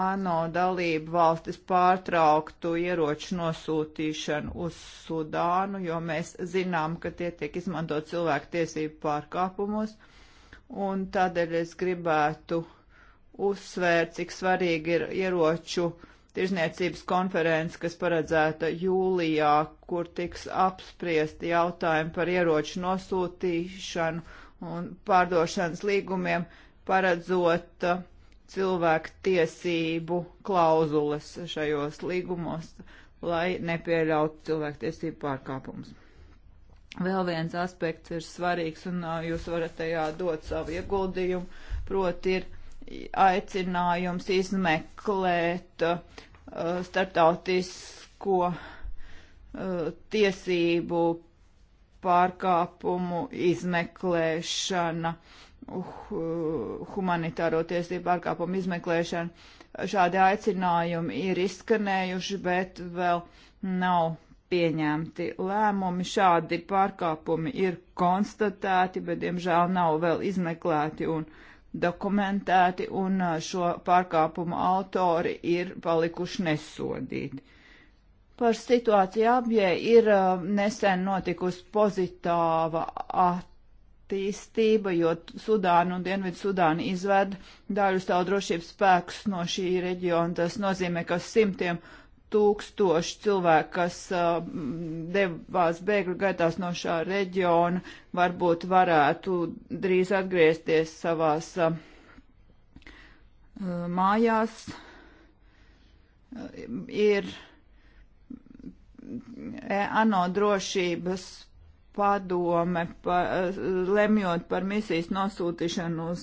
ANO dalību valstis pārtrauktu ieroču nosūtīšanu uz Sudānu, jo mēs zinām, ka tie tiek izmantot cilvēku tiesību pārkāpumos, un tādēļ es gribētu uzsvērt, cik svarīgi ir ieroču tirzniecības konference, kas paredzēta jūlijā, kur tiks apspriesti jautājumi par ieroču nosūtīšanu un pārdošanas līgumiem, paredzot uh, cilvēku tiesību klauzulas šajos līgumos, lai nepieļautu cilvēku tiesību pārkāpumus. Vēl viens aspekts ir svarīgs, un uh, jūs varat tajā dot savu ieguldījumu, proti ir aicinājums izmeklēt uh, starptautisko uh, tiesību pārkāpumu izmeklēšana, uh, humanitāro tiesību pārkāpumu izmeklēšana. Šādi aicinājumi ir izskanējuši, bet vēl nav pieņemti lēmumi. Šādi pārkāpumi ir konstatēti, bet diemžēl nav vēl izmeklēti un dokumentēti, un uh, šo pārkāpumu autori ir palikuši nesodīti. Par situāciju abie ir um, nesen notikusi pozitīva attīstība, jo Sudāna un Dienvidu Sudāna izved daļu savu drošības spēkus no šī reģiona. Tas nozīmē, ka simtiem tūkstoši cilvēku, kas uh, devās bēgļu gaitās no šā reģiona, varbūt varētu drīz atgriezties savās um, uh, mājās. Uh, ir E ANO drošības padome, pa, lemjot par misijas nosūtīšanu uz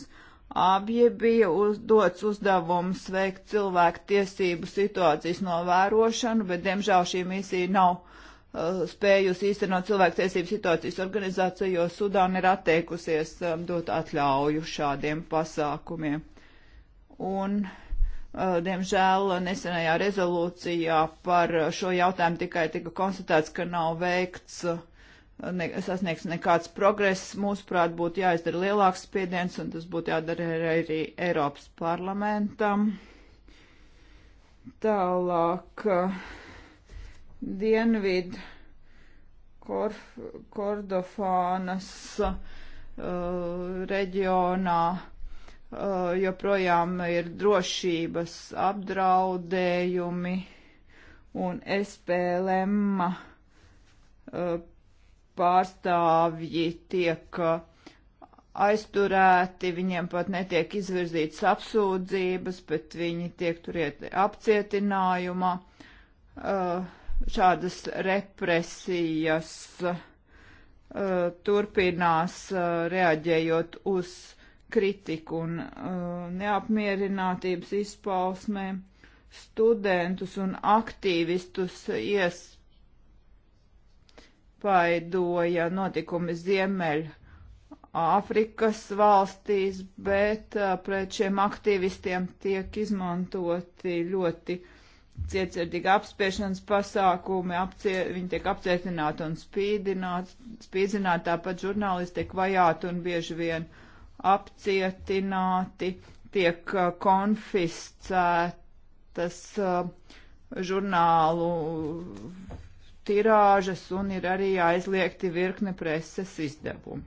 Abie bija uzdots uzdevums veikt cilvēku tiesību situācijas novērošanu, bet, diemžēl, šī misija nav uh, spējusi īstenot cilvēku tiesību situācijas organizāciju, jo Sudāna ir atteikusies um, dot atļauju šādiem pasākumiem. Un uh, Eh, diemžēl nesenajā rezolūcijā par šo jautājumu tikai tika konstatēts, ka nav veikts eh, ne, sasniegts nekāds progress. Mūsuprāt, būtu jāizdara lielāks spiediens, un tas būtu jādara arī Eiropas parlamentam. Tālāk, eh, Dienvid Korf, Kordofānas uh, reģionā Uh, joprojām ir drošības apdraudējumi un SPLM uh, pārstāvji tiek uh, aizturēti, viņiem pat netiek izvirzītas apsūdzības, bet viņi tiek turiet apcietinājumā. Šādas represijas turpinās reaģējot uz kritiku un uh, neapmierinātības izpausmē, studentus un aktīvistus iespaidoja notikumi Ziemeļa Āfrikas valstīs, bet uh, pret šiem aktīvistiem tiek izmantoti ļoti cietsirdīgi apspiešanas pasākumi, apcie, viņi tiek apcietināti un spīdināti, spīdzināti, tāpat žurnālisti tiek vajāti un bieži vien apcietināti, tiek uh, konfiscētas uh, žurnālu tirāžas un ir arī aizliegti virkne preses izdevumi.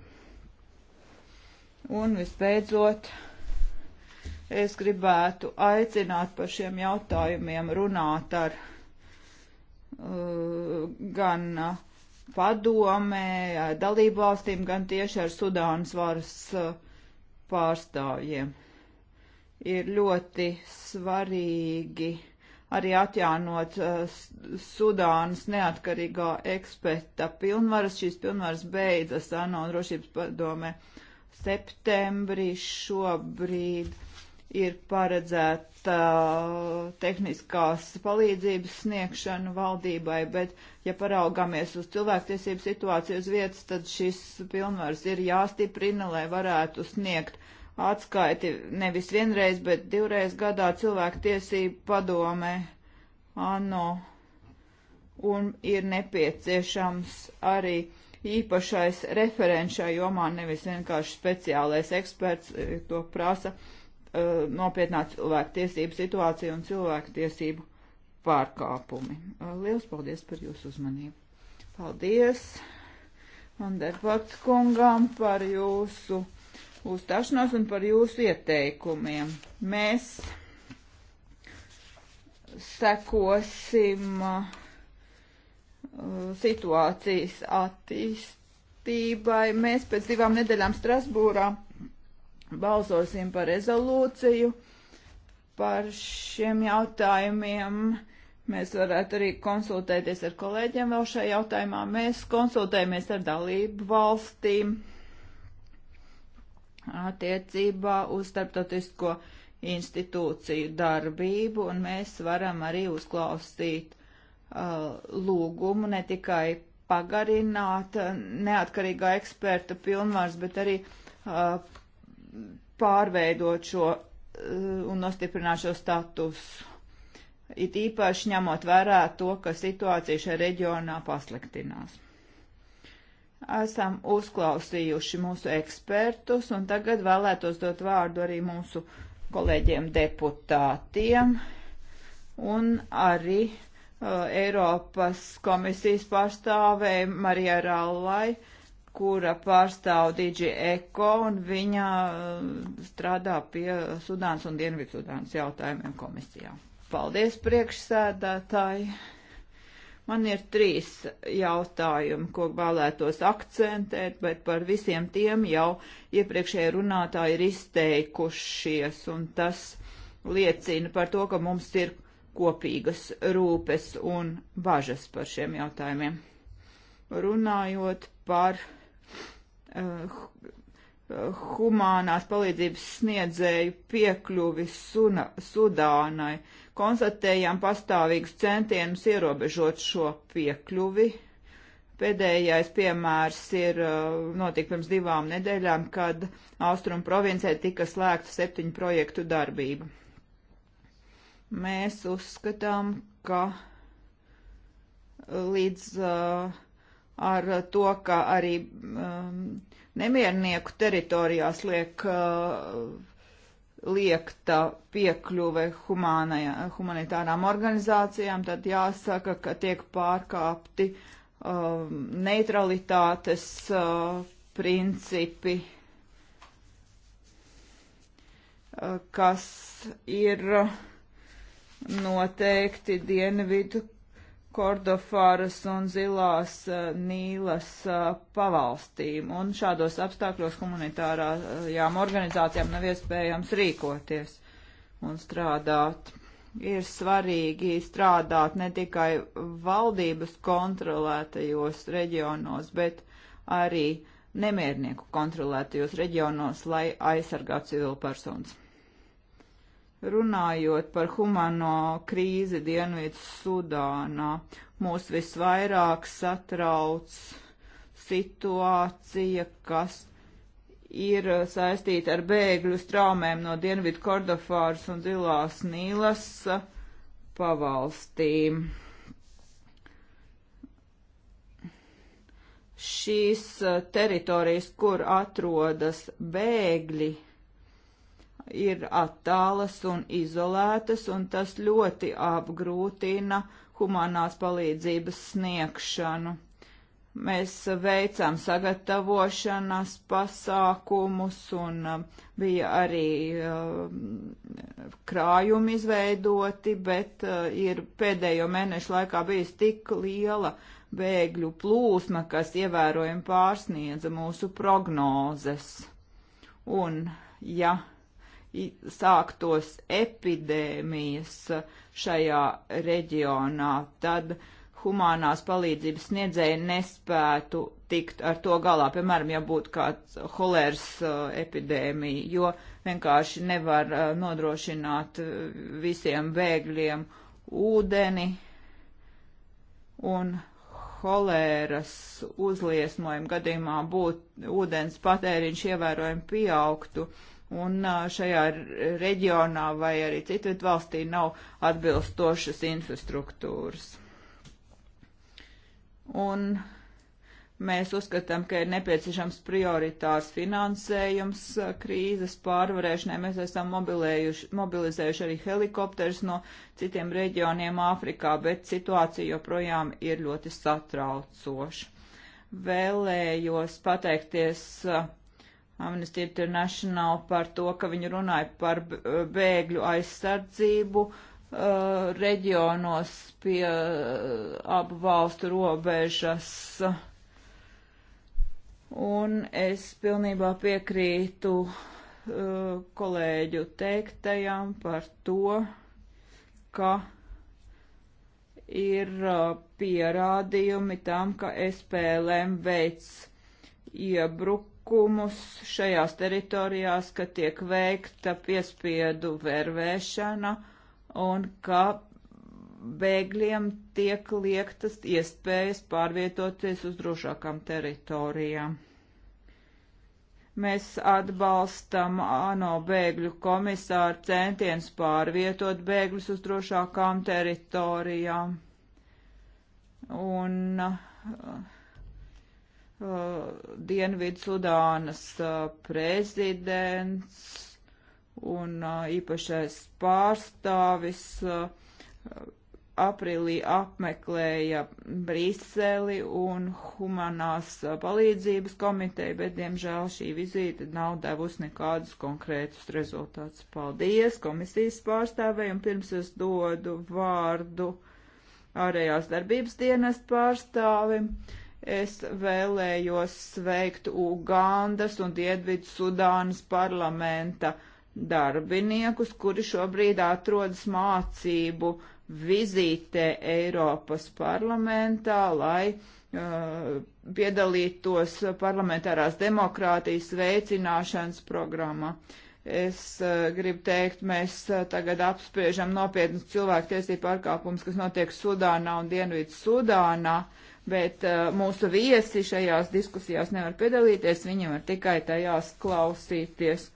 Un visbeidzot, es gribētu aicināt par šiem jautājumiem runāt ar uh, gan uh, padomē, dalībvalstīm, gan tieši ar Sudānas varas uh, pārstāvjiem. Ir ļoti svarīgi arī atjaunot uh, Sudānas neatkarīgā eksperta pilnvaras. Šīs pilnvaras beidzas ANO drošības padomē septembrī šobrīd ir paredzēta uh, tehniskās palīdzības sniegšana valdībai, bet, ja paraugāmies uz cilvēktiesību situāciju uz vietas, tad šis pilnvars ir jāstiprina, lai varētu sniegt atskaiti nevis vienreiz, bet divreiz gadā cilvēktiesību padomē ANO. Un ir nepieciešams arī īpašais referents šajā jomā, nevis vienkārši speciālais eksperts eh, to prasa uh, nopietnā cilvēktiesību situācija un cilvēktiesību pārkāpumi. Uh, liels paldies par jūsu uzmanību. Paldies un debats kungām par jūsu uzstāšanos un par jūsu ieteikumiem. Mēs sekosim uh, situācijas attīstībai. Mēs pēc divām nedēļām Strasbūrā balsosim par rezolūciju par šiem jautājumiem. Mēs varētu arī konsultēties ar kolēģiem vēl šajā jautājumā. Mēs konsultējamies ar dalību valstīm attiecībā uz starptautisko institūciju darbību, un mēs varam arī uzklausīt uh, lūgumu ne tikai pagarināt neatkarīgā eksperta pilnvars, bet arī uh, pārveidot šo eh, un nostiprināt šo statusu. It īpaši ņemot vērā to, ka situācija šajā reģionā pasliktinās. Esam uzklausījuši mūsu ekspertus, un tagad vēlētos dot vārdu arī mūsu kolēģiem deputātiem un arī uh, Eiropas komisijas pārstāvēja Marija Rallai. Uh, kura pārstāv Digi Eko, un viņa uh, strādā pie Sudānas un Dienvidsudānas jautājumiem komisijā. Paldies, priekšsēdētāji! Man ir trīs jautājumi, ko vēlētos akcentēt, bet par visiem tiem jau iepriekšējie runātāji ir izteikušies, un tas liecina par to, ka mums ir kopīgas rūpes un bažas par šiem jautājumiem. Runājot par humānās palīdzības sniedzēju piekļuvi Suna, Sudānai. Konstatējām pastāvīgus centienus ierobežot šo piekļuvi. Pēdējais piemērs ir uh, notika pirms divām nedēļām, kad Austrum provincē tika slēgta septiņu projektu darbība. Mēs uzskatām, ka līdz uh, ar to, ka arī um, nemiernieku teritorijās liek, uh, liekta piekļuve humanitārām organizācijām, tad jāsaka, ka tiek pārkāpti um, neutralitātes uh, principi, uh, kas ir noteikti Dienvidu Kordofāras un Zilās eh, Nīlas eh, pavalstīm, un šādos apstākļos humanitārajām organizācijām nav iespējams rīkoties un strādāt. Ir svarīgi strādāt ne tikai valdības kontrolētajos reģionos, bet arī nemiernieku kontrolētajos reģionos, lai aizsargātu civilpersonas. Runājot par humano krīzi Dienvidu Sudānā, mūs visvairāk satrauc situācija, kas ir saistīta ar bēgļu straumēm no Dienvidu Kordofāras un Zilās Nīlas pavalstīm. Šīs teritorijas, kur atrodas bēgļi, ir attālas un izolētas, un tas ļoti apgrūtina humanās palīdzības sniegšanu. Mēs veicām sagatavošanas pasākumus un uh, bija arī uh, krājumi izveidoti, bet uh, ir pēdējo mēnešu laikā bijis tik liela bēgļu plūsma, kas ievērojami pārsniedza mūsu prognozes. Un, ja sāktos epidēmijas šajā reģionā, tad humānās palīdzības sniedzēji nespētu tikt ar to galā, piemēram, ja būtu kāds holēras uh, epidēmija, jo vienkārši nevar uh, nodrošināt uh, visiem bēgļiem ūdeni un holēras uzliesmojuma gadījumā būtu ūdens patēriņš ievērojami pieaugtu. Uh, un šajā reģionā vai arī citvietu valstī nav atbilstošas infrastruktūras. Un mēs uzskatām, ka ir nepieciešams prioritārs finansējums krīzes pārvarēšanai. Mēs esam mobilizējuši arī helikopterus no citiem reģioniem Āfrikā, bet situācija joprojām ir ļoti satraucoša. Vēlējos pateikties uh, Amnesty International par to, ka viņi runāja par bēgļu aizsardzību uh, reģionos pie uh, abu valstu robežas. Un es pilnībā piekrītu uh, kolēģu teiktajam par to, ka ir uh, pierādījumi tam, ka SPLM veids iebruk noteikumus šajās teritorijās, ka tiek veikta piespiedu vervēšana un ka bēgļiem tiek liektas iespējas pārvietoties uz drošākām teritorijām. Mēs atbalstam ANO bēgļu komisāru centienus pārvietot bēgļus uz drošākām teritorijām. Un uh, Uh, Dienvidsudānas uh, prezidents un uh, īpašais pārstāvis aprīlī apmeklēja Briseli un Humanās palīdzības komiteju, bet, diemžēl, šī vizīte nav devusi nekādus konkrētus rezultātus. Paldies komisijas pārstāvēju, un pirms es dodu vārdu ārējās darbības dienas pārstāvim. Uh, Es vēlējos sveikt Ugandas un Dienvidu Sudānas parlamenta darbiniekus, kuri šobrīd atrodas mācību vizītē Eiropas parlamentā, lai uh, piedalītos parlamentārās demokrātijas veicināšanas programmā. Es uh, gribu teikt, mēs uh, tagad apspriežam nopietnas cilvēku tiesību pārkāpumus, kas notiek Sudānā un Dienvidu Sudānā. Uh, bet uh, mūsu viesi šajās diskusijās nevar piedalīties, viņiem var tikai tajās klausīties.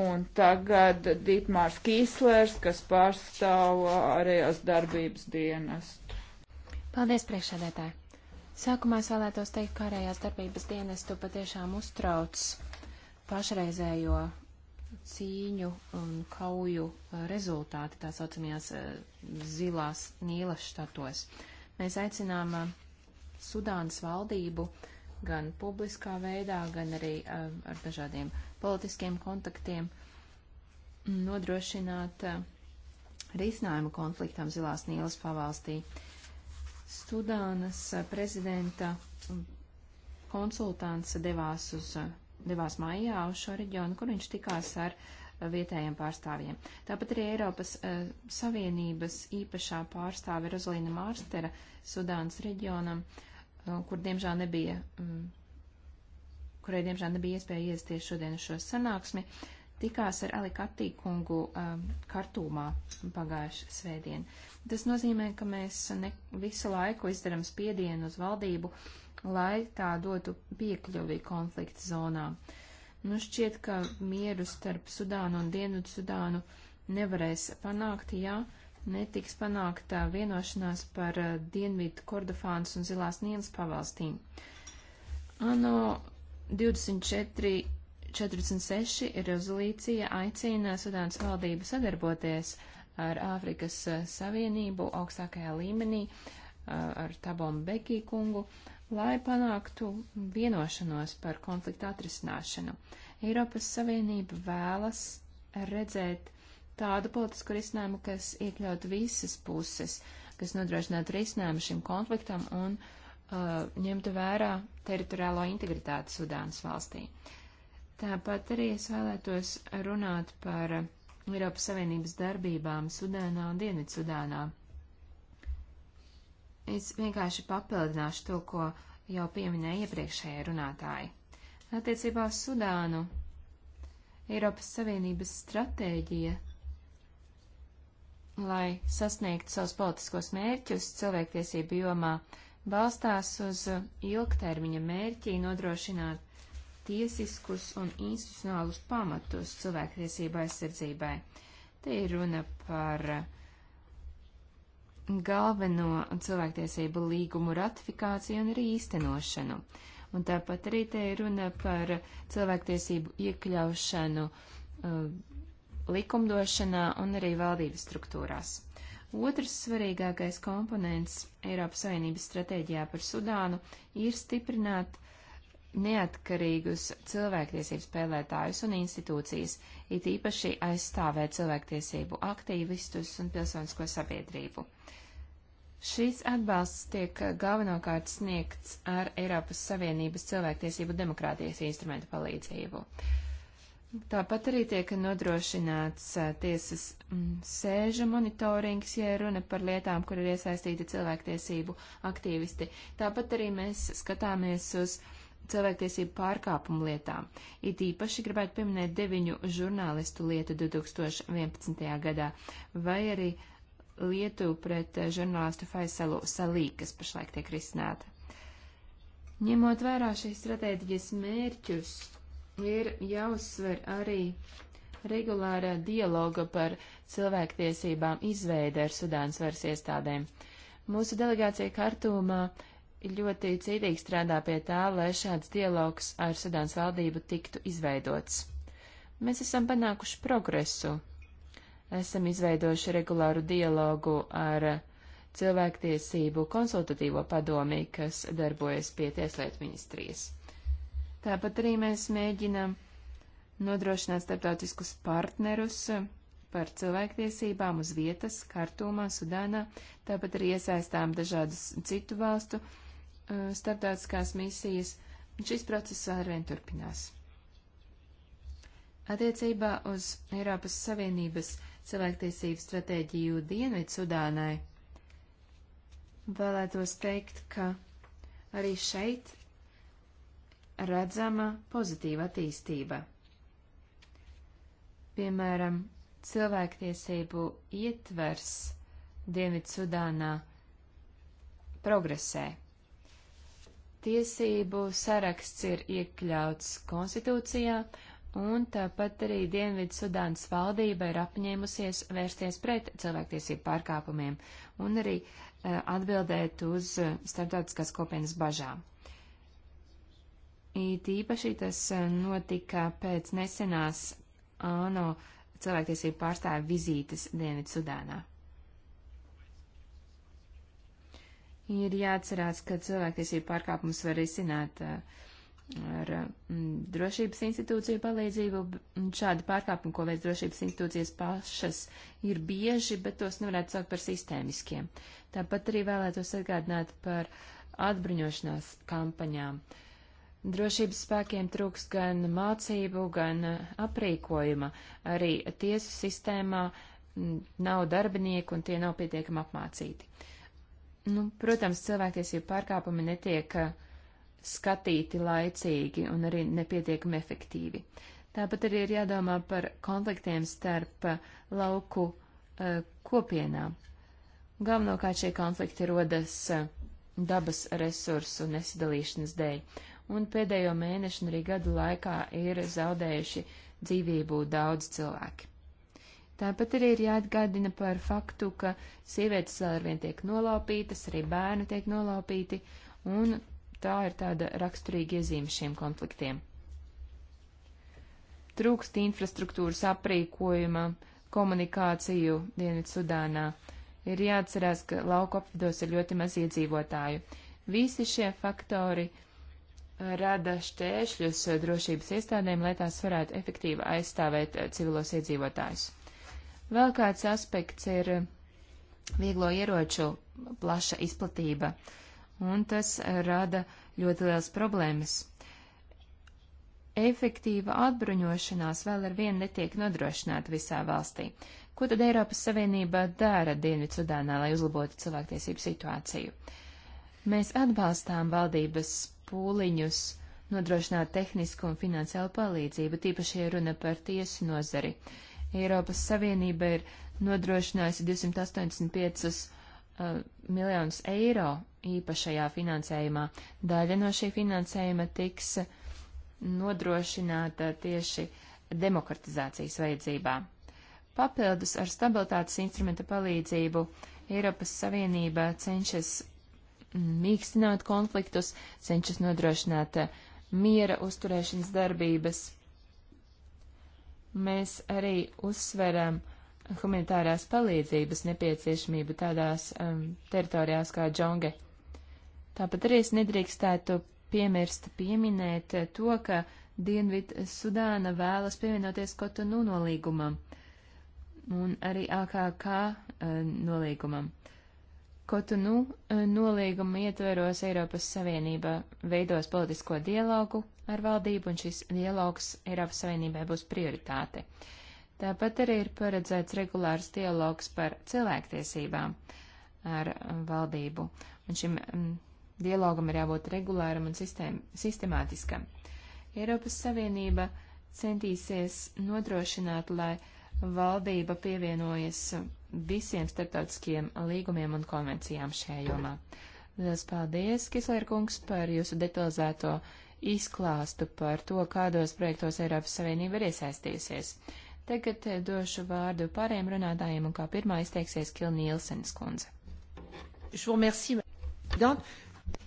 Un tagad Dītmārs Kīslers, kas pārstāv uh, ārējās darbības dienestu. Paldies, priekšsēdētāji! Sākumā es vēlētos teikt, ka ārējās darbības dienestu patiešām uztrauc pašreizējo cīņu un kauju uh, rezultāti tā saucamajās uh, zilās nīlas štatos. Uh, Mēs aicinām Sudānas valdību gan publiskā veidā, gan arī ar dažādiem politiskiem kontaktiem nodrošināt risinājumu konfliktam Zilās Nīlas pavalstī. Sudānas prezidenta konsultants devās, uz, devās mājā uz šo reģionu, kur viņš tikās ar uh, vietējiem pārstāvjiem. Tāpat arī Eiropas uh, Savienības īpašā pārstāve Rozalīna Mārstera Sudānas reģionam, uh, kur diemžēl nebija, um, kurai diemžēl nebija iespēja iesties šodien uz šo sanāksmi, tikās ar Alikatī kungu um, eh, kartūmā pagājušā svētdien. Tas nozīmē, ka mēs ne, visu laiku izdaram spiedienu uz valdību, lai tā dotu piekļuvi konflikta zonām. Uh, Nu šķiet, ka mieru starp Sudānu un Dienvidu Sudānu nevarēs panākt, ja netiks panākta vienošanās par eh, Dienvidu Kordofānas un Zilās Nienas pavalstīm. ANO 24. 46 rezolīcija aicina Sudānas valdību sadarboties ar Āfrikas eh, Savienību augstākajā līmenī, eh, ar Tabom Bekī kungu lai panāktu vienošanos par konfliktu atrisināšanu. Eiropas Savienība vēlas redzēt tādu politisku risinājumu, kas iekļaut visas puses, kas nodrošinātu risinājumu šim konfliktam un uh, ņemtu vērā teritoriālo integritāti Sudānas valstī. Tāpat arī es vēlētos runāt par Eiropas Savienības darbībām Sudānā un Dienvidsudānā. Es vienkārši papildināšu to, ko jau pieminēja iepriekšējie runātāji. Attiecībā uz Sudānu Eiropas Savienības stratēģija, lai sasniegtu savus politiskos mērķus cilvēktiesību jomā, balstās uz ilgtermiņa mērķī nodrošināt tiesiskus un institucionālus pamatus cilvēktiesību aizsardzībai. Te ir runa par uh, galveno cilvēktiesību līgumu ratifikāciju un arī īstenošanu. Un tāpat arī te ir runa par cilvēktiesību iekļaušanu uh, likumdošanā un arī valdības struktūrās. Otrs svarīgākais komponents Eiropas Savienības stratēģijā par Sudānu ir stiprināt neatkarīgus cilvēktiesību spēlētājus un institūcijas, it īpaši aizstāvēt cilvēktiesību aktīvistus un pilsonisko sabiedrību. Šīs atbalsts tiek galvenokārt sniegts ar Eiropas Savienības cilvēktiesību demokrātijas instrumentu palīdzību. Tāpat arī tiek nodrošināts tiesas mm, sēžu monitorings, ja runa par lietām, kur ir iesaistīti cilvēktiesību aktīvisti. Tāpat arī mēs skatāmies uz uh, cilvēktiesību pārkāpumu lietām. It īpaši gribētu pieminēt deviņu žurnālistu lietu 2011. gadā, vai arī lietu pret eh, žurnālistu Faisalu Salī, kas pašlaik tiek risināta. Ņemot vērā šīs stratēģijas mērķus, ir jāuzsver arī regulārā dialoga par cilvēktiesībām izveide ar Sudānas varas iestādēm. Mūsu delegācija Kartūmā uh, ļoti cītīgi strādā pie tā, lai šāds dialogs ar Sudānas valdību tiktu izveidots. Mēs esam panākuši progresu. Esam izveidojuši regulāru dialogu ar cilvēktiesību konsultatīvo padomi, kas darbojas pie Tieslietu ministrijas. Tāpat arī mēs mēģinam nodrošināt starptautiskus partnerus par cilvēktiesībām uz vietas, Kartūmā, Sudānā, tāpat arī iesaistām dažādas citu valstu Eh, starptautiskās misijas, un šis process vēl arvien turpinās. Attiecībā uz Eiropas Savienības cilvēktiesību stratēģiju Dienvidu Sudānai vēlētos teikt, ka arī šeit redzama pozitīva attīstība. Piemēram, cilvēktiesību ietvers Dienvidsudānā progresē. Tiesību saraksts ir iekļauts konstitūcijā, un tāpat arī Dienvidu Sudānas valdība ir apņēmusies vērsties pret cilvēktiesību pārkāpumiem un arī uh, atbildēt uz eh, starptautiskās kopienas bažām. It īpaši tas eh, notika pēc nesenās ANO cilvēktiesību pārstāvju vizītes Dienvidsudānā. Ir jāatcerās, ka cilvēktiesību pārkāpumus var izsināt uh, ar mm, drošības institūciju palīdzību. Šādi pārkāpumi, ko veids drošības institūcijas pašas, ir bieži, bet tos nevarētu saukt par sistēmiskiem. Tāpat arī vēlētos atgādināt par atbruņošanās kampaņām. Drošības spēkiem trūks gan mācību, gan uh, aprīkojuma. Arī tiesu sistēmā mm, nav darbinieku un tie nav pietiekami apmācīti. Nu, protams, cilvēktiesību pārkāpumi netiek eh, skatīti laicīgi un arī nepietiekami efektīvi. Tāpat arī ir jādomā par konfliktiem starp eh, lauku uh, kopienām. Galvenokārt šie konflikti rodas uh, dabas resursu nesadalīšanas dēļ, un pēdējo mēnešu un arī gadu laikā ir zaudējuši dzīvību daudz cilvēki. Tāpat arī ir jāatgādina par faktu, ka sievietes vēl arvien tiek nolaupītas, arī bērni tiek nolaupīti, un tā ir tāda raksturīga iezīme šiem konfliktiem. Trūkst infrastruktūras aprīkojuma, komunikāciju Dienvidsudānā. Ir jāatcerās, ka lauku apvidos ir ļoti maz iedzīvotāju. Visi šie faktori uh, rada šķēršļus uh, drošības iestādēm, lai tās varētu efektīvi aizstāvēt uh, civilos iedzīvotājus. Vēl kāds aspekts ir vieglo ieroču plaša izplatība, un tas rada ļoti liels problēmas. Efektīva atbruņošanās vēl ar vienu netiek nodrošināta visā valstī. Ko tad Eiropas Savienība dara Dienvidsudānā, lai uzlabotu cilvēktiesību situāciju? Mēs atbalstām valdības pūliņus nodrošināt tehnisku un finansiālu palīdzību, tīpaši, ja runa par tiesu nozari. Uh, Eiropas Savienība ir nodrošinājusi 285 uh, miljonus eiro īpašajā finansējumā. Daļa no šī finansējuma tiks nodrošināta tieši demokratizācijas vajadzībā. Papildus ar stabilitātes instrumenta palīdzību Eiropas Savienība cenšas mīkstināt konfliktus, cenšas nodrošināt miera uzturēšanas darbības. Mēs arī uzsveram humanitārās palīdzības nepieciešamību tādās um, teritorijās kā džonge. Tāpat arī es nedrīkstētu piemirst pieminēt to, ka Dienvid Sudāna vēlas pievienoties Kotonu nolīgumam un arī AKK uh, nolīgumam. Kotonu uh, nolīguma ietveros Eiropas Savienība veidos politisko dialogu ar valdību, un šis dialogs Eiropas Savienībai būs prioritāte. Tāpat arī ir paredzēts regulārs dialogs par cilvēktiesībām ar valdību, un šim mm, dialogam ir jābūt regulāram un sistēm, sistemātiskam. Eiropas Savienība centīsies nodrošināt, lai valdība pievienojas visiem starptautiskiem līgumiem un konvencijām šajā jomā. Lielas paldies, Kislēr kungs, par jūsu detalizēto izklāstu par to, kādos projektos Eiropas Savienība ir iesaistījusies. Tagad eh, došu vārdu pārējiem runātājiem, un kā pirmā izteiksies Kilnīlsenes kundze.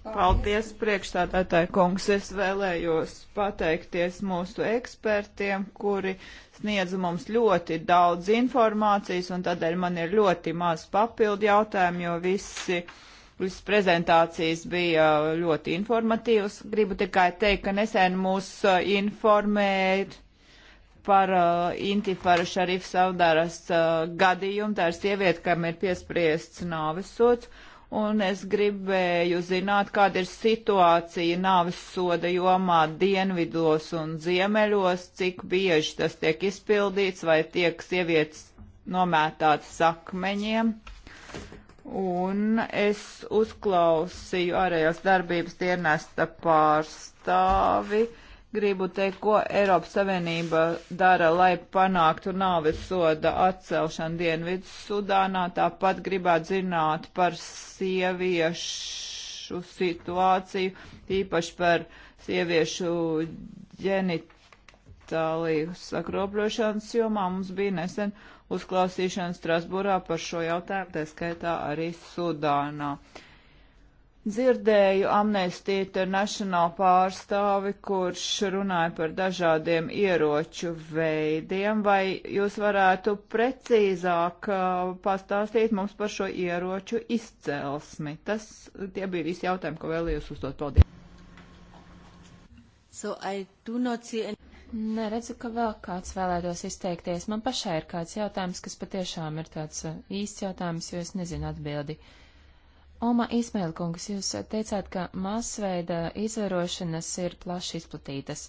Paldies, priekšstādātāji kungs. Es vēlējos pateikties mūsu ekspertiem, kuri sniedz mums ļoti daudz informācijas, un tādēļ man ir ļoti maz papildu jautājumu, jo visi Visas prezentācijas bija uh, ļoti informatīvas. Gribu tikai teikt, ka nesen mūs uh, informēja par uh, Intifara Šarifa Saudaras uh, gadījumu. Tā ir sieviete, kam ir piespriests nāves sots. Un es gribēju zināt, kāda ir situācija nāves soda jomā dienvidos un ziemeļos, cik bieži tas tiek izpildīts vai tiek sievietes nomētātas akmeņiem. Uh, un es uzklausīju ārējās darbības dienesta pārstāvi. Gribu teikt, ko Eiropas Savienība dara, lai panāktu nāves soda atcelšanu Dienvidu Sudānā. Tāpat gribētu zināt par sieviešu situāciju, īpaši par sieviešu ģenitāliju sakropļošanas jomā. Mums bija nesen uh, uzklausīšanu Strasburā par šo jautājumu, tā skaitā arī Sudānā. Dzirdēju Amnesty International pārstāvi, kurš runāja par dažādiem ieroču veidiem, vai jūs varētu precīzāk uh, pastāstīt mums par šo ieroču izcelsmi? Tas tie bija visi jautājumi, ko vēlējos uzdot. Paldies! So any... Neredzu, ka vēl kāds vēlētos izteikties. Man pašai ir kāds jautājums, kas patiešām ir tāds uh, īsts jautājums, jo es nezinu atbildi. Oma Ismailkungs, jūs teicāt, ka masveida izvarošanas ir plaši izplatītas.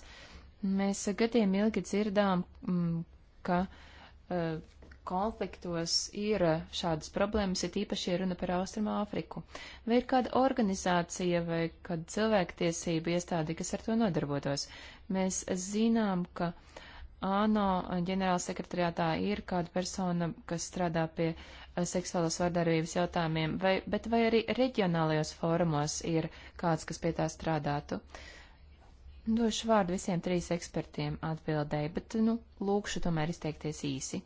Mēs gadiem ilgi dzirdām, mm, ka uh, konfliktos ir uh, šādas problēmas, ir īpaši, ja runa par Austrumu Āfriku. Vai ir kāda organizācija vai kāda cilvēktiesība iestādi, kas ar to nodarbotos? Mēs zinām, ka ANO ģenerālsekretariātā ir kāda persona, kas strādā pie eh, seksuālas vardarbības jautājumiem, vai, bet vai arī reģionālajos fórumos ir kāds, kas pie tā strādātu? Došu vārdu visiem trīs ekspertiem atbildēji, bet, nu, lūkšu tomēr izteikties īsi.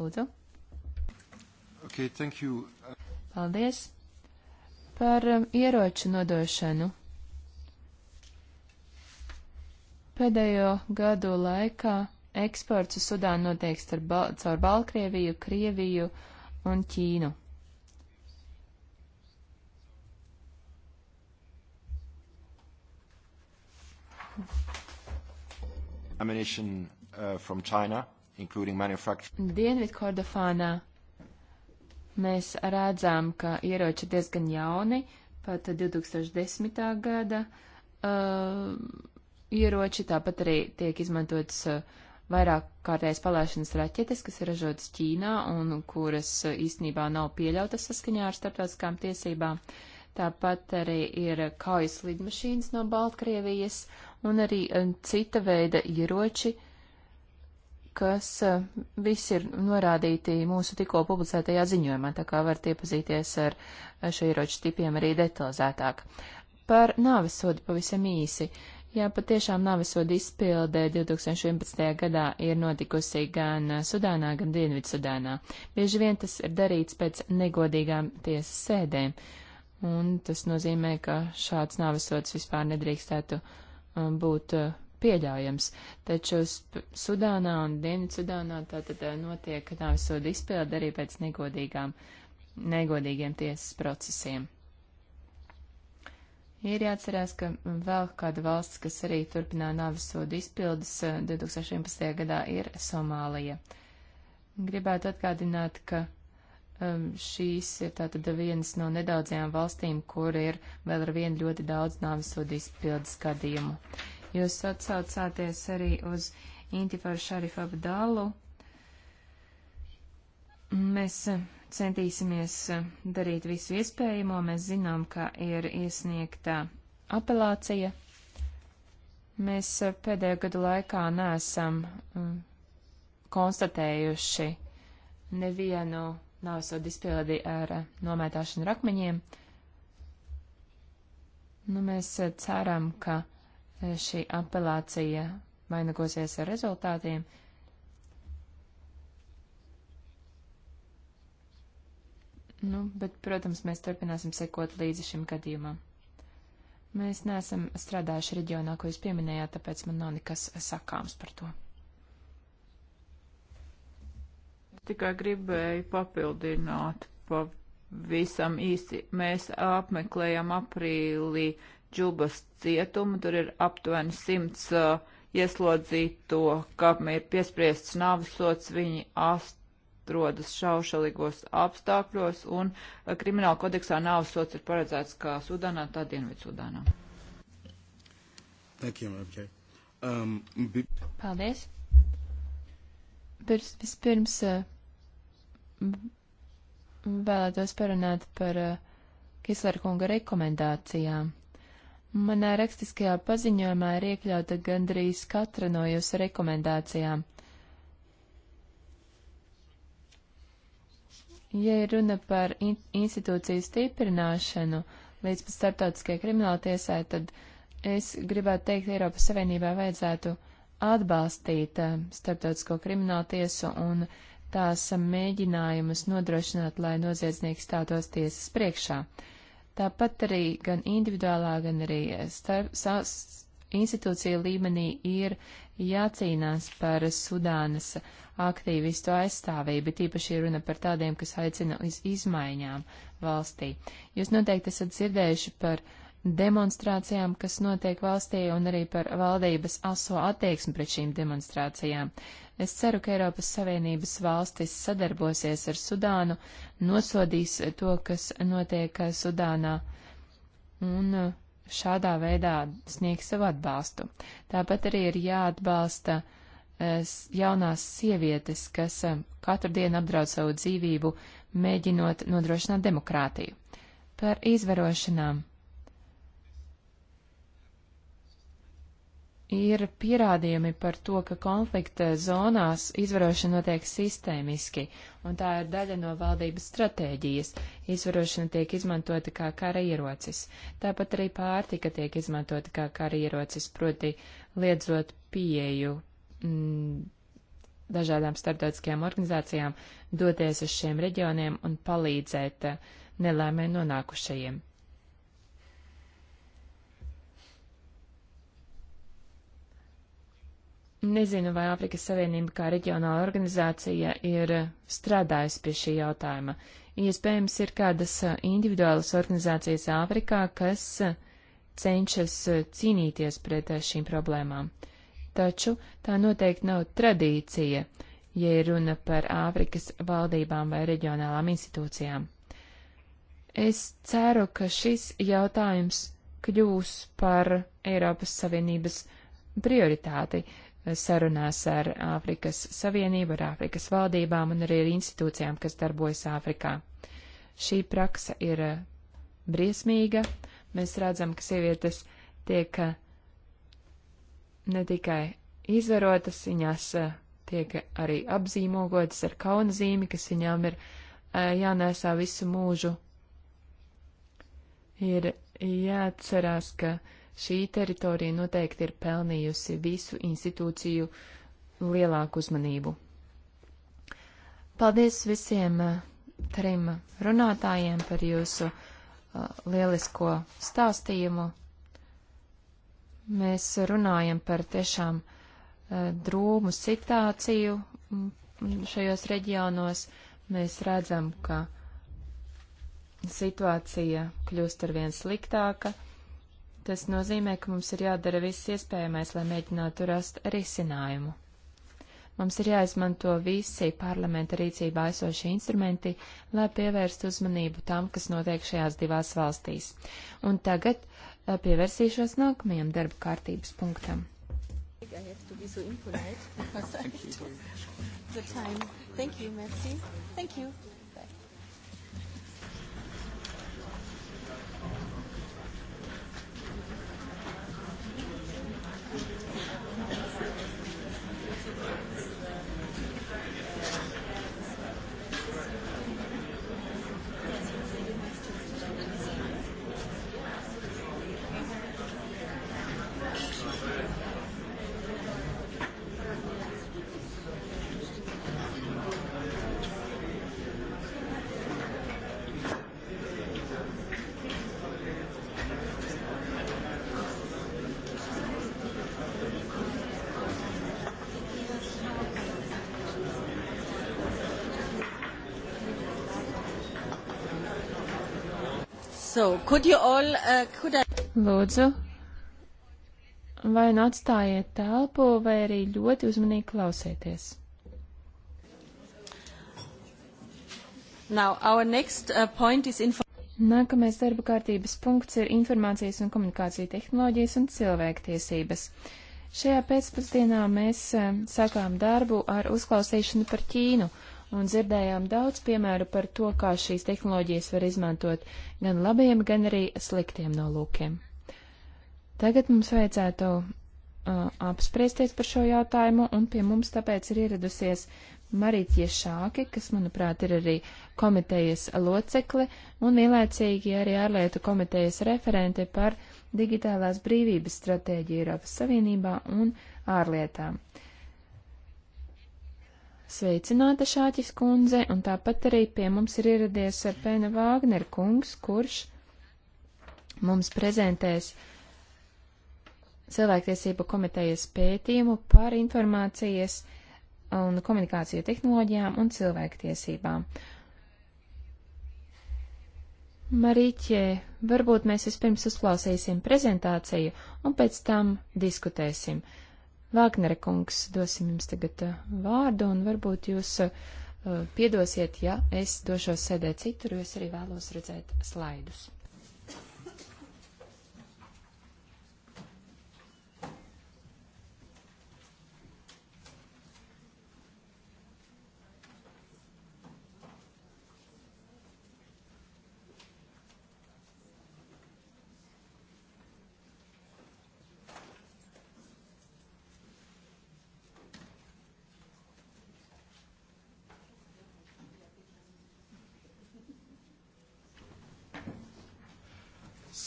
Lūdzu. Okay, thank you. Paldies. Par um, ieroču nodošanu Pēdējo gadu laikā eksports uz Sudānu notiek bal caur Baltkrieviju, Krieviju un Ķīnu. Ammunition uh, from China, including manufacturing. Dienvidkordofānā mēs redzam, ka ieroči diezgan jauni, pat 2010. gada. Uh, ieroči, tāpat arī tiek izmantotas uh, vairāk kārtējas palaišanas raķetes, kas ir ražotas Ķīnā un kuras uh, īstenībā nav pieļautas saskaņā ar starptautiskām tiesībām. Tāpat arī ir kaujas lidmašīnas no Baltkrievijas un arī uh, cita veida ieroči, kas visi ir norādīti mūsu tikko publicētajā ziņojumā, tā kā varat iepazīties ar šo ieroču tipiem arī detalizētāk. Par nāves sodu pavisam īsi. Uh, Jā, patiešām navesod izpilde 2011. gadā ir notikusi gan Sudānā, gan Dienvidsudānā. Bieži vien tas ir darīts pēc negodīgām tiesas sēdēm, un tas nozīmē, ka šāds navesods vispār nedrīkstētu um, būt uh, pieļaujams. Taču Sudānā un Dienvidsudānā tātad uh, notiek navesoda izpilde arī pēc negodīgām, negodīgiem tiesas procesiem. Ir jāatcerās, ka vēl kāda valsts, kas arī turpināja nāvisodu izpildes 2011. Eh, gadā, ir Somālija. Gribētu atgādināt, ka um, šīs ir tātad vienas no nedaudzajām valstīm, kur ir vēl ar vienu ļoti daudz nāvisodu izpildes gadījumu. Jūs atsaucāties arī uz Intifaru Šarifu Abdalu. Mēs ehm, centīsimies eh, darīt visu iespējamo. Mēs zinām, ka ir iesniegta apelācija. Mēs eh, pēdējo gadu laikā nesam eh, konstatējuši nevienu nāvsodu izpildi ar nomētāšanu rakmeņiem. Nu, mēs ceram, ka šī apelācija vainagosies ar rezultātiem. Uh, Nu, bet, protams, mēs turpināsim sekot līdzi šim gadījumam. Mēs neesam strādājuši reģionā, ko jūs pieminējāt, tāpēc man nav nekas sakāms par to. Tikai gribēju papildināt pavisam īsi. Mēs apmeklējam aprīlī Džubas cietumu, tur ir aptuveni simts uh, ieslodzīto, kam ir piespriests nāvesots, viņi ast atrodas šaušalīgos apstākļos, un eh, krimināla kodeksā nāves sots ir paredzēts kā Sudānā, tā Dienvidsudānā. Okay. Um, be... Paldies. Pirms, vispirms eh, vēlētos parunāt par eh, Kislera kunga rekomendācijām. Manā rakstiskajā paziņojumā ir iekļauta gandrīz katra no jūsu rekomendācijām. Ja runa par in institūciju stiprināšanu līdz pat starptautiskajai krimināltiesai, tad es gribētu teikt, Eiropas Savienībā vajadzētu atbalstīt eh, starptautisko krimināltiesu un tās mēģinājumus nodrošināt, lai noziedznieks stātos tiesas priekšā. Tāpat arī gan individuālā, gan arī eh, starp, sa, institūcija līmenī ir jācīnās par Sudānas aktīvistu aizstāvību, bet īpaši runa par tādiem, kas aicina uz izmaiņām valstī. Jūs noteikti esat dzirdējuši par demonstrācijām, kas notiek valstī, un arī par valdības aso attieksmi pret šīm demonstrācijām. Es ceru, ka Eiropas Savienības valstis sadarbosies ar Sudānu, nosodīs to, kas notiek Sudānā, un šādā veidā sniegs savu atbalstu. Tāpat arī ir jāatbalsta jaunās sievietes, kas um, katru dienu apdraud savu dzīvību, mēģinot nodrošināt demokrātiju. Par izvarošanām. ir pierādījumi par to, ka konflikta zonās izvarošana notiek sistēmiski, un tā ir daļa no valdības stratēģijas. Izvarošana tiek izmantota kā kara ierocis. Tāpat arī pārtika tiek izmantota kā kara ierocis, proti liedzot pieeju m, mm, dažādām starptautiskajām organizācijām doties uz šiem reģioniem un palīdzēt eh, nelēmē nonākušajiem. Nezinu, vai Āfrikas Savienība kā reģionāla organizācija ir strādājusi pie šī jautājuma. Iespējams, ir kādas individuālas organizācijas Āfrikā, kas cenšas cīnīties pret šīm problēmām. Taču tā noteikti nav tradīcija, ja ir runa par Āfrikas valdībām vai reģionālām institūcijām. Es ceru, ka šis jautājums kļūs par Eiropas Savienības prioritāti sarunās ar Āfrikas Savienību, ar Āfrikas valdībām un arī ar institūcijām, kas darbojas Āfrikā. Šī praksa ir eh, briesmīga. Mēs redzam, ka sievietes tiek eh, ne tikai izvarotas, viņās eh, tiek arī apzīmogotas ar kaunzīmi, kas viņām ir jānēsā visu mūžu. Ir jāatcerās, ka uh, Šī teritorija noteikti ir pelnījusi visu institūciju lielāku uzmanību. Paldies visiem eh, trim runātājiem par jūsu eh, lielisko stāstījumu. Mēs runājam par tiešām eh, drūmu situāciju mm, šajos reģionos. Mēs redzam, ka situācija kļūst arvien sliktāka. Tas nozīmē, ka mums ir jādara viss iespējamais, lai mēģinātu rast risinājumu. Mums ir jāizmanto visi parlamenta rīcībā esošie instrumenti, lai pievērstu uzmanību tam, kas notiek šajās divās valstīs. Un tagad uh, pievērsīšos nākamajam darba kārtības punktam. So Thank you. So, could you all, uh, could I... Lūdzu, vai nu atstājiet telpu, vai arī ļoti uzmanīgi klausieties. Now, our next uh, point is information. Nākamais darba kārtības punkts ir informācijas un komunikācija tehnoloģijas un cilvēktiesības. Šajā pēcpusdienā mēs uh, sākām darbu ar uzklausīšanu par Ķīnu un dzirdējām daudz piemēru par to, kā šīs tehnoloģijas var izmantot gan labiem, gan arī sliktiem nolūkiem. Tagad mums vajadzētu uh, apspriesties par šo jautājumu, un pie mums tāpēc ir ieradusies Marītie Šāki, kas, manuprāt, ir arī komitejas locekle un ielēcīgi arī ārlietu komitejas referente par digitālās brīvības stratēģiju Eiropas Savienībā un ārlietām. Uh, sveicināta Šāķis kundze, un tāpat arī pie mums ir ieradies Pēna Vāgner kungs, kurš mums prezentēs cilvēktiesību komitejas pētījumu par informācijas un komunikāciju tehnoloģijām un cilvēktiesībām. Marīķē, varbūt mēs vispirms uzklausīsim prezentāciju un pēc tam diskutēsim. Uh, Vāgnere kungs, dosim jums tagad uh, vārdu, un varbūt jūs uh, piedosiet, ja es došos sēdēt citur, jo es arī vēlos redzēt slaidus.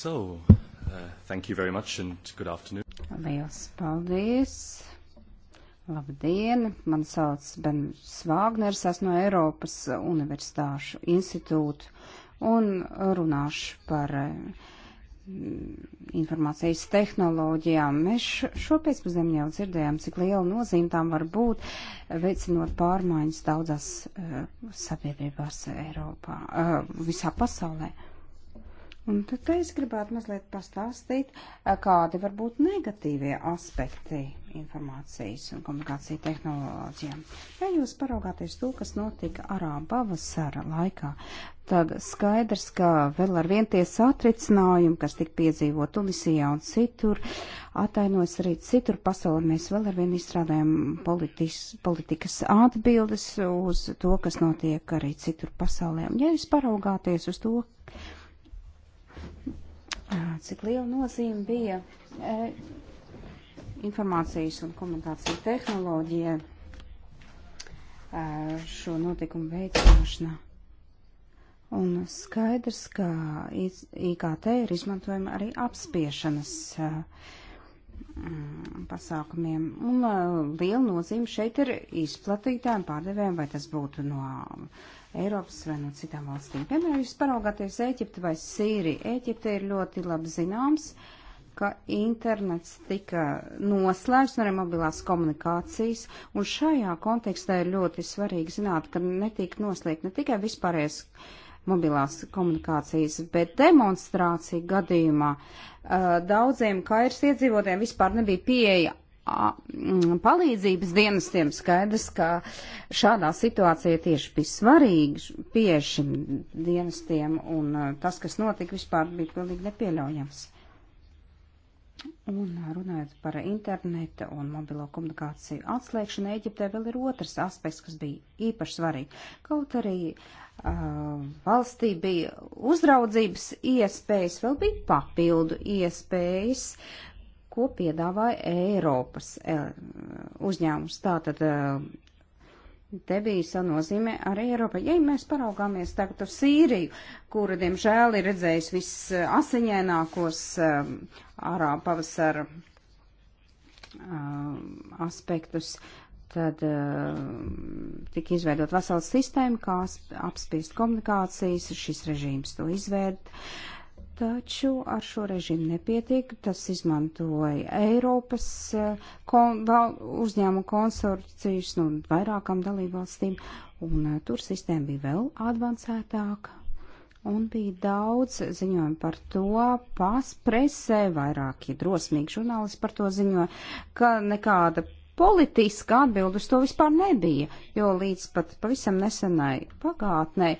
So, uh, thank you very much and good afternoon. Liels paldies. Labdien, man sauc Bens Vāgners, esmu no Eiropas Universitāšu institūta un runāšu par eh, informācijas tehnoloģijām. Mēs šopēcpusdien jau dzirdējām, cik liela nozīme tām var būt, eh, veicinot pārmaiņas daudzās uh, sabiedrībās Eiropā, uh, visā pasaulē. Uh, Un tad es gribētu mazliet pastāstīt, eh, kādi var būt negatīvie aspekti informācijas un komunikācija tehnoloģijām. Ja jūs paraugāties to, kas notika arā pavasara laikā, tad skaidrs, ka vēl ar vien tie satricinājumi, kas tik piedzīvo Tunisijā un citur, atainojas arī citur pasaulē. Mēs vēl ar vien izstrādājam politis, politikas atbildes uz to, kas notiek arī citur pasaulē. Ja jūs paraugāties uz to, cik liela nozīme bija e, informācijas un komunikāciju tehnoloģija e, šo notikumu veicināšanā. Un skaidrs, ka IKT ir izmantojama arī apspiešanas. E, Mm, pasākumiem. Un uh, liela nozīme šeit ir izplatītājiem, pārdevējiem, vai tas būtu no Eiropas vai no citām valstīm. Piemēram, jūs paraugāties Ēģipti vai Sīriju. Ēģipte ir ļoti labi zināms, ka internets tika noslēgts, arī mobilās komunikācijas, un šajā kontekstā ir ļoti svarīgi zināt, ka netiek noslēgt ne tikai vispārējais mobilās komunikācijas, bet demonstrācija gadījumā daudziem kairs iedzīvotiem vispār nebija pieeja palīdzības dienestiem skaidrs, ka šādā situācijā tieši bija svarīgi piešiem dienestiem, un tas, kas notika, vispār bija pilnīgi nepieļaujams. Un runājot par interneta un mobilo komunikāciju atslēgšanu, Eģiptē vēl ir otrs aspekts, kas bija īpaši svarīgi. Kaut arī Uh, valstī bija uzraudzības iespējas, vēl bija papildu iespējas, ko piedāvāja Eiropas eh, uzņēmums. Tātad eh, te bija sanozīme arī Eiropa. Ja mēs paraugāmies tagad uz Sīriju, kura, diemžēl, ir redzējis viss asiņainākos arā eh, pavasara aspektus, tad uh, tika izveidot vesela sistēma, kā apspiest komunikācijas, šis režīms to izveid. Taču ar šo režīmu nepietika, tas izmantoja Eiropas uh, kon, val, uzņēmu konsorcijas no nu, vairākām dalībvalstīm, un uh, tur sistēma bija vēl advancētāka. Un bija daudz ziņojumu par to, pās presē, vairāki drosmīgi žurnālisti par to ziņoja, ka nekāda politiska atbilde uz to vispār nebija, jo līdz pat pavisam nesenai pagātnei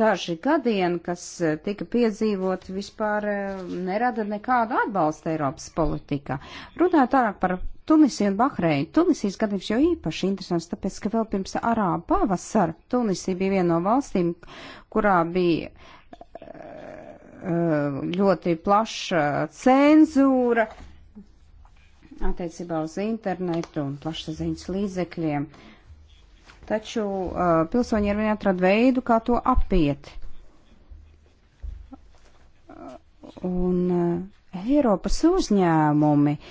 daži gadieni, kas eh, tika piedzīvot, vispār eh, nerada nekādu atbalstu Eiropas politikā. Runājot tālāk par Tunisiju un Bahreinu, Tunisijas gadījums jau īpaši interesants, tāpēc, ka vēl pirms arāba pavasara Tunisija bija viena no valstīm, kurā bija eh, ļoti plaša cenzūra, attiecībā uz internetu un plašsaziņas līdzekļiem. Taču uh, pilsoņi ir jāatrod veidu, kā to apiet. Un uh, Eiropas uzņēmumi uh,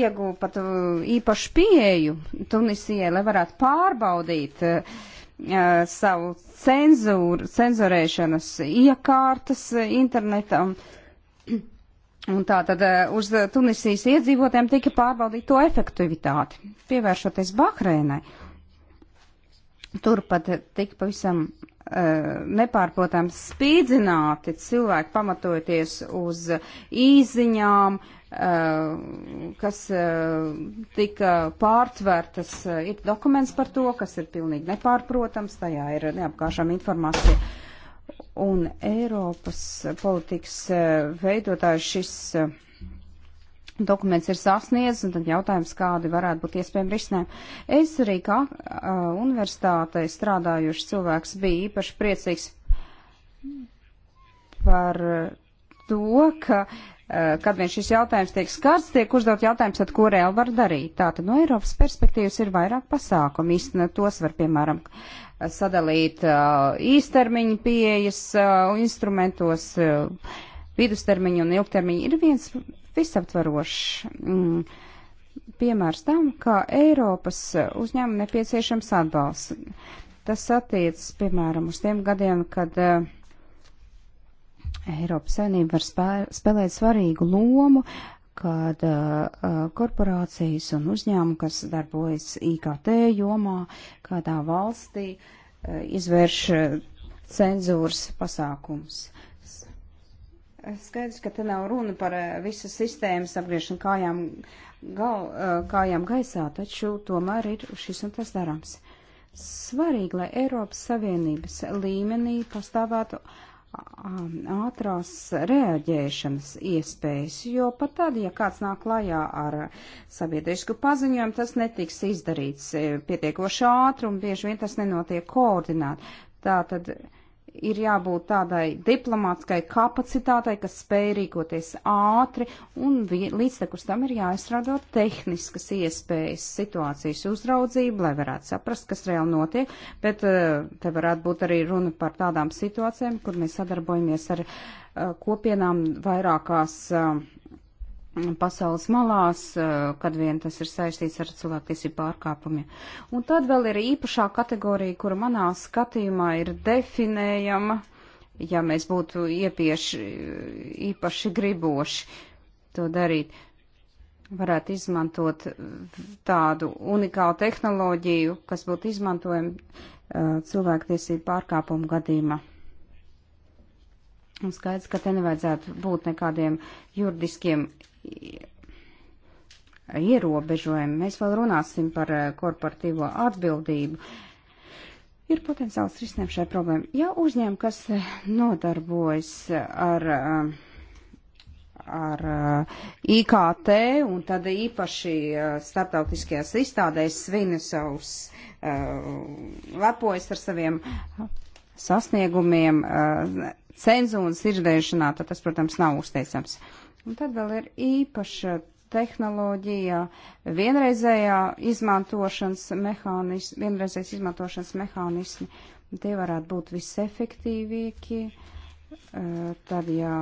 ieguva pat uh, īpašu pieeju Tunisijai, lai varētu pārbaudīt uh, savu cenzūru, cenzurēšanas iekārtas internetam. Uh, Un tā tad eh, uz Tunisijas iedzīvotēm tika pārbaudīta to efektivitāti, pievēršoties Bahreinai. Turpat tika pavisam uh, eh, nepārprotams spīdzināti cilvēki pamatojoties uz īziņām, uh, kas uh, tika pārtvertas, ir dokuments par to, kas ir pilnīgi nepārprotams, tajā ir neapkāršama informācija un Eiropas politikas eh, veidotājs šis eh, dokuments ir sasniedzis, un tad jautājums, kādi varētu būt iespējami risinājumi. Es arī kā uh, universitātē strādājuši cilvēks bija īpaši priecīgs par to, ka uh, Eh, kad vien šis jautājums tiek skarts, tiek uzdot jautājums, tad ko reāli var darīt. Tātad no Eiropas perspektīvas ir vairāk pasākumu. Īstenot tos var, piemēram, sadalīt eh, īstermiņa pieejas eh, instrumentos, vidustermiņa un ilgtermiņa. Ir viens visaptvarošs. Mm, Piemērs tam, ka Eiropas uzņēmuma nepieciešams atbalsts. Tas attiecas, piemēram, uz tiem gadiem, kad uh, Eiropas saimnība var spēr, spēlēt svarīgu lomu, kad uh, uh, korporācijas un uzņēmumi, kas darbojas IKT jomā, kādā valstī, uh, izvērš uh, cenzūras pasākums. Skaidrs, ka te nav runa par uh, visas sistēmas apgriešanu kājām, gal, uh, kājām gaisā, taču tomēr ir šis un tas darāms. Svarīgi, lai Eiropas Savienības līmenī pastāvētu ātrās reaģēšanas iespējas, jo pat tad, ja kāds nāk klajā ar sabiedrisku paziņojumu, tas netiks izdarīts e, pietiekoši ātri un bieži vien tas nenotiek koordinēt. Tātad ir jābūt tādai diplomātskai kapacitātei, kas spēj rīkoties ātri, un līdztekus tam ir jāizstrādā tehniskas iespējas situācijas uzraudzību, lai varētu saprast, kas reāli notiek, bet eh, te varētu būt arī runa par tādām situācijām, kur mēs sadarbojamies ar eh, kopienām vairākās eh, pasaules malās, eh, kad vien tas ir saistīts ar cilvēktiesību pārkāpumiem. Un tad vēl ir īpašā kategorija, kura manā skatījumā ir definējama, ja mēs būtu iepieši īpaši griboši to darīt. Varētu izmantot tādu unikālu tehnoloģiju, kas būtu izmantojama eh, cilvēktiesību pārkāpumu gadījumā. Un skaidrs, ka te nevajadzētu būt nekādiem juridiskiem ierobežojumi. Mēs vēl runāsim par eh, korporatīvo atbildību. Ir potenciāls risinājums šai problēmai. Ja uzņēmumi, kas eh, nodarbojas ar, eh, ar IKT un tad īpaši starptautiskajās izstādēs svina savus, lepojas ar saviem sasniegumiem, cenzūras izvēršanā, tad tas, protams, nav uzteicams. Uh, Un tad vēl ir īpaša tehnoloģija, vienreizējā izmantošanas mehānismi, vienreizējais izmantošanas mehānismi. Tie varētu būt visefektīvākie, eh, tad, ja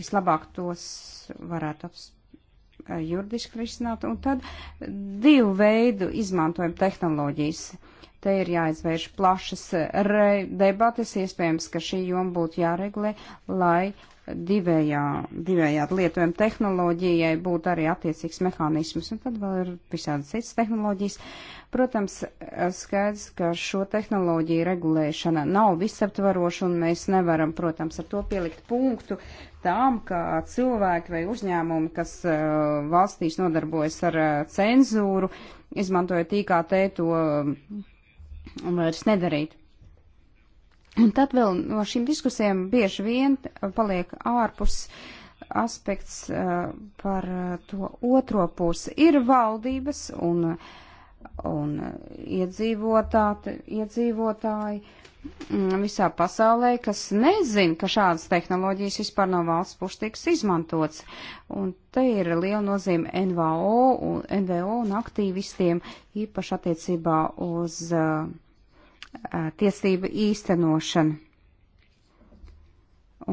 vislabāk tos varētu apspēlēt eh, juridiski risināt, un tad divu veidu izmantojam tehnoloģijas. Te ir jāizvērš plašas eh, debates, iespējams, ka šī joma būtu jāreglē, lai divējā, divējādi lietojuma tehnoloģijai būtu arī attiecīgs mehānisms, un tad vēl ir visādas citas tehnoloģijas. Protams, eh, skaidrs, ka šo tehnoloģiju regulēšana nav visaptvaroša, un mēs nevaram, protams, ar to pielikt punktu tām, ka cilvēki vai uzņēmumi, kas uh, valstīs nodarbojas ar uh, cenzūru, izmantojot IKT, to uh, vairs nedarīt. Un tad vēl no šīm diskusijām bieži vien paliek ārpus aspekts uh, par eh, to otro pusi. Ir valdības un uh, un iedzīvotāji mm, visā pasaulē, kas nezin, ka šādas tehnoloģijas vispār no valsts puses tiks izmantots. Un te ir liela nozīme NVO un, NVO un aktīvistiem, īpaši attiecībā uz uh, uh, tiesību īstenošanu.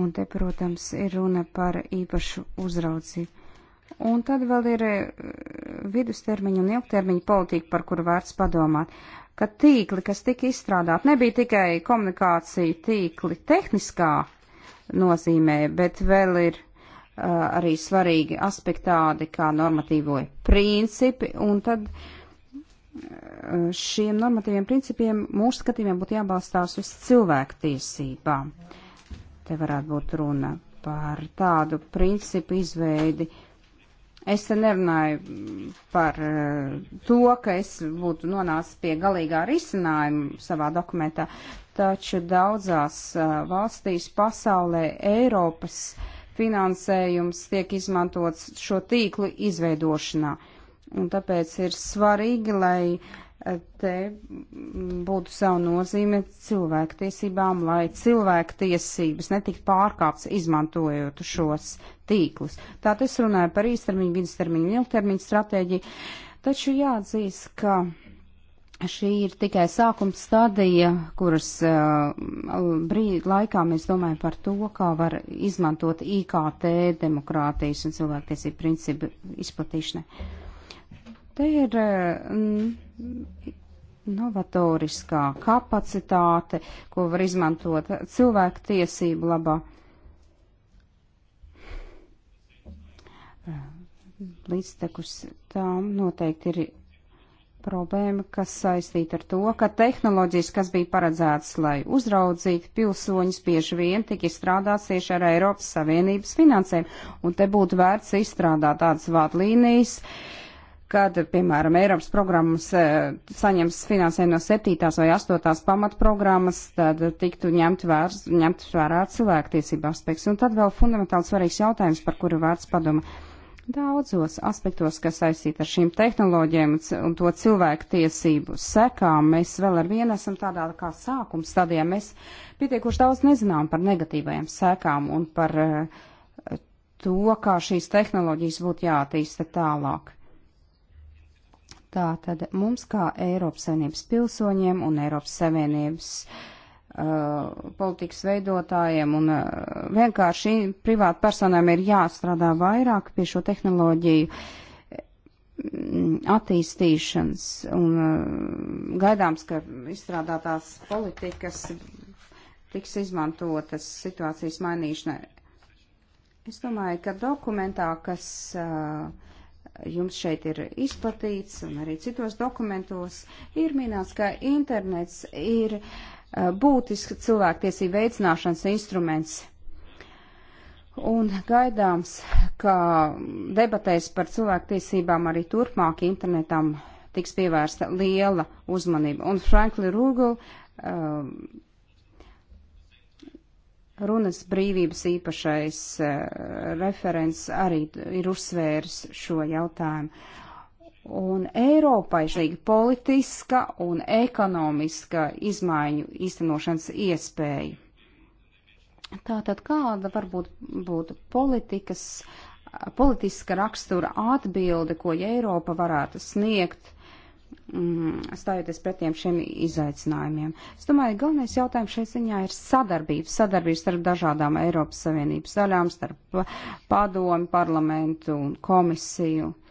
Un te, protams, ir runa par īpašu uzraudzību. Un tad vēl ir e, vidustermiņa un ilgtermiņa politika, par kuru vērts padomāt. Ka tīkli, kas tika izstrādāti, nebija tikai komunikācija tīkli tehniskā nozīmē, bet vēl ir uh, arī svarīgi aspekti tādi kā normatīvoji principi, un tad uh, šiem normatīviem principiem mūsu skatījumiem būtu jābalstās uz cilvēku tiesībām. Te varētu būt runa par tādu principu izveidi, uh, Es te nerunāju mm, par eh, to, ka es būtu nonācis pie galīgā risinājuma savā dokumentā, taču daudzās eh, valstīs pasaulē Eiropas finansējums tiek izmantots šo tīklu izveidošanā. Un tāpēc ir svarīgi, lai eh, te mm, būtu savu nozīme cilvēktiesībām, lai cilvēktiesības netikt pārkāpts izmantojot šos tīklus. Tātad es runāju par īstermiņu, vidustermiņu, ilgtermiņu stratēģiju, taču jāatzīst, ka šī ir tikai sākuma stadija, kuras uh, brīd laikā mēs domājam par to, kā var izmantot IKT demokrātijas un cilvēktiesību principu izplatīšanai. Te ir uh, novatoriskā kapacitāte, ko var izmantot cilvēktiesību labā. Uh, Līdztekus tām noteikti ir problēma, kas saistīta ar to, ka tehnoloģijas, kas bija paredzētas, lai uzraudzītu pilsoņus, bieži vien tika izstrādāts tieši ar Eiropas Savienības finansēm. Un te būtu vērts izstrādāt tādas vārdlīnijas, kad, piemēram, Eiropas programmas eh, saņems finansējumu no 7. vai 8. pamatprogrammas, tad tiktu ņemt, vērs, ņemt vērā cilvēktiesību aspekts. Un tad vēl fundamentāli svarīgs jautājums, par kuru vērts padomāt Daudzos aspektos, kas saistīti ar šīm tehnoloģijām un to cilvēku tiesību sekām, mēs vēl ar vienu esam tādā kā sākuma stadijā. Mēs pietiekuši daudz nezinām par negatīvajām sekām un par eh, to, kā šīs tehnoloģijas būtu jātīsta tālāk. Tātad mums kā Eiropas Savienības pilsoņiem un Eiropas Savienības uh, Uh, politikas veidotājiem un uh, vienkārši privāti personām ir jāstrādā vairāk pie šo tehnoloģiju mm, attīstīšanas un uh, gaidāms, ka izstrādātās politikas tiks izmantotas situācijas mainīšanai. Es domāju, ka dokumentā, kas jums šeit ir izplatīts un arī citos dokumentos, ir minēts, ka internets ir uh, Eh, būtisks cilvēktiesību veicināšanas instruments. Un gaidāms, ka debatēs par cilvēktiesībām arī turpmāk internetam tiks pievērsta liela uzmanība. Un Frankli Rūgul um, eh, runas brīvības īpašais uh, referents arī ir uzsvērs šo jautājumu. Un Eiropai šī politiska un ekonomiska izmaiņu īstenošanas iespēja. Tātad kāda varbūt būtu politikas, politiska rakstura atbilde, ko Eiropa varētu sniegt, mm, stājoties pretiem šiem izaicinājumiem? Es domāju, galvenais jautājums šeit ziņā ir sadarbība. Sadarbība starp dažādām Eiropas Savienības daļām, starp padomu, parlamentu un komisiju. Uh,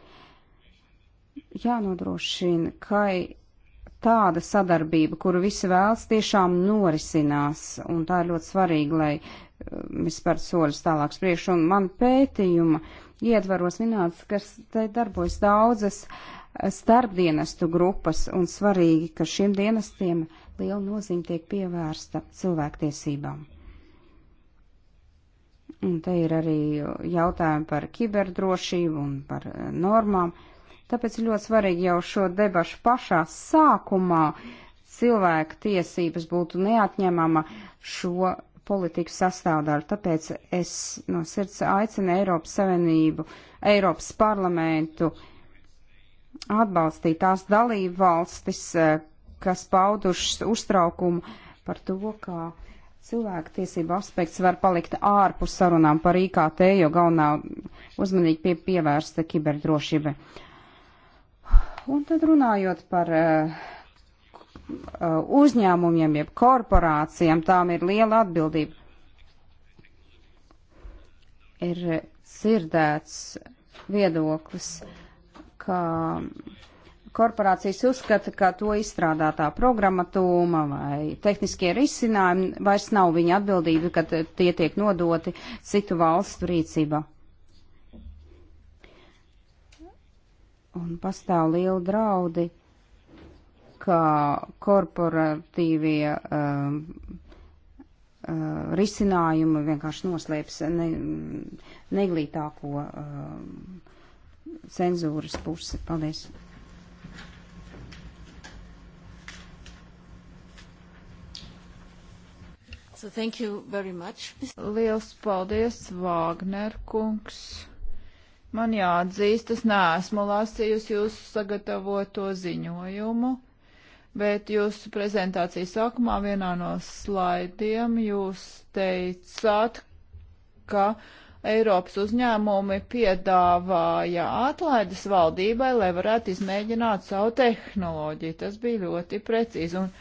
jānodrošina, ka tāda sadarbība, kuru visi vēlas, tiešām norisinās, un tā ir ļoti svarīga, lai mēs um, par soļus tālāks priekš, un man pētījuma ietvaros minēts, ka te darbojas daudzas uh, starpdienestu grupas, un svarīgi, ka šiem dienestiem liela nozīme tiek pievērsta cilvēktiesībām. Un te ir arī uh, jautājumi par kiberdrošību un par uh, normām. Uh, Tāpēc ir ļoti svarīgi jau šo debašu pašā sākumā cilvēku tiesības būtu neatņemama šo politiku sastāvdaļa. Tāpēc es no sirds aicinu Eiropas Savienību, Eiropas parlamentu atbalstīt tās dalību valstis, eh, kas paudušas uztraukumu par to, kā cilvēku tiesību aspekts var palikt ārpus sarunām par IKT, jo galvenā uzmanīgi pie, pievērsta kiberdrošība. Uh, Un tad runājot par uh, uzņēmumiem, jeb korporācijām, tām ir liela atbildība. Ir dzirdēts viedoklis, ka korporācijas uzskata, ka to izstrādātā programmatūma vai tehniskie risinājumi vairs nav viņa atbildība, kad tie tiek nodoti citu valstu rīcībā. un pastāv liela draudi, ka korporatīvie um, uh, risinājumi vienkārši noslēps ne, neglītāko um, cenzūras pusi. Paldies! So thank you very much. Liels paldies, Vāgner kungs. Man jāatzīst, es neesmu lasījusi jūsu sagatavoto ziņojumu, bet jūsu prezentācijas sākumā vienā no slaidiem jūs teicāt, ka Eiropas uzņēmumi piedāvāja atlaides valdībai, lai varētu izmēģināt savu tehnoloģiju. Tas bija ļoti precīzi. Un,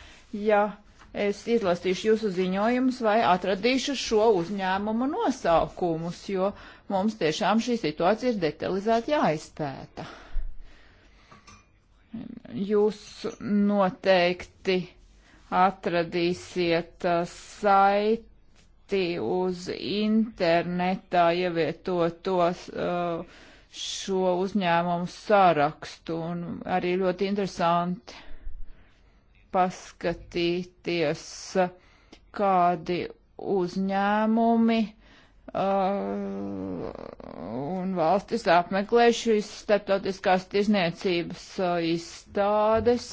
ja es izlasīšu jūsu ziņojumus vai atradīšu šo uzņēmumu nosaukumus, jo uh, mums tiešām šī situācija ir detalizēti jāizpēta. Jūs noteikti atradīsiet uh, saiti uz internetā ievietotos uh, šo uzņēmumu sarakstu un arī ļoti interesanti paskatīties, kādi uzņēmumi Uh, un valstis apmeklē šīs starptautiskās tirzniecības uh, izstādes.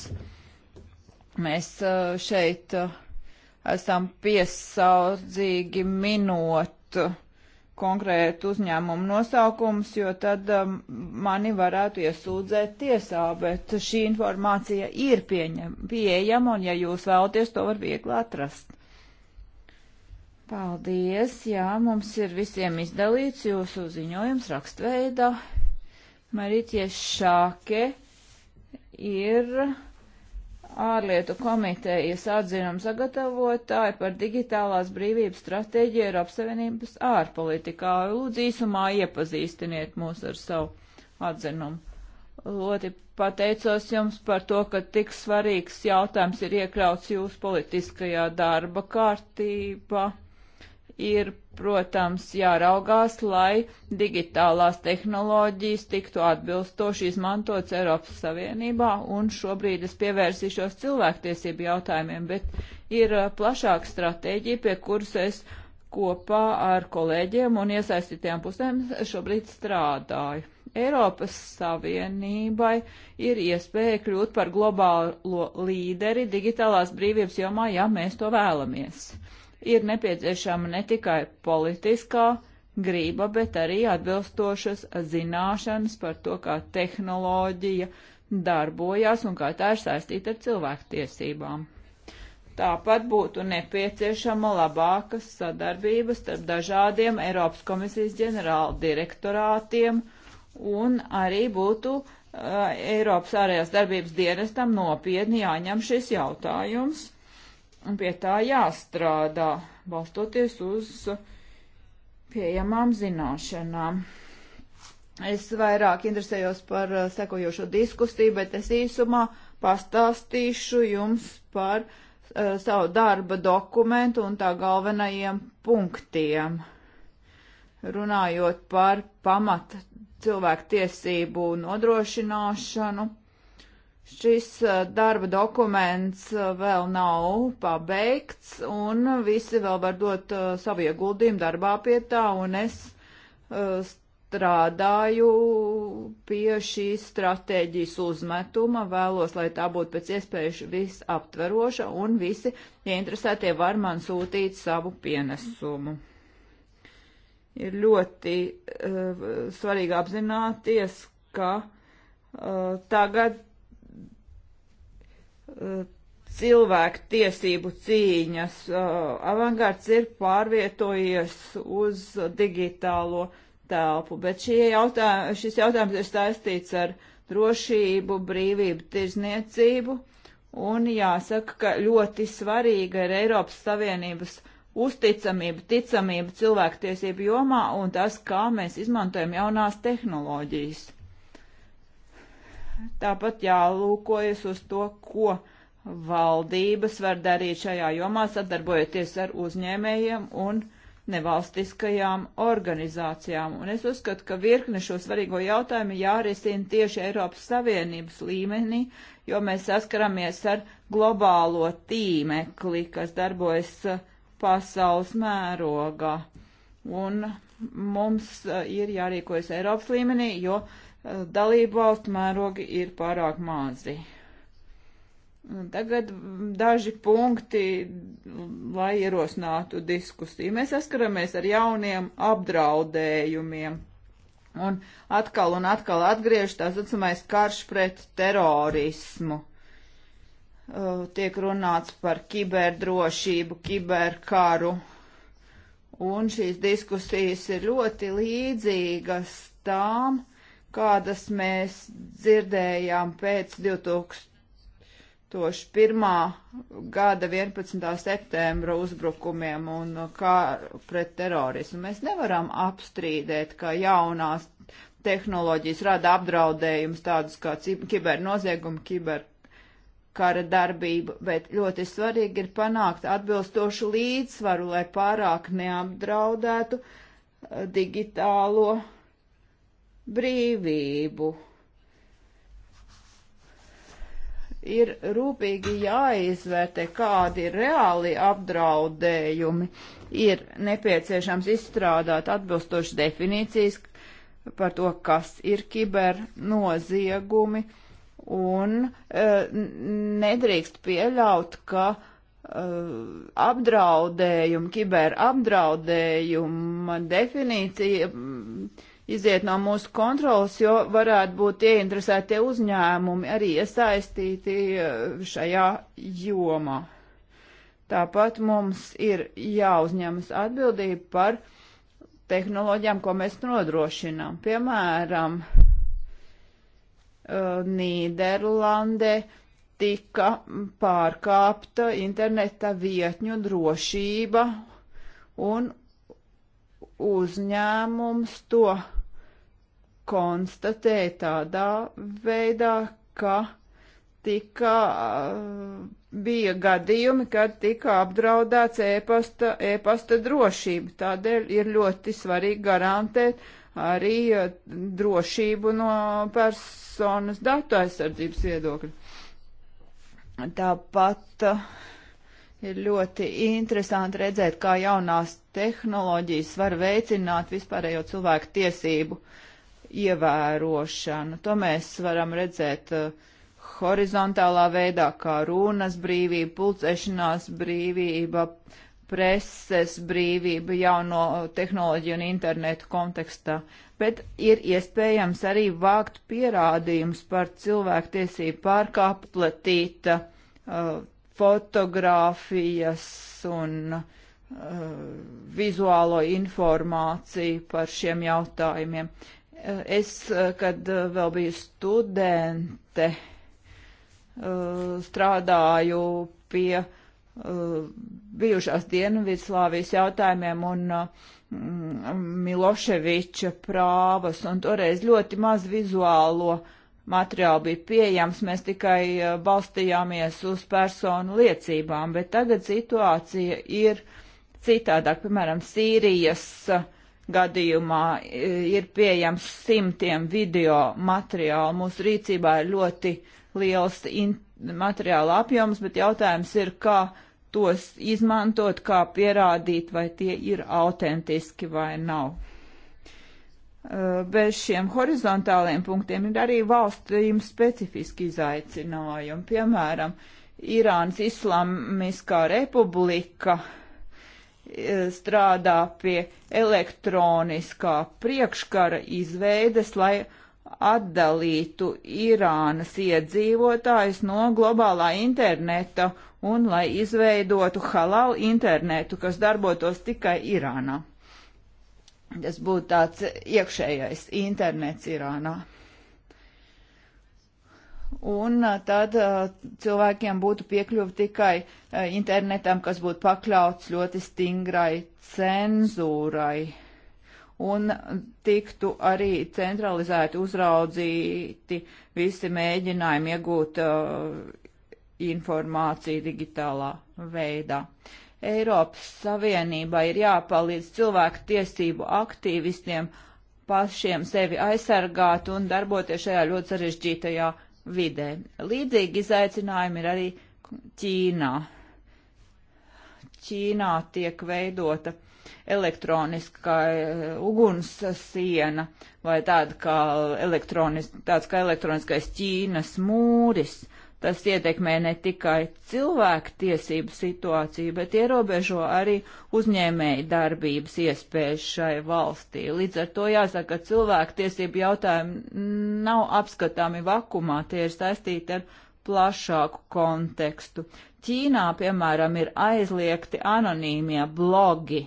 Mēs uh, šeit uh, esam piesaudzīgi minot konkrētu uzņēmumu nosaukums, jo tad um, mani varētu iesūdzēt tiesā, bet šī informācija ir pieņem, pieejama, un ja jūs vēlaties, to var viegli atrast. Paldies, jā, mums ir visiem izdalīts jūsu ziņojums rakstveidā. Marītie Šāke ir ārlietu komitejas atzinuma sagatavotāja par digitālās brīvības stratēģiju Eiropas Savienības ārpolitikā. Lūdzu, īsumā iepazīstiniet mūs ar savu atzinumu. Ļoti pateicos jums par to, ka tik svarīgs jautājums ir iekļauts jūsu politiskajā darba kārtībā ir, protams, jāraugās, lai digitālās tehnoloģijas tiktu atbilstoši izmantots Eiropas Savienībā, un šobrīd es pievērsīšos cilvēktiesību jautājumiem, bet ir plašāka stratēģija, pie kuras es kopā ar kolēģiem un iesaistītajām pusēm šobrīd strādāju. Eiropas Savienībai ir iespēja kļūt par globālo līderi digitālās brīvības jomā, ja mēs to vēlamies ir nepieciešama ne tikai politiskā grība, bet arī atbilstošas zināšanas par to, kā tehnoloģija darbojās un kā tā ir saistīta ar cilvēktiesībām. Tāpat būtu nepieciešama labāka sadarbība starp dažādiem Eiropas komisijas ģenerāla direktorātiem un arī būtu uh, Eiropas ārējās darbības dienestam nopietni jāņem šis jautājums pie tā jāstrādā, balstoties uz pieejamām zināšanām. Es vairāk interesējos par uh, sekojošo diskusiju, bet es īsumā pastāstīšu jums par uh, savu darba dokumentu un tā galvenajiem punktiem. Runājot par pamat cilvēku tiesību nodrošināšanu Šis uh, darba dokuments uh, vēl nav pabeigts, un visi vēl var dot uh, savu ieguldījumu darbā pie tā, un es strādāju pie šīs stratēģijas uzmetuma, vēlos, lai tā būtu pēc iespējas visaptveroša, un visi ieinteresētie ja var man sūtīt savu pienesumu. Ir ļoti uh, svarīgi apzināties, ka uh, tagad cilvēku tiesību cīņas avangards ir pārvietojies uz digitālo telpu, bet jautājum, šis jautājums ir saistīts ar drošību, brīvību, tirzniecību, un jāsaka, ka ļoti svarīga ir Eiropas Savienības uzticamība, ticamība cilvēktiesību jomā un tas, kā mēs izmantojam jaunās tehnoloģijas tāpat jālūkojas uz to, ko valdības var darīt šajā jomā, sadarbojoties ar uzņēmējiem un nevalstiskajām organizācijām. Un es uzskatu, ka virkne šo svarīgo jautājumu jārisina tieši Eiropas Savienības līmenī, jo mēs saskaramies ar globālo tīmekli, kas darbojas uh, pasaules mērogā. Un mums uh, ir jārīkojas Eiropas līmenī, jo dalību valstu mērogi ir pārāk mazi. Un tagad daži punkti, lai ierosinātu diskusiju. Mēs saskaramies ar jauniem apdraudējumiem. Un atkal un atkal atgriež tā saucamais karš pret terorismu. Uh, tiek runāts par kiberdrošību, kiberkaru. Un šīs diskusijas ir ļoti līdzīgas tām, uh, kādas mēs dzirdējām pēc 2001. gada 11. septembra uzbrukumiem un kā pret terorismu. Mēs nevaram apstrīdēt, ka jaunās tehnoloģijas rada apdraudējumus tādus kā kibernoziegumi, kiber kara darbību, bet ļoti svarīgi ir panākt atbilstošu līdzsvaru, lai pārāk neapdraudētu digitālo brīvību. Ir rūpīgi jāizvērtē, kādi ir reāli apdraudējumi. Ir nepieciešams izstrādāt atbilstošas definīcijas par to, kas ir kibernoziegumi, un e, nedrīkst pieļaut, ka e, apdraudējumu, kiberapdraudējuma definīcija. M, iziet no mūsu kontrolas, jo varētu būt ieinteresētie uzņēmumi arī iesaistīti eh, šajā jomā. Tāpat mums ir jāuzņemas atbildība par tehnoloģijām, ko mēs nodrošinām. Piemēram, eh, Nīderlandē tika pārkāpta interneta vietņu drošība un uzņēmums to konstatē tādā veidā, ka tika, uh, bija gadījumi, kad tika apdraudēts e-pasta, e-pasta drošība. Tādēļ ir ļoti svarīgi garantēt arī uh, drošību no personas datu aizsardzības viedokļa. Tāpat uh, ir ļoti interesanti redzēt, kā jaunās tehnoloģijas var veicināt vispārējo cilvēku tiesību uh, ievērošanu. To mēs varam redzēt uh, horizontālā veidā, kā runas brīvība, pulcēšanās brīvība, preses brīvība jauno tehnoloģiju un internetu kontekstā. Bet ir iespējams arī vākt pierādījumus par cilvēktiesību pārkāplatīt uh, fotogrāfijas un uh, vizuālo informāciju par šiem jautājumiem. Uh, Es, eh, kad eh, vēl biju studente, eh, strādāju pie bijušās Dienvidslāvijas jautājumiem un Miloševiča prāvas, un toreiz ļoti maz vizuālo materiālu bija pieejams, mēs tikai balstījāmies uz personu liecībām, bet tagad situācija ir citādāk, piemēram, Sīrijas uh, gadījumā e, ir pieejams simtiem video materiālu. Mūsu rīcībā ir ļoti liels materiāla apjoms, bet jautājums ir, kā tos izmantot, kā pierādīt, vai tie ir autentiski vai nav. E, bez šiem horizontāliem punktiem ir arī valstīm specifiski izaicinājumi. Piemēram, Irānas Islamiskā republika uh, strādā pie elektroniskā priekškara izveides, lai atdalītu Irānas iedzīvotājus no globālā interneta un lai izveidotu halal internetu, kas darbotos tikai Irānā. Tas būtu tāds iekšējais internets Irānā un uh, tad uh, cilvēkiem būtu piekļuvi tikai uh, internetam, kas būtu pakļauts ļoti stingrai cenzūrai. Un tiktu arī centralizēti uzraudzīti visi mēģinājumi iegūt uh, informāciju digitālā veidā. Eiropas Savienībā ir jāpalīdz cilvēku tiesību aktīvistiem pašiem sevi aizsargāt un darboties šajā ļoti sarežģītajā vidē. Līdzīgi izaicinājumi ir arī Ķīnā. Ķīnā tiek veidota elektroniskā eh, uguns siena vai tāda kā, elektronis, tāds kā elektroniskais Ķīnas mūris. Tas ietekmē ne tikai cilvēku tiesību situāciju, bet ierobežo arī uzņēmēju darbības iespējas šai valstī. Līdz ar to jāsaka, ka cilvēku tiesību jautājumi nav apskatāmi vakumā, tie ir saistīti ar plašāku kontekstu. Ķīnā, piemēram, ir aizliegti anonīmie blogi.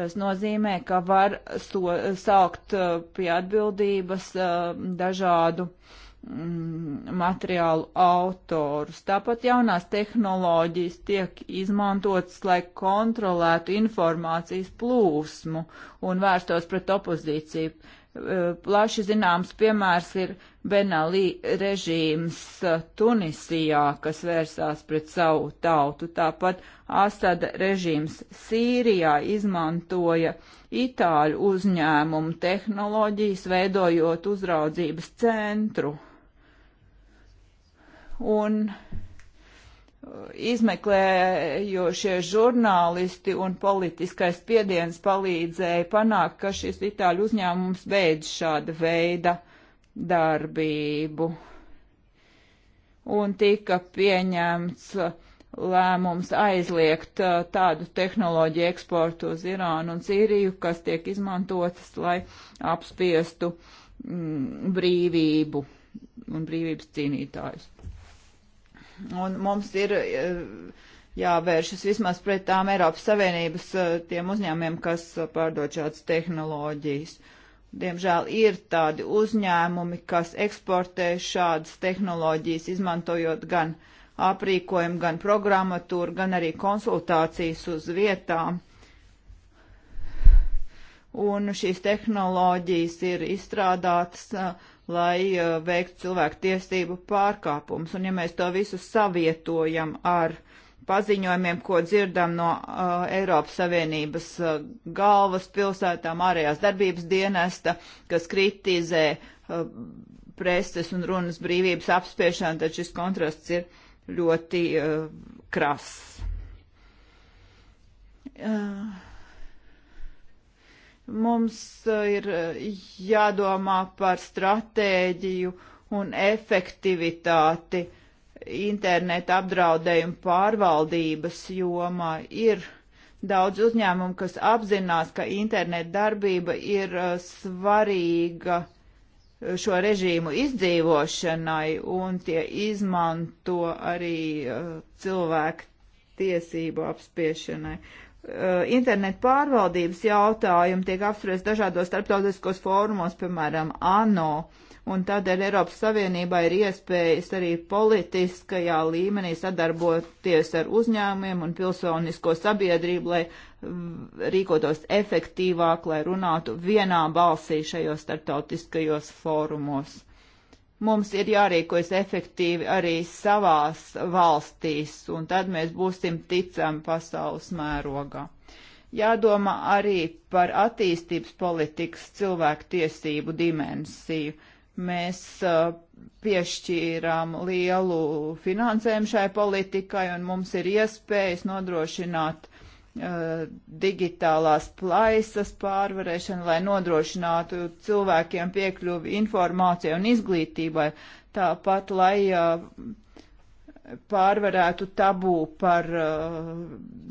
Tas nozīmē, ka var so, saukt uh, pie atbildības uh, dažādu uh, Mm, materiālu autorus. Tāpat jaunās tehnoloģijas tiek izmantotas, lai kontrolētu informācijas plūsmu un vērstos pret opozīciju. E, plaši zināms piemērs ir Benalī režīms e, Tunisijā, kas vērsās pret savu tautu. Tāpat Asada režīms Sīrijā izmantoja itāļu uzņēmumu tehnoloģijas, veidojot uzraudzības centru un uh, izmeklējošie žurnālisti un politiskais spiediens palīdzēja panākt, ka šis itāļu uzņēmums beidz šāda veida darbību. Un tika pieņemts uh, lēmums aizliegt uh, tādu tehnoloģiju eksportu uz Irānu un Sīriju, kas tiek izmantotas, lai apspiestu mm, brīvību un brīvības cīnītājus. Un mums ir e, jāvēršas vismaz pret tām Eiropas Savienības e, tiem uzņēmiem, kas pārdod šādas tehnoloģijas. Diemžēl ir tādi uzņēmumi, kas eksportē šādas tehnoloģijas, izmantojot gan aprīkojumu, gan programmatūru, gan arī konsultācijas uz vietām. Un šīs tehnoloģijas ir izstrādātas uh, lai uh, veiktu cilvēku tiesību pārkāpumus. Un ja mēs to visu savietojam ar paziņojumiem, ko dzirdam no uh, Eiropas Savienības uh, galvas pilsētām, ārējās darbības dienesta, kas kritizē uh, preses un runas brīvības apspiešanu, tad šis kontrasts ir ļoti uh, krass. Uh, Mums uh, ir uh, jādomā par stratēģiju un efektivitāti interneta apdraudējumu pārvaldības jomā. Ir daudz uzņēmumu, kas apzinās, ka interneta darbība ir uh, svarīga šo režīmu izdzīvošanai, un tie izmanto arī cilvēku tiesību apspiešanai. Eh, internetu pārvaldības jautājumi tiek apspriest dažādos starptautiskos fórumos, piemēram, ANO, un tādēļ Eiropas Savienībā ir iespējas arī politiskajā līmenī sadarboties ar uzņēmumiem un pilsonisko sabiedrību, lai mm, rīkotos efektīvāk, lai runātu vienā balsī šajos starptautiskajos fórumos. Mums ir jārīkojas efektīvi arī savās valstīs, un tad mēs būsim ticami pasaules mērogā. Jādomā arī par attīstības politikas cilvēktiesību dimensiju mēs uh, piešķīrām lielu finansējumu šai politikai, un mums ir iespējas nodrošināt Uh, digitālās plaisas pārvarēšanu, lai nodrošinātu cilvēkiem piekļuvi informācijai un izglītībai, tāpat lai uh, pārvarētu tabū par uh,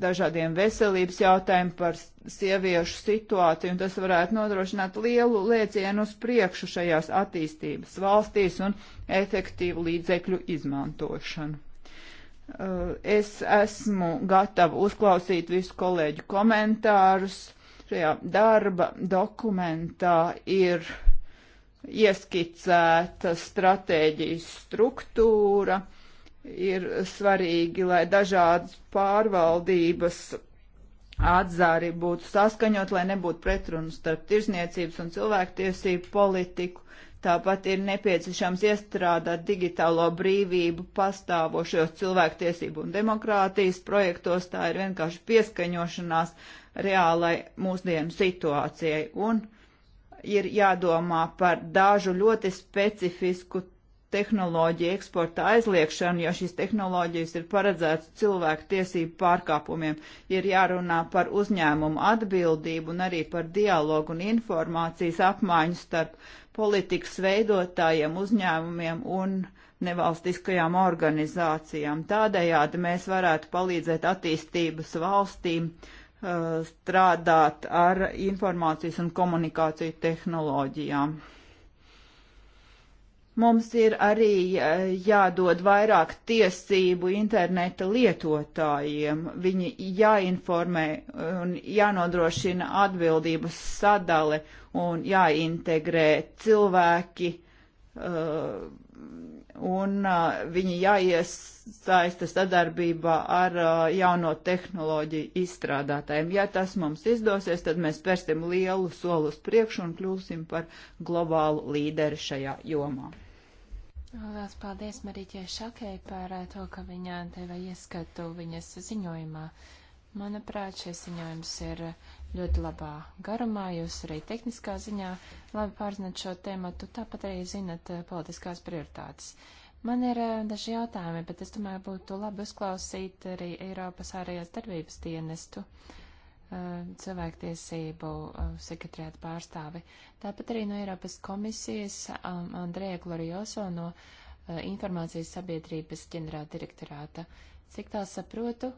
dažādiem veselības jautājumiem, par sieviešu situāciju, un tas varētu nodrošināt lielu liecienu uz priekšu šajās attīstības valstīs un efektīvu līdzekļu izmantošanu. Eh, es esmu gatava uzklausīt visu kolēģu komentārus. Šajā darba dokumentā ir ieskicēta stratēģijas struktūra. Ir svarīgi, lai dažādas pārvaldības atzāri būtu saskaņot, lai nebūtu pretrunu starp tirzniecības un cilvēktiesību politiku. Tāpat ir nepieciešams iestrādāt digitālo brīvību pastāvošos cilvēktiesību un demokrātijas projektos. Tā ir vienkārši pieskaņošanās reālai mūsdienu situācijai un ir jādomā par dažu ļoti specifisku tehnoloģija eksporta aizliekšanu, jo šīs tehnoloģijas ir paredzētas cilvēku tiesību pārkāpumiem, ir jārunā par uzņēmumu atbildību un arī par dialogu un informācijas apmaiņu starp politikas veidotājiem, uzņēmumiem un nevalstiskajām organizācijām. Tādējādi mēs varētu palīdzēt attīstības valstīm uh, strādāt ar informācijas un komunikāciju tehnoloģijām. Mums ir arī e, jādod vairāk tiesību interneta lietotājiem. Viņi jāinformē un jānodrošina atbildības sadale un jāintegrē cilvēki e, un e, viņi jāiesaista sadarbībā ar jauno tehnoloģiju izstrādātājiem. Ja tas mums izdosies, tad mēs spērsim lielu soli uz priekšu un kļūsim par globālu līderi šajā jomā. Lielas paldies Marīķai Šakai par eh, to, ka viņa deva ieskatu viņas ziņojumā. Manuprāt, šis ziņojums ir ļoti labā garumā, jūs arī tehniskā ziņā labi pārzinat šo tēmatu, tāpat arī zinat eh, politiskās prioritātes. Man ir eh, daži jautājumi, bet es domāju, būtu labi uzklausīt arī Eiropas ārējās darbības dienestu. Uh, Uh, cilvēktiesību uh, sekretariāta pārstāvi. Tāpat arī no Eiropas komisijas um, Andrēja Glorioso no uh, Informācijas sabiedrības ģenerāla direktorāta. Cik tā saprotu,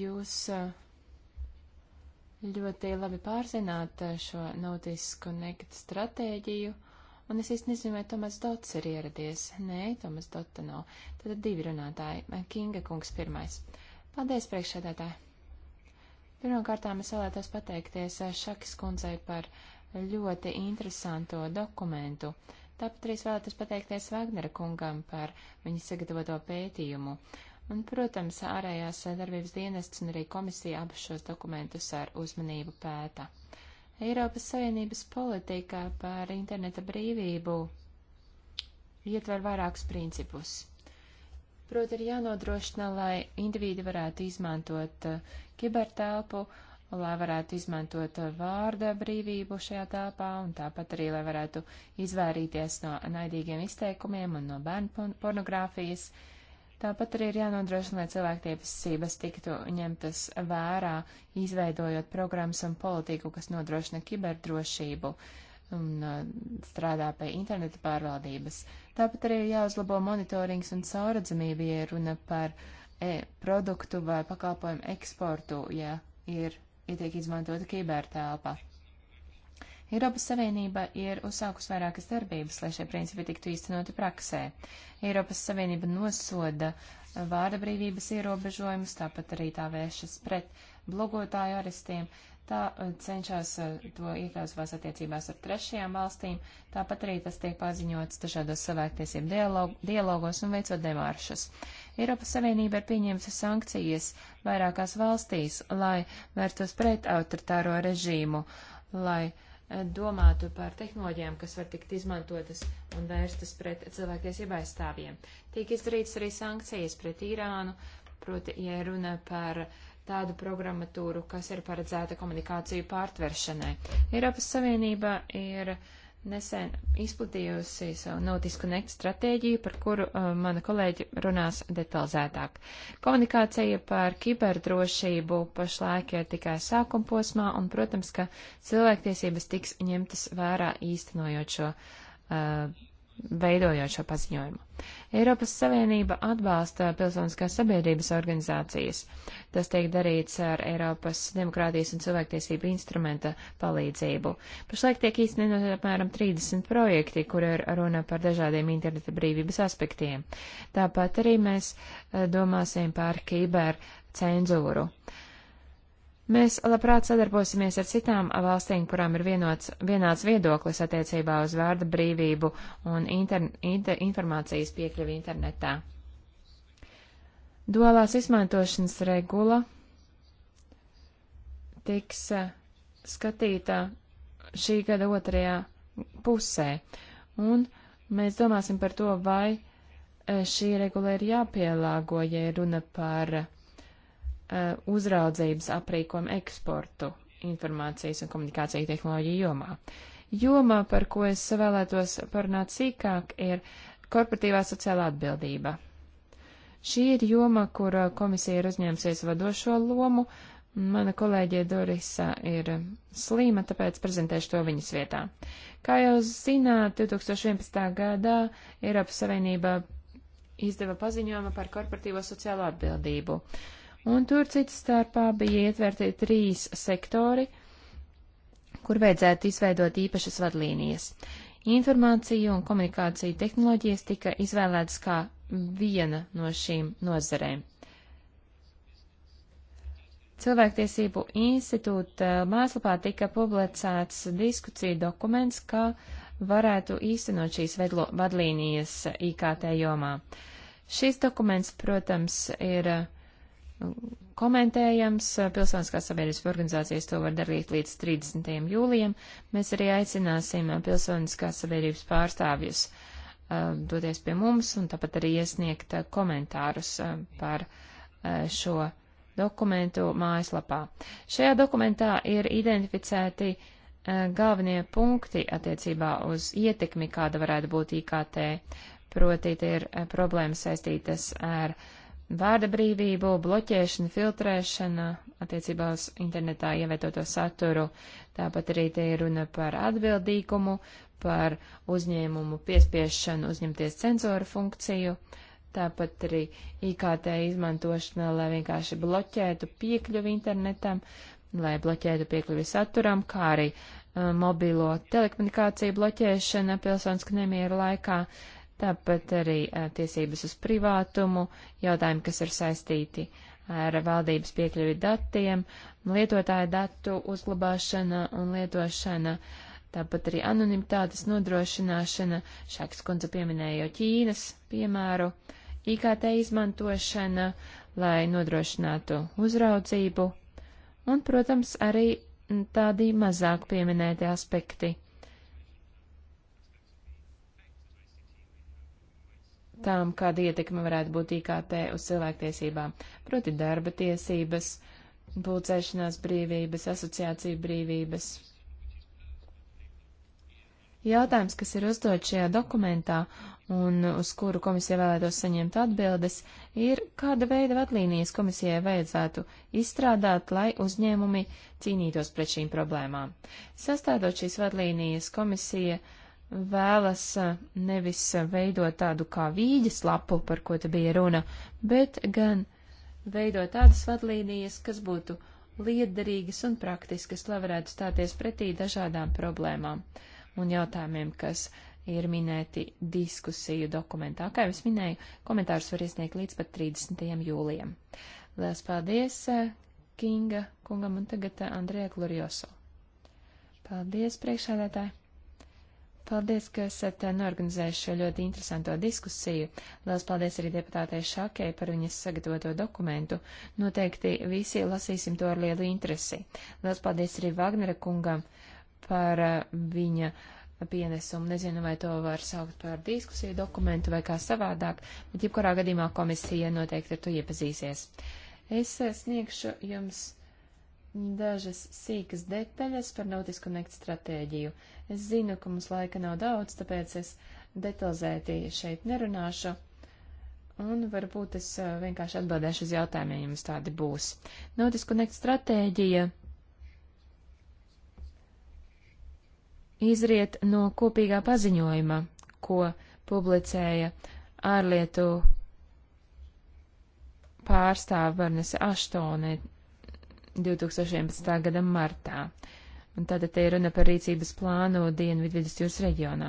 jūs ļoti labi pārzināt šo nautisku nekad stratēģiju, un es īsti nezinu, vai Tomas Dots ir ieradies. Nē, Tomas Dota nav. Tad divi runātāji. Kinga kungs pirmais. Paldies, priekšsēdētāji! Pirmkārtām es vēlētos pateikties eh, Šakas kundzei par ļoti interesanto dokumentu. Tāpat arī vēlētos pateikties Vagnera kungam par viņa sagatavoto pētījumu. Un, protams, ārējās darbības dienests un arī komisija abus šos dokumentus ar uzmanību pēta. Eiropas Savienības politika par interneta brīvību ietver vairākus principus. Proti, ir jānodrošina, lai indivīdi varētu izmantot eh, kibertelpu, lai varētu izmantot eh, vārda brīvību šajā telpā, un tāpat arī, lai varētu izvairīties no naidīgiem izteikumiem un no bērnu pornogrāfijas. Tāpat arī ir jānodrošina, lai cilvēktiesības tiktu ņemtas vērā, izveidojot programmas un politiku, kas nodrošina kiberdrošību. Uh, un uh, strādā pie interneta pārvaldības. Tāpat arī ir jāuzlabo monitorings un cauradzamība, ja runa par e produktu vai pakalpojumu eksportu, ja ir ietiek ja izmantota kibertēlpa. Eiropas Savienība ir uzsākus vairākas darbības, lai šie principi tiktu īstenoti praksē. Eiropas Savienība nosoda vārda brīvības ierobežojumus, tāpat arī tā vēršas pret blogotāju arestiem, uh, tā eh, cenšas eh, to iekļaut savās attiecībās ar trešajām valstīm, tāpat arī tas tiek paziņots dažādos savērtiesību dialog, dialogos un veicot demāršas. Eiropas Savienība ir pieņēmusi sankcijas vairākās valstīs, lai vērstos pret autoritāro režīmu, lai eh, domātu par tehnoloģijām, kas var tikt izmantotas un vērstas pret cilvēktiesību aizstāvjiem. Tiek izdarīts arī sankcijas pret Irānu, proti, ja runa par uh, tādu programmatūru, kas ir paredzēta komunikāciju pārtveršanai. Eiropas Savienība ir nesen izplatījusi savu Notice Connect stratēģiju, par kuru uh, mana kolēģi runās detalizētāk. Komunikācija par kiberdrošību pašlaik ir tikai sākuma posmā, un, protams, ka cilvēktiesības tiks ņemtas vērā īstenojot šo uh, veidojot šo paziņojumu. Eiropas Savienība atbalsta pilsoniskās sabiedrības organizācijas. Tas tiek darīts ar Eiropas demokrātijas un cilvēktiesību instrumenta palīdzību. Pašlaik tiek īstenot apmēram 30 projekti, kur ir runa par dažādiem interneta brīvības aspektiem. Tāpat arī mēs eh, domāsim par kibercenzūru. cenzūru. Mēs labprāt sadarbosimies ar citām valstīm, kurām ir vienots, vienāds viedoklis attiecībā uz vārda brīvību un inter, inter, informācijas piekļuvi internetā. Duālās izmantošanas regula tiks eh, skatīta šī gada otrajā pusē, un mēs domāsim par to, vai eh, šī regula ir jāpielāgo, ja runa par uh, Uh, uzraudzības aprīkojumu eksportu informācijas un komunikāciju tehnoloģiju jomā. Jomā, par ko es vēlētos parunāt sīkāk, ir korporatīvā sociālā atbildība. Šī ir joma, kur uh, komisija ir uzņēmusies vadošo lomu. Mana kolēģie Dorisa ir slīma, tāpēc prezentēšu to viņas vietā. Kā jau zināt, 2011. gadā Eiropas Savienība izdeva paziņojumu par korporatīvo sociālo atbildību. Uh, un tur citas starpā bija ietverti trīs sektori, kur vajadzētu izveidot īpašas vadlīnijas. Informācija un komunikācija tehnoloģijas tika izvēlētas kā viena no šīm nozarēm. Cilvēktiesību institūta mājaslapā tika publicēts diskusiju dokuments, kā varētu īstenot šīs vedlo, vadlīnijas IKT jomā. Šis dokuments, protams, ir komentējams. Pilsoniskās sabiedrības organizācijas to var darīt līdz 30. jūlijam. Mēs arī aicināsim uh, pilsoniskās sabiedrības pārstāvjus uh, doties pie mums un tāpat arī iesniegt uh, komentārus par šo dokumentu mājaslapā. Šajā dokumentā ir identificēti galvenie punkti attiecībā uz ietekmi, kāda varētu būt IKT, proti tie ir problēmas saistītas ar uh, vārda brīvību, bloķēšana, filtrēšana attiecībā uz internetā ievietoto saturu. Tāpat arī te ir runa par atbildīgumu, par uzņēmumu piespiešanu uzņemties cenzoru funkciju, tāpat arī IKT izmantošana, lai vienkārši bloķētu piekļuvi internetam, lai bloķētu piekļuvi saturam, kā arī uh, mobilo telekomunikāciju bloķēšana pilsoniska nemiera laikā. Uh, tāpat arī tiesības uz privātumu, jautājumi, kas ir saistīti ar valdības piekļuvi datiem, lietotāja datu uzglabāšana un lietošana, tāpat arī anonimitātes nodrošināšana, šāks kundze pieminēja jau Ķīnas piemēru, IKT izmantošana, lai nodrošinātu uzraudzību, un, protams, arī tādi mazāk pieminēti aspekti tām, kāda ietekme varētu būt IKT uz cilvēktiesībām, proti darba tiesības, pulcēšanās brīvības, asociāciju brīvības. Jautājums, kas ir uzdots šajā dokumentā un uz kuru komisija vēlētos saņemt atbildes, ir, kāda veida vadlīnijas komisijai vajadzētu izstrādāt, lai uzņēmumi cīnītos pret šīm problēmām. Sastādot šīs vadlīnijas, komisija uh, vēlas eh, nevis eh, veidot tādu kā vīģes lapu, par ko te bija runa, bet gan veidot tādas vadlīnijas, kas būtu liederīgas un praktiskas, lai varētu stāties pretī dažādām problēmām un jautājumiem, kas ir minēti diskusiju dokumentā. Kā jau es minēju, komentārus var iesniegt līdz pat 30. jūlijam. Lielas paldies eh, Kinga kungam un tagad Andrija Glorioso. Paldies, priekšādētāji! Paldies, ka esat eh, norganizējuši šo ļoti interesanto diskusiju. Lielas paldies arī deputātei Šakē par viņas sagatavoto dokumentu. Noteikti visi lasīsim to ar lielu interesi. Lielas paldies arī Vagnera kungam par eh, viņa pienesumu. Nezinu, vai to var saukt par diskusiju dokumentu vai kā savādāk, bet jebkurā gadījumā komisija noteikti ar to iepazīsies. Es eh, sniegšu jums dažas sīkas detaļas par Nautis Connect stratēģiju. Es zinu, ka mums laika nav daudz, tāpēc es detalizēti šeit nerunāšu. Un varbūt es eh, vienkārši atbildēšu uz jautājumiem, ja jums tādi būs. Nautis Connect stratēģija izriet no kopīgā paziņojuma, ko publicēja ārlietu pārstāve Barnese Aštone 2011. gada martā. Un tātad te ir runa par rīcības plānu Dienvidvidus jūras reģionā.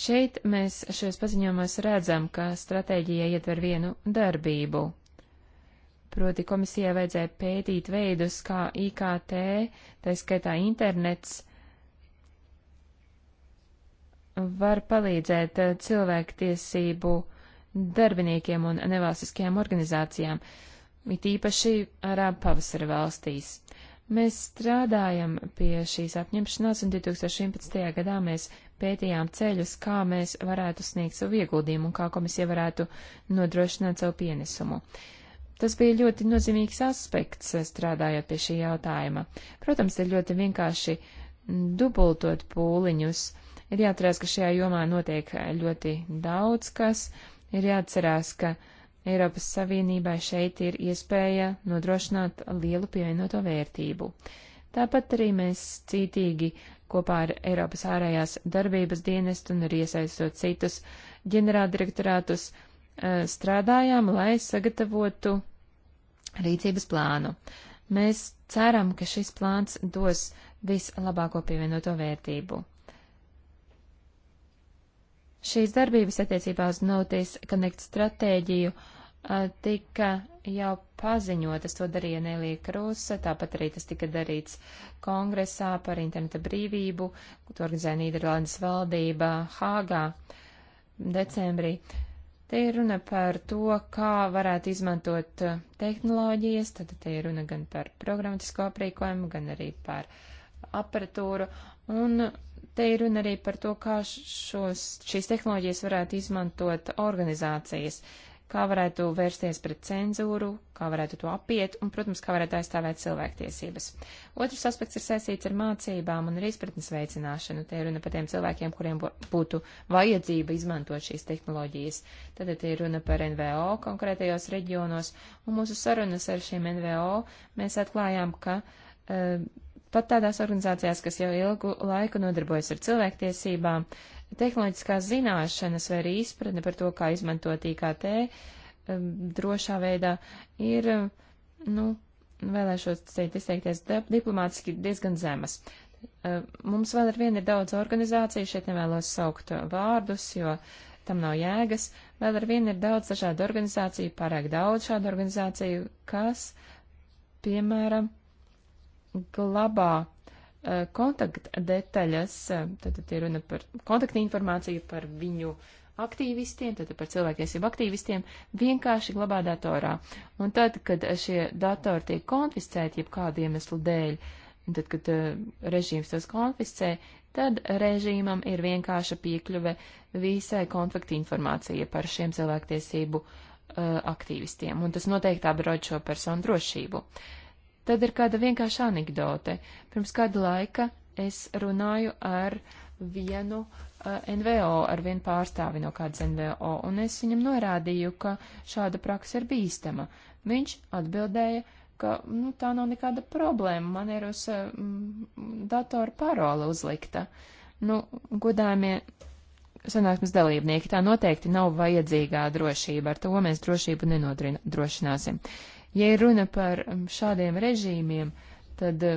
Šeit mēs šajos paziņojumos redzam, ka stratēģija ietver vienu darbību. Proti komisijai vajadzēja pētīt veidus, kā IKT, tā skaitā internets, var palīdzēt eh, cilvēktiesību darbiniekiem un nevalstiskajām organizācijām. Uh, it īpaši Arābu pavasara valstīs. Mēs strādājam pie šīs apņemšanās, un 2011. gadā mēs pētījām ceļus, kā mēs varētu sniegt savu ieguldījumu un kā komisija varētu nodrošināt savu pienesumu. Tas bija ļoti nozīmīgs aspekts, eh, strādājot pie šī jautājuma. Protams, ir ļoti vienkārši dubultot pūliņus. Ir jāatcerās, ka šajā jomā notiek eh, ļoti daudz kas, ir jāatcerās, ka uh, Eiropas Savienībai šeit ir iespēja nodrošināt lielu pievienoto vērtību. Tāpat arī mēs cītīgi kopā ar Eiropas ārējās darbības dienestu un arī iesaistot citus ģenerāldirektorātus eh, strādājām, lai sagatavotu rīcības plānu. Mēs ceram, ka šis plāns dos vislabāko pievienoto vērtību. Šīs darbības attiecībā uz Notice Connect stratēģiju tika jau paziņotas, to darīja Nelija Krusa, tāpat arī tas tika darīts kongresā par interneta brīvību, ko organizēja Nīderlandes valdība Hāgā decembrī. Te ir runa par to, kā varētu izmantot tehnoloģijas, tad te ir runa gan par programmatisko aprīkojumu, gan arī par aparatūru, un Te ir runa arī par to, kā šos, šīs tehnoloģijas varētu izmantot organizācijas, kā varētu vērsties pret cenzūru, kā varētu to apiet un, protams, kā varētu aizstāvēt cilvēktiesības. Otrs aspekts ir saistīts ar mācībām un arī izpratnes veicināšanu. Te ir runa par tiem cilvēkiem, kuriem būtu vajadzība izmantot šīs tehnoloģijas. Tad te ir runa par NVO konkrētajos reģionos, un mūsu sarunas ar šiem NVO mēs atklājām, ka uh, Pat tādās organizācijās, kas jau ilgu laiku nodarbojas ar cilvēktiesībām, tehnoloģiskās zināšanas vai arī izpratne par to, kā izmantot IKT um, drošā veidā, ir, um, nu, vēlēšos teikt, izteikties diplomātiski diezgan zemas. Um, mums vēl ar vienu ir daudz organizāciju, šeit nevēlos saukt vārdus, jo tam nav jēgas. Vēl ar vienu ir daudz dažādu organizāciju, pārāk daudz šādu organizāciju, kas, piemēram, glabā eh, kontaktdetaļas, eh, tad ir runa par kontaktinformāciju par viņu aktīvistiem, tad par cilvēktiesību aktīvistiem, vienkārši glabā datorā. Un tad, kad šie datori tiek konfiscēti, jeb kādu iemeslu dēļ, un tad, kad uh, režīms tos konfiscē, tad režīmam ir vienkārša piekļuve visai kontaktinformācija par šiem cilvēktiesību uh, aktīvistiem, un tas noteikti apdraud šo personu drošību. Uh, Tad ir kāda vienkārša anekdote. Pirms kāda laika es runāju ar vienu uh, eh, NVO, ar vienu pārstāvi no kādas NVO, un es viņam norādīju, ka šāda praksa ir bīstama. Viņš atbildēja, ka nu, tā nav nekāda problēma, man ir uz uh, datora parola uzlikta. Nu, godājumie sanāksmes dalībnieki, tā noteikti nav vajadzīgā drošība, ar to mēs drošību nenodrošināsim. Ja ir runa par um, šādiem režīmiem, tad uh,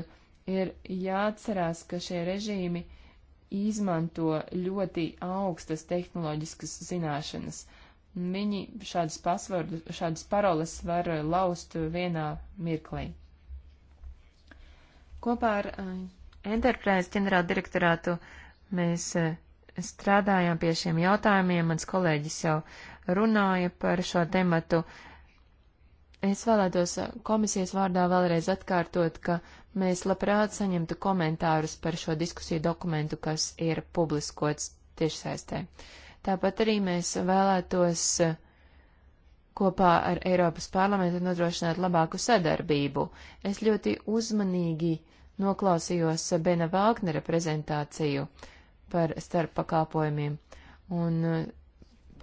ir jāatcerās, ka šie režīmi izmanto ļoti augstas tehnoloģiskas zināšanas. Viņi šādas pasvardus, šādas paroles var uh, laust vienā mirklī. Kopā ar uh, Enterprise ģenerāldirektorātu mēs strādājām pie šiem jautājumiem. Mans kolēģis jau runāja par šo tematu. Uh, Es vēlētos komisijas vārdā vēlreiz atkārtot, ka mēs labprāt saņemtu komentārus par šo diskusiju dokumentu, kas ir publiskots tiešsaistē. Tāpat arī mēs vēlētos kopā ar Eiropas parlamentu nodrošināt labāku sadarbību. Es ļoti uzmanīgi noklausījos Bena Vāgnera prezentāciju par starppakāpojumiem, un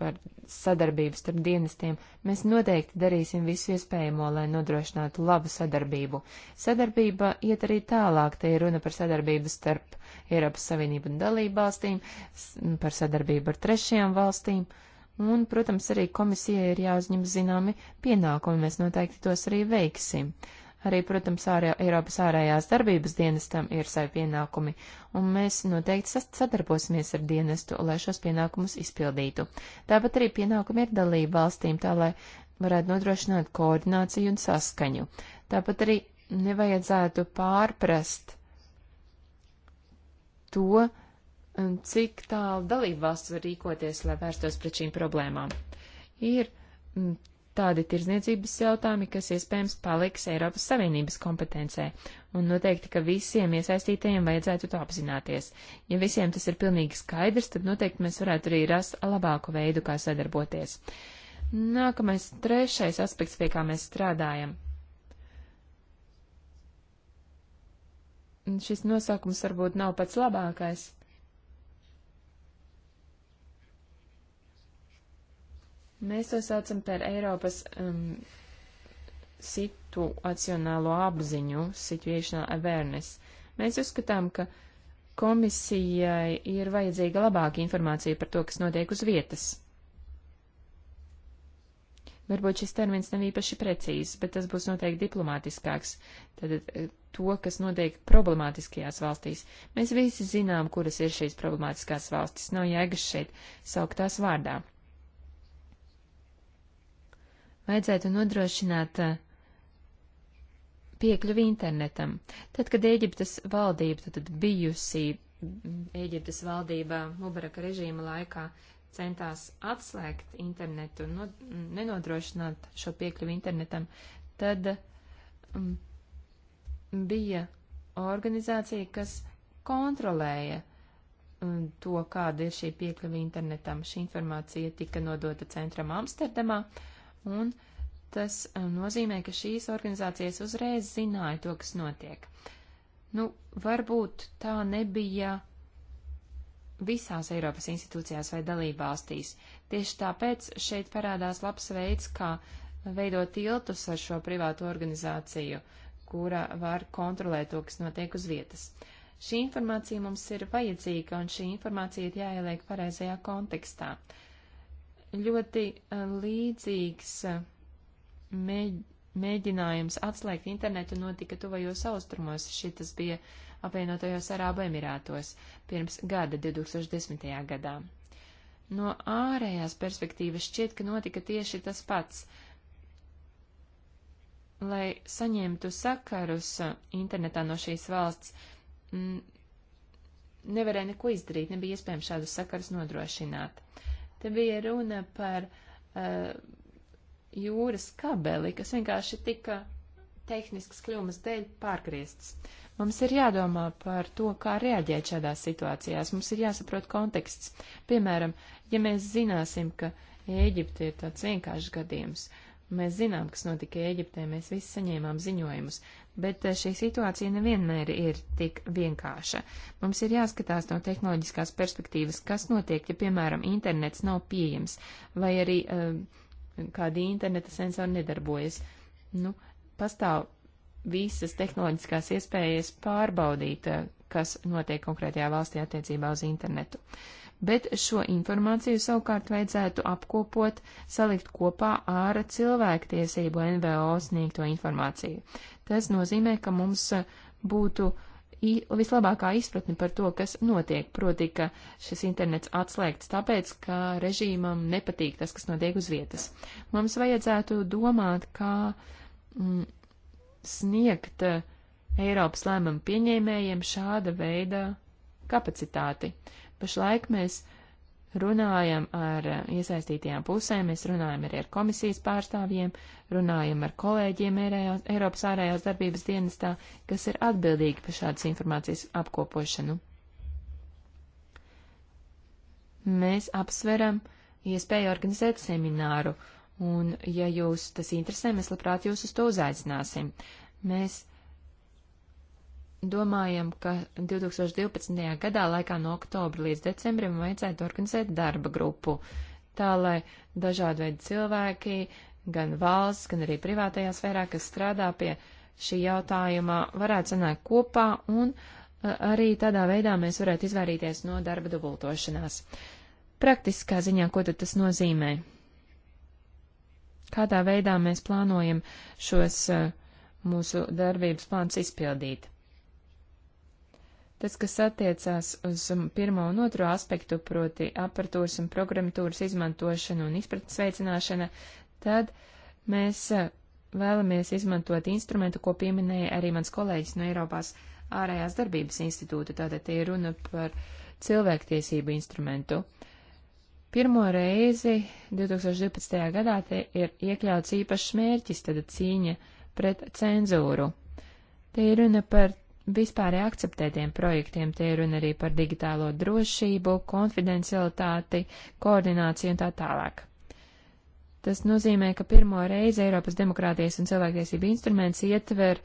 par sadarbību starp dienestiem, mēs noteikti darīsim visu iespējamo, lai nodrošinātu labu sadarbību. Sadarbība iet arī tālāk, te ir runa par sadarbību starp Eiropas Savienību un dalību valstīm, par sadarbību ar trešajām valstīm. Un, protams, arī komisijai ir jāuzņem zināmi pienākumi, mēs noteikti tos arī veiksim. Uh, Arī, protams, ārē, Eiropas ārējās darbības dienestam ir savi pienākumi, un mēs noteikti sadarbosimies ar dienestu, lai šos pienākumus izpildītu. Tāpat arī pienākumi ir dalība valstīm, tā lai varētu nodrošināt koordināciju un saskaņu. Tāpat arī nevajadzētu pārprast to, cik tālu dalība valsts var rīkoties, lai vērstos pret šīm problēmām. Ir mm, tādi tirzniecības jautājumi, kas iespējams paliks Eiropas Savienības kompetencē, un noteikti, ka visiem iesaistītajiem vajadzētu to apzināties. Ja visiem tas ir pilnīgi skaidrs, tad noteikti mēs varētu arī rast labāku veidu, kā sadarboties. Nākamais, trešais aspekts, pie kā mēs strādājam. Šis nosaukums varbūt nav pats labākais. Mēs to saucam par Eiropas um, situacionālo apziņu, situational awareness. Mēs uzskatām, ka komisijai ir vajadzīga labāka informācija par to, kas notiek uz vietas. Varbūt šis termins nav īpaši precīzs, bet tas būs noteikti diplomātiskāks. Tad eh, to, kas notiek problemātiskajās valstīs. Mēs visi zinām, kuras ir šīs problemātiskās valstis. Nav jēgas šeit saukt tās vārdā vajadzētu nodrošināt eh, piekļuvi internetam. Tad, kad Ēģiptes valdība, tad, tad bijusī mm, Ēģiptes valdība Mubaraka režīma laikā centās atslēgt internetu un no, mm, nenodrošināt šo piekļuvi internetam, tad m, mm, bija organizācija, kas kontrolēja m, to, kāda ir šī piekļuva internetam. Šī informācija tika nodota centram Amsterdamā, uh, un tas eh, nozīmē, ka šīs organizācijas uzreiz zināja to, kas notiek. Nu, varbūt tā nebija visās Eiropas institūcijās vai dalībvalstīs. Tieši tāpēc šeit parādās labs veids, kā veidot tiltus ar šo privātu organizāciju, kura var kontrolēt to, kas notiek uz vietas. Šī informācija mums ir vajadzīga, un šī informācija ir jāieliek pareizajā kontekstā ļoti eh, līdzīgs eh, mēģinājums atslēgt internetu notika tuvajos austrumos. Šitas bija apvienotajos Arābu Emirātos pirms gada, 2010. gadā. No ārējās perspektīvas šķiet, ka notika tieši tas pats. Lai saņemtu sakarus eh, internetā no šīs valsts, mm, nevarēja neko izdarīt, nebija iespējams šādus sakarus nodrošināt. Te bija runa par uh, jūras kabeli, kas vienkārši tika tehniskas kļūmas dēļ pārgrieztas. Mums ir jādomā par to, kā reaģēt šādās situācijās. Mums ir jāsaprot konteksts. Piemēram, ja mēs zināsim, ka Ēģipte ir tāds vienkāršs gadījums, mēs zinām, kas notika Ēģiptē, mēs visi saņēmām ziņojumus, bet eh, šī situācija nevienmēr ir tik vienkārša. Mums ir jāskatās no tehnoloģiskās perspektīvas, kas notiek, ja, piemēram, internets nav pieejams, vai arī um, kādi interneta sensori nedarbojas. Nu, pastāv visas tehnoloģiskās iespējas pārbaudīt, eh, kas notiek konkrētajā valstī attiecībā uz internetu. Uh, bet šo informāciju savukārt vajadzētu apkopot, salikt kopā ar cilvēktiesību NVO sniegto informāciju. Tas nozīmē, ka mums uh, būtu vislabākā izpratne par to, kas notiek, proti, ka šis internets atslēgts tāpēc, ka režīmam nepatīk tas, kas notiek uz vietas. Mums vajadzētu domāt, kā mm, sniegt uh, Eiropas lēmumu pieņēmējiem šāda veida kapacitāti. Pašlaik mēs runājam ar eh, iesaistītajām pusēm, mēs runājam arī ar komisijas pārstāvjiem, runājam ar kolēģiem ērējās, Eiropas ārējās darbības dienestā, kas ir atbildīgi par šādas informācijas apkopošanu. Mēs apsveram iespēju organizēt semināru, un, ja jūs tas interesē, mēs labprāt jūs uz to uzaicināsim. Mēs domājam, ka 2012. gadā laikā no oktobra līdz decembrim vajadzētu organizēt darba grupu, tā lai dažādi veidi cilvēki, gan valsts, gan arī privātajā sfērā, kas strādā pie šī jautājuma, varētu sanākt kopā un arī tādā veidā mēs varētu izvairīties no darba dubultošanās. Praktiskā ziņā, ko tad tas nozīmē? Kādā veidā mēs plānojam šos uh, mūsu darbības plāns izpildīt? Tas, kas attiecās uz um, pirmo un otro aspektu, proti aparatūras un programmatūras izmantošanu un izpratnes veicināšana, tad mēs uh, vēlamies izmantot instrumentu, ko pieminēja arī mans kolēģis no Eiropās ārējās darbības institūta, tātad tie runa par cilvēktiesību instrumentu. Pirmo reizi 2012. gadā te ir iekļauts īpašs mērķis, tad cīņa pret cenzūru. Te ir runa par vispārēji akceptētiem projektiem. Tie runa arī par digitālo drošību, konfidencialitāti, koordināciju un tā tālāk. Tas nozīmē, ka pirmo reizi Eiropas demokrātijas un cilvēktiesība instruments ietver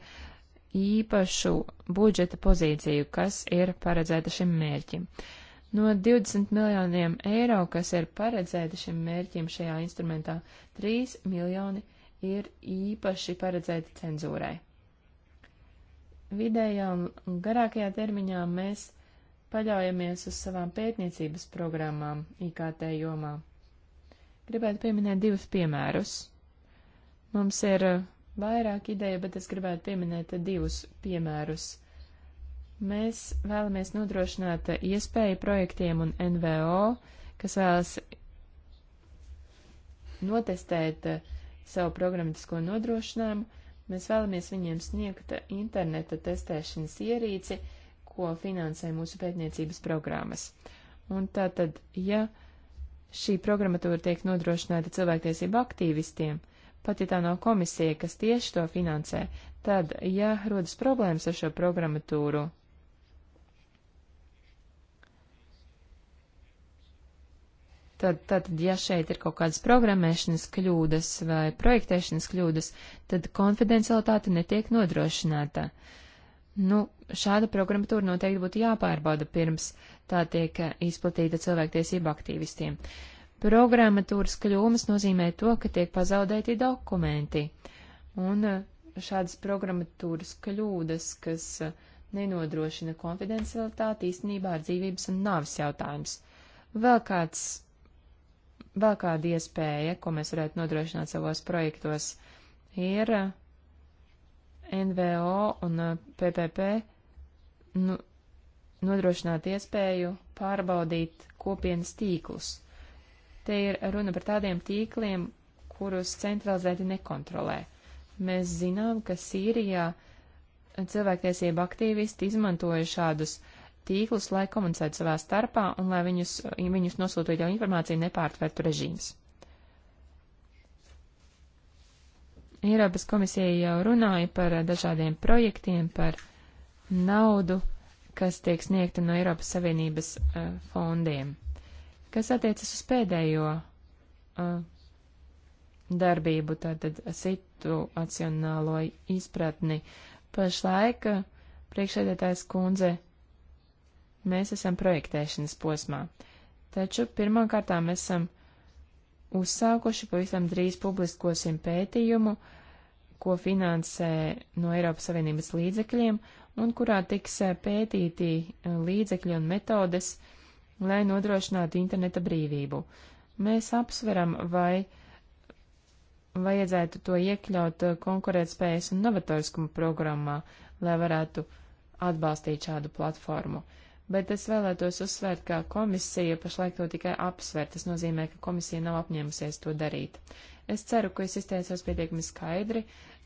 īpašu budžeta pozīciju, kas ir paredzēta šim mērķim. No 20 miljoniem eiro, kas ir paredzēti šim mērķim šajā instrumentā, 3 miljoni ir īpaši paredzēti cenzūrai vidējā un garākajā termiņā mēs paļaujamies uz savām pētniecības programmām IKT jomā. Gribētu pieminēt divus piemērus. Mums ir uh, vairāk ideja, bet es gribētu pieminēt divus piemērus. Mēs vēlamies nodrošināt iespēju projektiem un NVO, kas vēlas notestēt uh, savu programmatisko nodrošinājumu, Mēs vēlamies viņiem sniegt interneta testēšanas ierīci, ko finansē mūsu pētniecības programmas. Un tātad, ja šī programmatūra tiek nodrošināta cilvēktiesību aktīvistiem, pat ja tā nav komisija, kas tieši to finansē, tad, ja rodas problēmas ar šo programmatūru, Tad, tad, ja šeit ir kaut kādas programmēšanas kļūdas vai projektēšanas kļūdas, tad konfidencialitāte netiek nodrošināta. Nu, šāda programmatūra noteikti būtu jāpārbauda pirms tā tiek eh, izplatīta cilvēktiesību aktīvistiem. Programmatūras kļūmes nozīmē to, ka tiek pazaudēti dokumenti. Un eh, šādas programmatūras kļūdas, kas eh, nenodrošina konfidencialitāti, īstenībā ir dzīvības un nāvis jautājums. Vēl kāds vēl kāda iespēja, ko mēs varētu nodrošināt savos projektos, ir uh, NVO un PPP uh, nu, nodrošināt iespēju pārbaudīt kopienas tīklus. Te ir runa par tādiem tīkliem, kurus centralizēti nekontrolē. Mēs zinām, ka Sīrijā cilvēktiesība aktīvisti izmantoja šādus uh, tīklus, lai komunicētu savā starpā un lai viņus, viņus nosūtot jau informāciju nepārtvertu režīms. Eiropas komisija jau runāja par dažādiem projektiem, par naudu, kas tiek sniegta no Eiropas Savienības uh, fondiem. Kas attiecas uz pēdējo uh, darbību, tātad situacionālo izpratni, pašlaik priekšēdētājs kundze Mēs esam projektēšanas posmā, taču pirmkārtām esam uzsākuši pavisam drīz publiskosim pētījumu, ko finansē no Eiropas Savienības līdzekļiem un kurā tiks eh, pētīti eh, līdzekļi un metodes, lai nodrošinātu interneta brīvību. Mēs apsveram, vai vajadzētu to iekļaut eh, konkurētspējas un novatoriskumu programmā, lai varētu atbalstīt šādu platformu bet es vēlētos uzsvērt, ka komisija pašlaik to tikai apsver. Tas nozīmē, ka komisija nav apņēmusies to darīt. Es ceru, ka es izteicos pietiekami skaidri.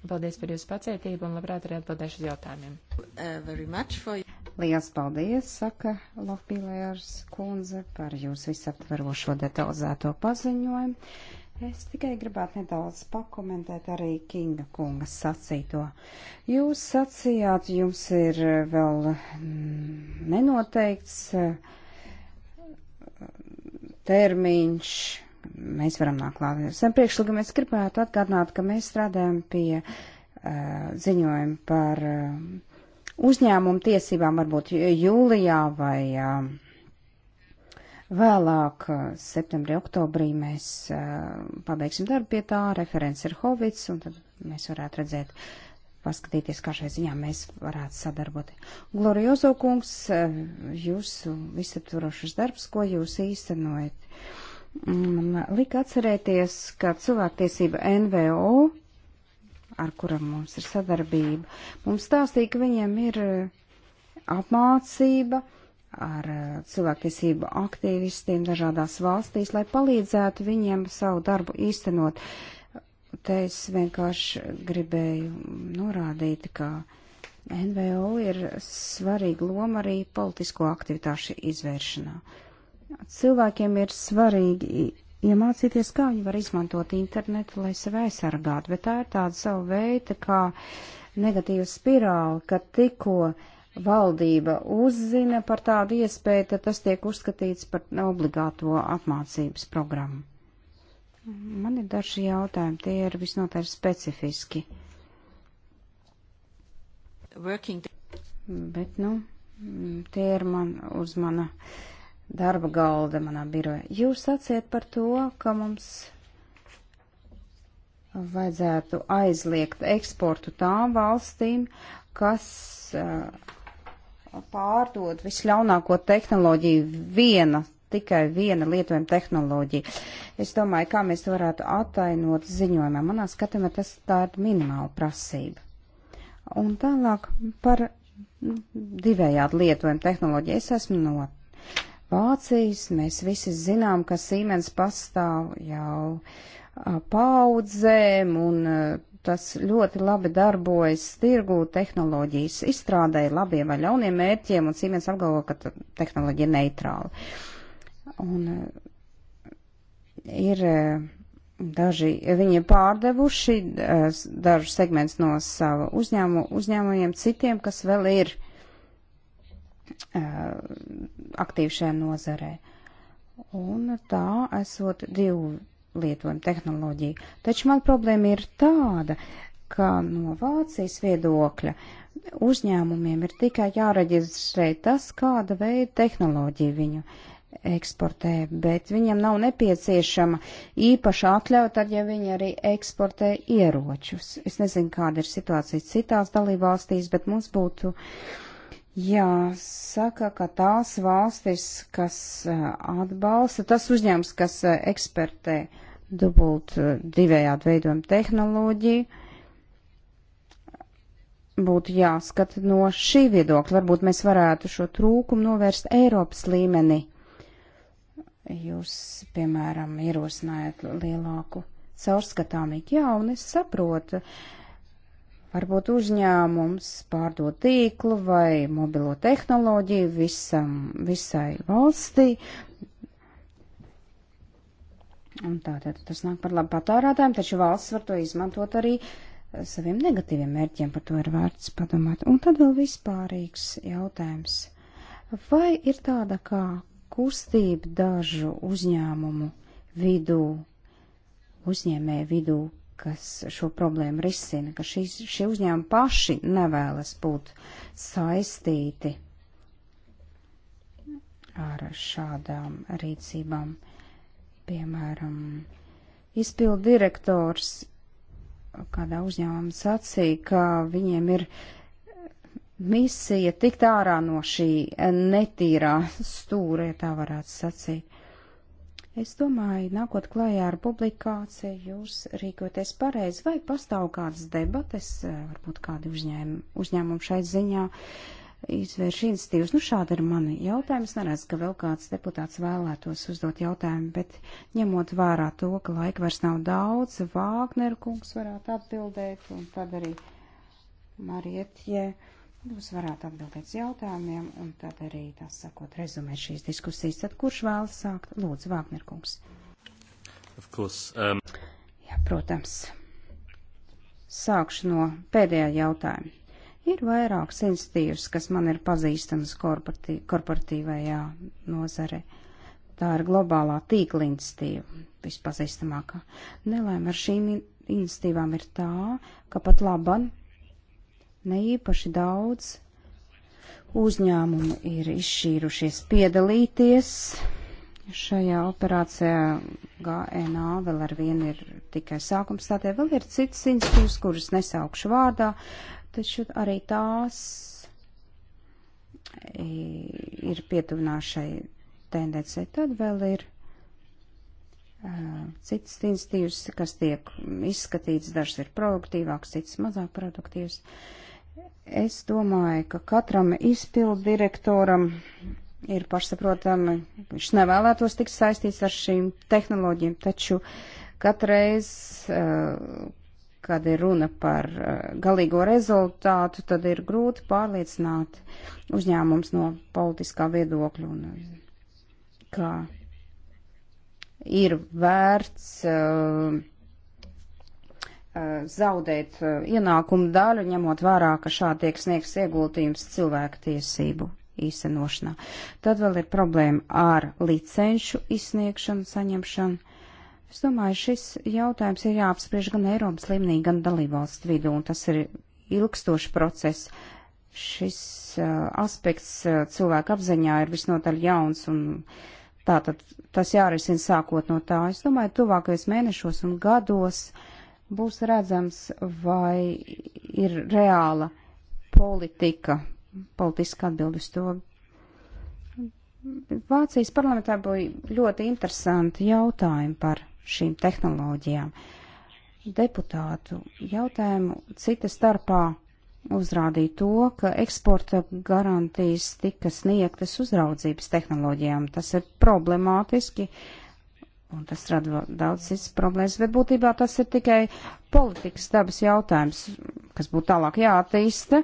Paldies par jūsu pacietību un labprāt arī atbildēšu uz jautājumiem. Uh, for... Lielas paldies, saka Lofbīlērs kundze, par jūsu visaptverošo detalizēto paziņojumu. Es tikai gribētu nedaudz pakomentēt arī Kinga kunga sacīto. Jūs sacījāt, jums ir vēl mm, nenoteikts eh, termiņš. Mēs varam nākt klāt. Sen priekšlikumu es gribētu atgādināt, ka mēs strādājam pie uh, ziņojuma par uh, uzņēmumu tiesībām varbūt jūlijā vai uh, Vēlāk, eh, septembrī, oktobrī mēs eh, pabeigsim darbu pie tā, referents ir Hovits, un tad mēs varētu redzēt, paskatīties, kā šai ziņā mēs varētu sadarbot. Gloriozo kungs, eh, jūsu visaptvarošas darbs, ko jūs īstenojat, man mm, lika atcerēties, ka cilvēktiesība NVO, ar kuram mums ir sadarbība, mums stāstīja, ka viņiem ir apmācība, uh, ar eh, cilvēktiesību aktīvistiem dažādās valstīs, lai palīdzētu viņiem savu darbu īstenot. Te es vienkārši gribēju norādīt, ka NVO ir svarīga loma arī politisko aktivitāšu izvēršanā. Cilvēkiem ir svarīgi iemācīties, kā viņi var izmantot internetu, lai sevi aizsargātu, bet tā ir tāda sava veida, kā negatīva spirāli, ka tikko uh, valdība uzzina par tādu iespēju, tad tas tiek uzskatīts par obligāto apmācības programmu. Man ir daži jautājumi, tie ir visnotaļ specifiski. Working. Bet, nu, tie ir man uz mana darba galda, manā biroja. Jūs sacījat par to, ka mums vajadzētu aizliegt eksportu tām valstīm, kas uh, pārdod visļaunāko tehnoloģiju viena, tikai viena lietojuma tehnoloģija. Es domāju, kā mēs varētu attainot ziņojumā. Manā skatījumā tas tā ir minimāla prasība. Un tālāk par divējādi lietojumu tehnoloģiju. Es esmu no Vācijas, mēs visi zinām, ka Siemens pastāv jau paudzēm un tas ļoti labi darbojas tirgu tehnoloģijas izstrādē labiem vai ļauniem mērķiem, un Siemens apgalvo, ka tehnoloģija ir neitrāla. Un e, ir e, daži, viņi ir pārdevuši e, dažus segments no sava uzņēmu, uzņēmumiem citiem, kas vēl ir aktīvi šajā nozarē. Un tā esot divu lietojam tehnoloģiju. Taču man problēma ir tāda, ka no Vācijas viedokļa uzņēmumiem ir tikai jāreģistrē tas, kāda veida tehnoloģija viņu eksportē, bet viņam nav nepieciešama īpaša atļauja, tad ja viņi arī eksportē ieročus. Es nezinu, kāda ir situācija citās dalībvalstīs, bet mums būtu uh, Jāsaka, ka tās valstis, kas eh, atbalsta, tas uzņēmums, kas eh, ekspertē dubult eh, divējādi veidojumu tehnoloģiju, būtu jāskata no šī viedokļa. Varbūt mēs varētu šo trūkumu novērst Eiropas līmenī. Jūs, piemēram, ierosinājat lielāku caurskatāmību. Jā, un es saprotu. Uh, Varbūt uzņēmums pārdod tīklu vai mobilo tehnoloģiju visam, visai valstī. Un tātad tas nāk par labu patērētājiem, taču valsts var to izmantot arī eh, saviem negatīviem mērķiem, par to ir vērts padomāt. Un tad vēl vispārīgs jautājums. Vai ir tāda kā kustība dažu uzņēmumu vidū, uzņēmēju vidū, kas šo problēmu risina, ka šīs, šie uzņēmumi paši nevēlas būt saistīti ar šādām rīcībām. Piemēram, izpildu direktors kādā uzņēmumā sacīja, ka viņiem ir misija tikt ārā no šī netīrā stūra, ja tā varētu sacīt. Es domāju, nākot klājā ar publikāciju, jūs rīkoties pareizi, vai pastāv kādas debates, eh, varbūt kādi uzņēm, uzņēmumi šai ziņā izvērš institīvas. Nu, šādi ir mani jautājums. Neredz, ka vēl kāds deputāts vēlētos uzdot jautājumu, bet ņemot vērā to, ka laika vairs nav daudz, Vāgneru kungs varētu atbildēt, un tad arī Marietje. Ja Jūs varētu atbildēt uz jautājumiem un tad arī, tā sakot, rezumēt šīs diskusijas. Tad kurš vēlas sākt? Lūdzu, Vāgner kungs. Um... Jā, protams. Sākšu no pēdējā jautājuma. Ir vairākas institīvas, kas man ir pazīstamas korporatī, korporatīvajā nozare. Tā ir globālā tīkla institīva, vispazīstamākā. Nelēma ar šīm institīvām ir tā, ka pat laban ne īpaši daudz uzņēmumu ir izšķīrušies piedalīties šajā operācijā. GNA vēl ar vienu ir tikai sākums, tādēļ vēl ir citas institūcijas, kuras nesaukšu vārdā, taču arī tās ir pietuvināšai tendencei. Tad vēl ir citas institīvas, kas tiek izskatīts, dažas ir produktīvākas, citas mazāk produktīvas. Uh, Es domāju, ka katram izpildu direktoram ir pašsaprotami, viņš nevēlētos tikt saistīts ar šīm tehnoloģijām, taču katreiz, eh, kad ir runa par eh, galīgo rezultātu, tad ir grūti pārliecināt uzņēmums no politiskā viedokļa un eh, kā ir vērts uh, Uh, zaudēt uh, ienākumu daļu, ņemot vērā, ka šādi tiek sniegs ieguldījums cilvēku tiesību īstenošanā. Tad vēl ir problēma ar licenšu izsniegšanu, saņemšanu. Es domāju, šis jautājums ir jāapspriež gan Eiropas līmenī, gan dalībvalstu vidū, un tas ir ilgstošs process. Šis uh, aspekts uh, cilvēku apziņā ir visnotaļ jauns, un tātad tas jārisina sākot no tā. Es domāju, tuvākajos mēnešos un gados uh, būs redzams, vai ir reāla politika, politiska atbildes to. Vācijas parlamentā bija ļoti interesanti jautājumi par šīm tehnoloģijām. Deputātu jautājumu cita starpā uzrādīja to, ka eksporta garantijas tika sniegtas uzraudzības tehnoloģijām. Tas ir problemātiski, uh, Un tas rada daudz citas problēmas, bet būtībā tas ir tikai politikas dabas jautājums, kas būtu tālāk jāattīsta,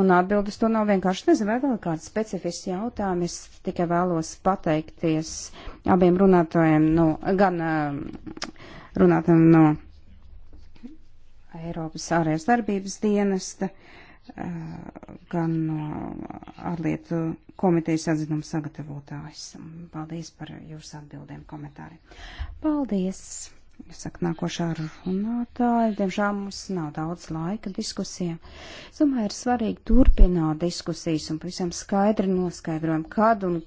un atbildes to nav vienkārši. Nezinu, vai vēl kāds specifisks jautājums, es tikai vēlos pateikties abiem runātājiem, no, nu, gan eh, runātājiem no Eiropas ārējās darbības dienesta. Uh, Eh, gan no ārlietu komitejas atzinuma sagatavotājs. Paldies par jūsu atbildēm komentāriem. Paldies! Es saku, nākošā runātāja, diemžēl mums nav daudz laika diskusijām. Es domāju, ir svarīgi turpināt diskusijas un pavisam skaidri noskaidrojam, kad un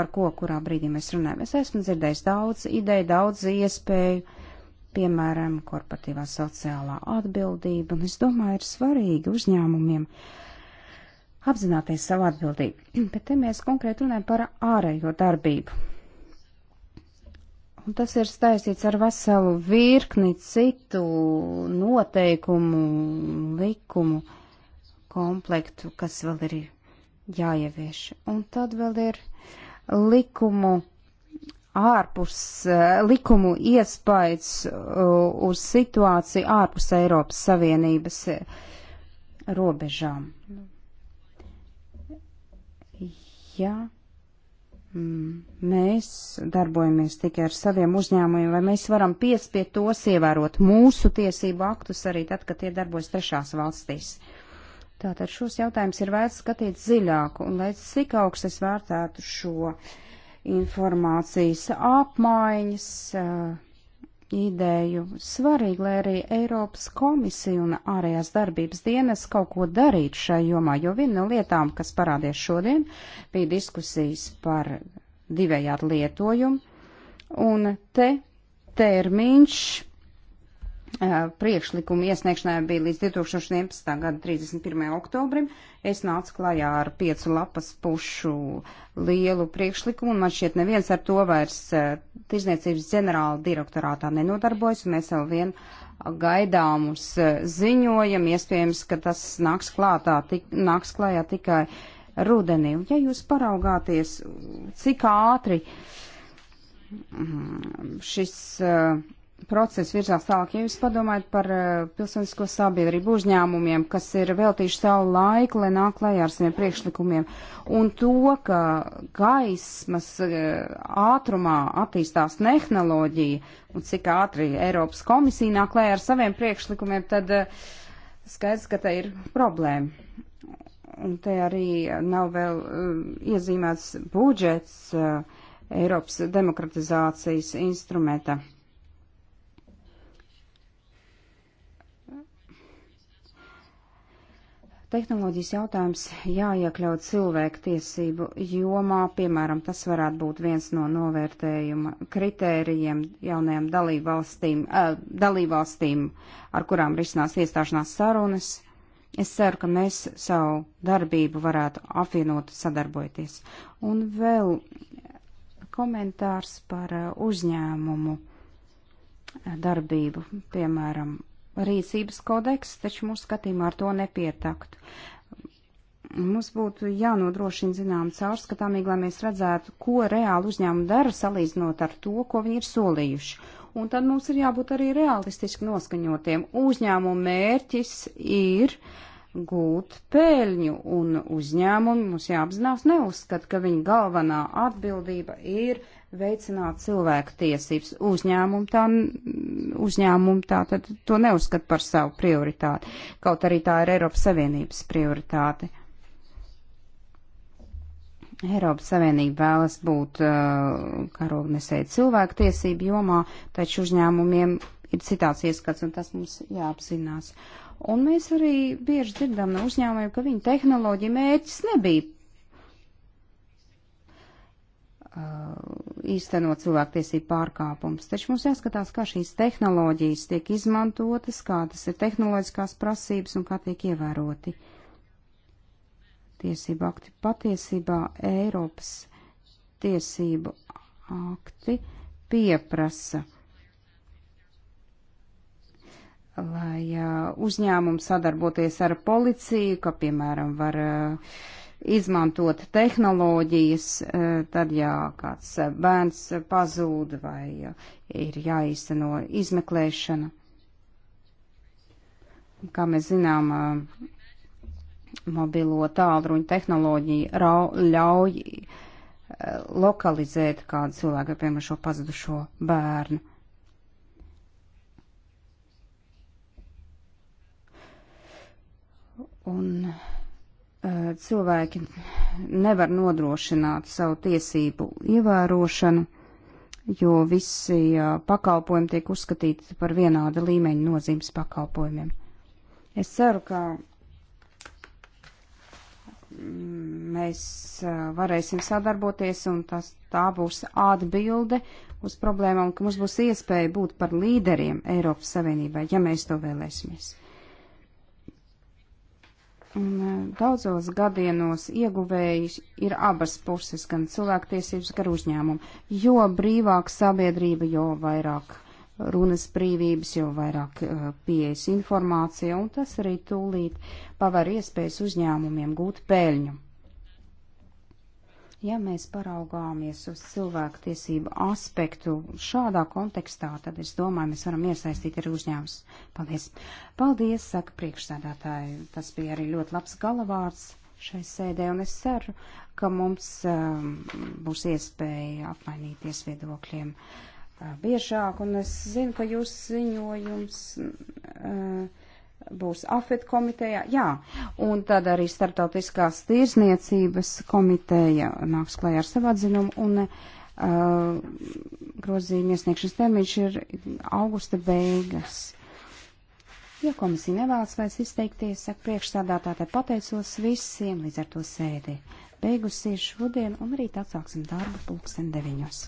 par ko, kurā brīdī mēs runājam. Es esmu dzirdējis daudz ideju, daudz iespēju piemēram, korporatīvā sociālā atbildība, un es domāju, ir svarīgi uzņēmumiem apzināties savu atbildību. Bet te mēs konkrēti runājam par ārējo darbību. Un tas ir staisīts ar veselu virkni citu noteikumu, likumu komplektu, kas vēl ir jāievieš. Un tad vēl ir likumu ārpus eh, likumu iespējas eh, uz situāciju ārpus Eiropas Savienības eh, robežām. Ja mm, mēs darbojamies tikai ar saviem uzņēmumiem, vai mēs varam piespiet tos ievērot mūsu tiesību aktus arī tad, kad tie darbojas trešās valstīs. Tātad šos jautājumus ir vērts skatīt dziļāk, un lai cik augsts es vērtētu šo uh, informācijas apmaiņas, eh, ideju. Svarīgi, lai arī Eiropas komisija un ārējās darbības dienas kaut ko darītu šai jomā, jo viena no lietām, kas parādījās šodien, bija diskusijas par divējādu lietojumu, un te termiņš priekšlikumu iesniegšanai bija līdz 2011. gada 31. oktobrim. Es nācu klajā ar piecu lapas pušu lielu priekšlikumu, un man šķiet neviens ar to vairs tirzniecības ģenerāla direktorātā nenodarbojas, un mēs vēl vien gaidām uz ziņojumu, iespējams, ka tas nāks, klātā, tik, nāks klājā tikai rudenī. Un ja jūs paraugāties, cik ātri mm, šis uh, process virzās tālāk. Ja jūs padomājat par eh, pilsonisko sabiedrību uzņēmumiem, kas ir veltījuši savu laiku, lai nāk klajā ar saviem priekšlikumiem, un to, ka gaismas eh, ātrumā attīstās tehnoloģija, un cik ātri Eiropas komisija nāk klajā ar saviem priekšlikumiem, tad eh, skaidrs, ka te ir problēma. Un te arī nav vēl iezīmēts budžets Eiropas demokratizācijas instrumenta tehnoloģijas jautājums jāiekļaut cilvēku tiesību jomā, piemēram, tas varētu būt viens no novērtējuma kritērijiem jaunajām dalībvalstīm, äh, eh, dalībvalstīm ar kurām risinās iestāšanās sarunas. Es ceru, ka mēs savu darbību varētu apvienot, sadarbojoties. Un vēl komentārs par eh, uzņēmumu eh, darbību, piemēram, rīcības kodeks, taču mūsu skatījumā ar to nepietaktu. Mums būtu jānodrošina zinām caurskatāmīgi, lai mēs redzētu, ko reāli uzņēmumi dara salīdzinot ar to, ko viņi ir solījuši. Un tad mums ir jābūt arī realistiski noskaņotiem. Uzņēmumu mērķis ir gūt pēļņu, un uzņēmumi mums jāapzinās neuzskat, ka viņa galvenā atbildība ir veicināt cilvēku tiesības. Uzņēmumu tā, uzņēmumu tā tad to neuzskat par savu prioritāti, kaut arī tā ir Eiropas Savienības prioritāte. Eiropas Savienība vēlas būt uh, karognesēji cilvēku tiesību jomā, taču uzņēmumiem ir citāds ieskats, un tas mums jāapzinās. Un mēs arī bieži dzirdam no uzņēmumiem, ka viņu tehnoloģija mērķis nebija Uh, īstenot cilvēktiesību pārkāpumus. Taču mums jāskatās, kā šīs tehnoloģijas tiek izmantotas, kādas ir tehnoloģiskās prasības un kā tiek ievēroti tiesību akti. Patiesībā Eiropas tiesību akti pieprasa, lai uh, uzņēmumi sadarboties ar policiju, ka, piemēram, var uh, izmantot tehnoloģijas, e, tad jā, kāds bērns pazūd vai ir jāīsteno izmeklēšana. Kā mēs zinām, e, mobilo tālruņu tehnoloģija ļauj e, lokalizēt kādu cilvēku, piemēram, šo pazudušo bērnu. Un Eh, cilvēki nevar nodrošināt savu tiesību ievērošanu, jo visi eh, pakalpojumi tiek uzskatīti par vienāda līmeņa nozīmes pakalpojumiem. Es ceru, ka mm, mēs eh, varēsim sadarboties un tas, tā būs atbilde uz problēmām, ka mums būs iespēja būt par līderiem Eiropas Savienībā, ja mēs to vēlēsimies. Un e, daudzos gadienos ieguvējis ir abas puses, gan cilvēktiesības, gan uzņēmumu. Jo brīvāk sabiedrība, jo vairāk runas brīvības, jo vairāk uh, pieejas informācija, un tas arī tūlīt paver iespējas uzņēmumiem gūt pēļņu. Ja mēs paraugāmies uz cilvēku tiesību aspektu šādā kontekstā, tad es domāju, mēs varam iesaistīt arī uzņēmus. Paldies! Paldies, saka priekšsēdētāji. Tas bija arī ļoti labs galavārds šai sēdē, un es ceru, ka mums um, būs iespēja apmainīties viedokļiem uh, biežāk, un es zinu, ka jūs ziņojums. Uh, būs AFET komitejā, jā, un tad arī starptautiskās tirzniecības komiteja nāks klajā ar savu atzinumu, un uh, grozījuma iesniegšanas termiņš ir augusta beigas. Ja komisija nevēlas vairs izteikties, saka priekšstādātā, tad pateicos visiem līdz ar to sēdi. Beigusies šodien un rīt atsāksim darbu pulksten deviņos.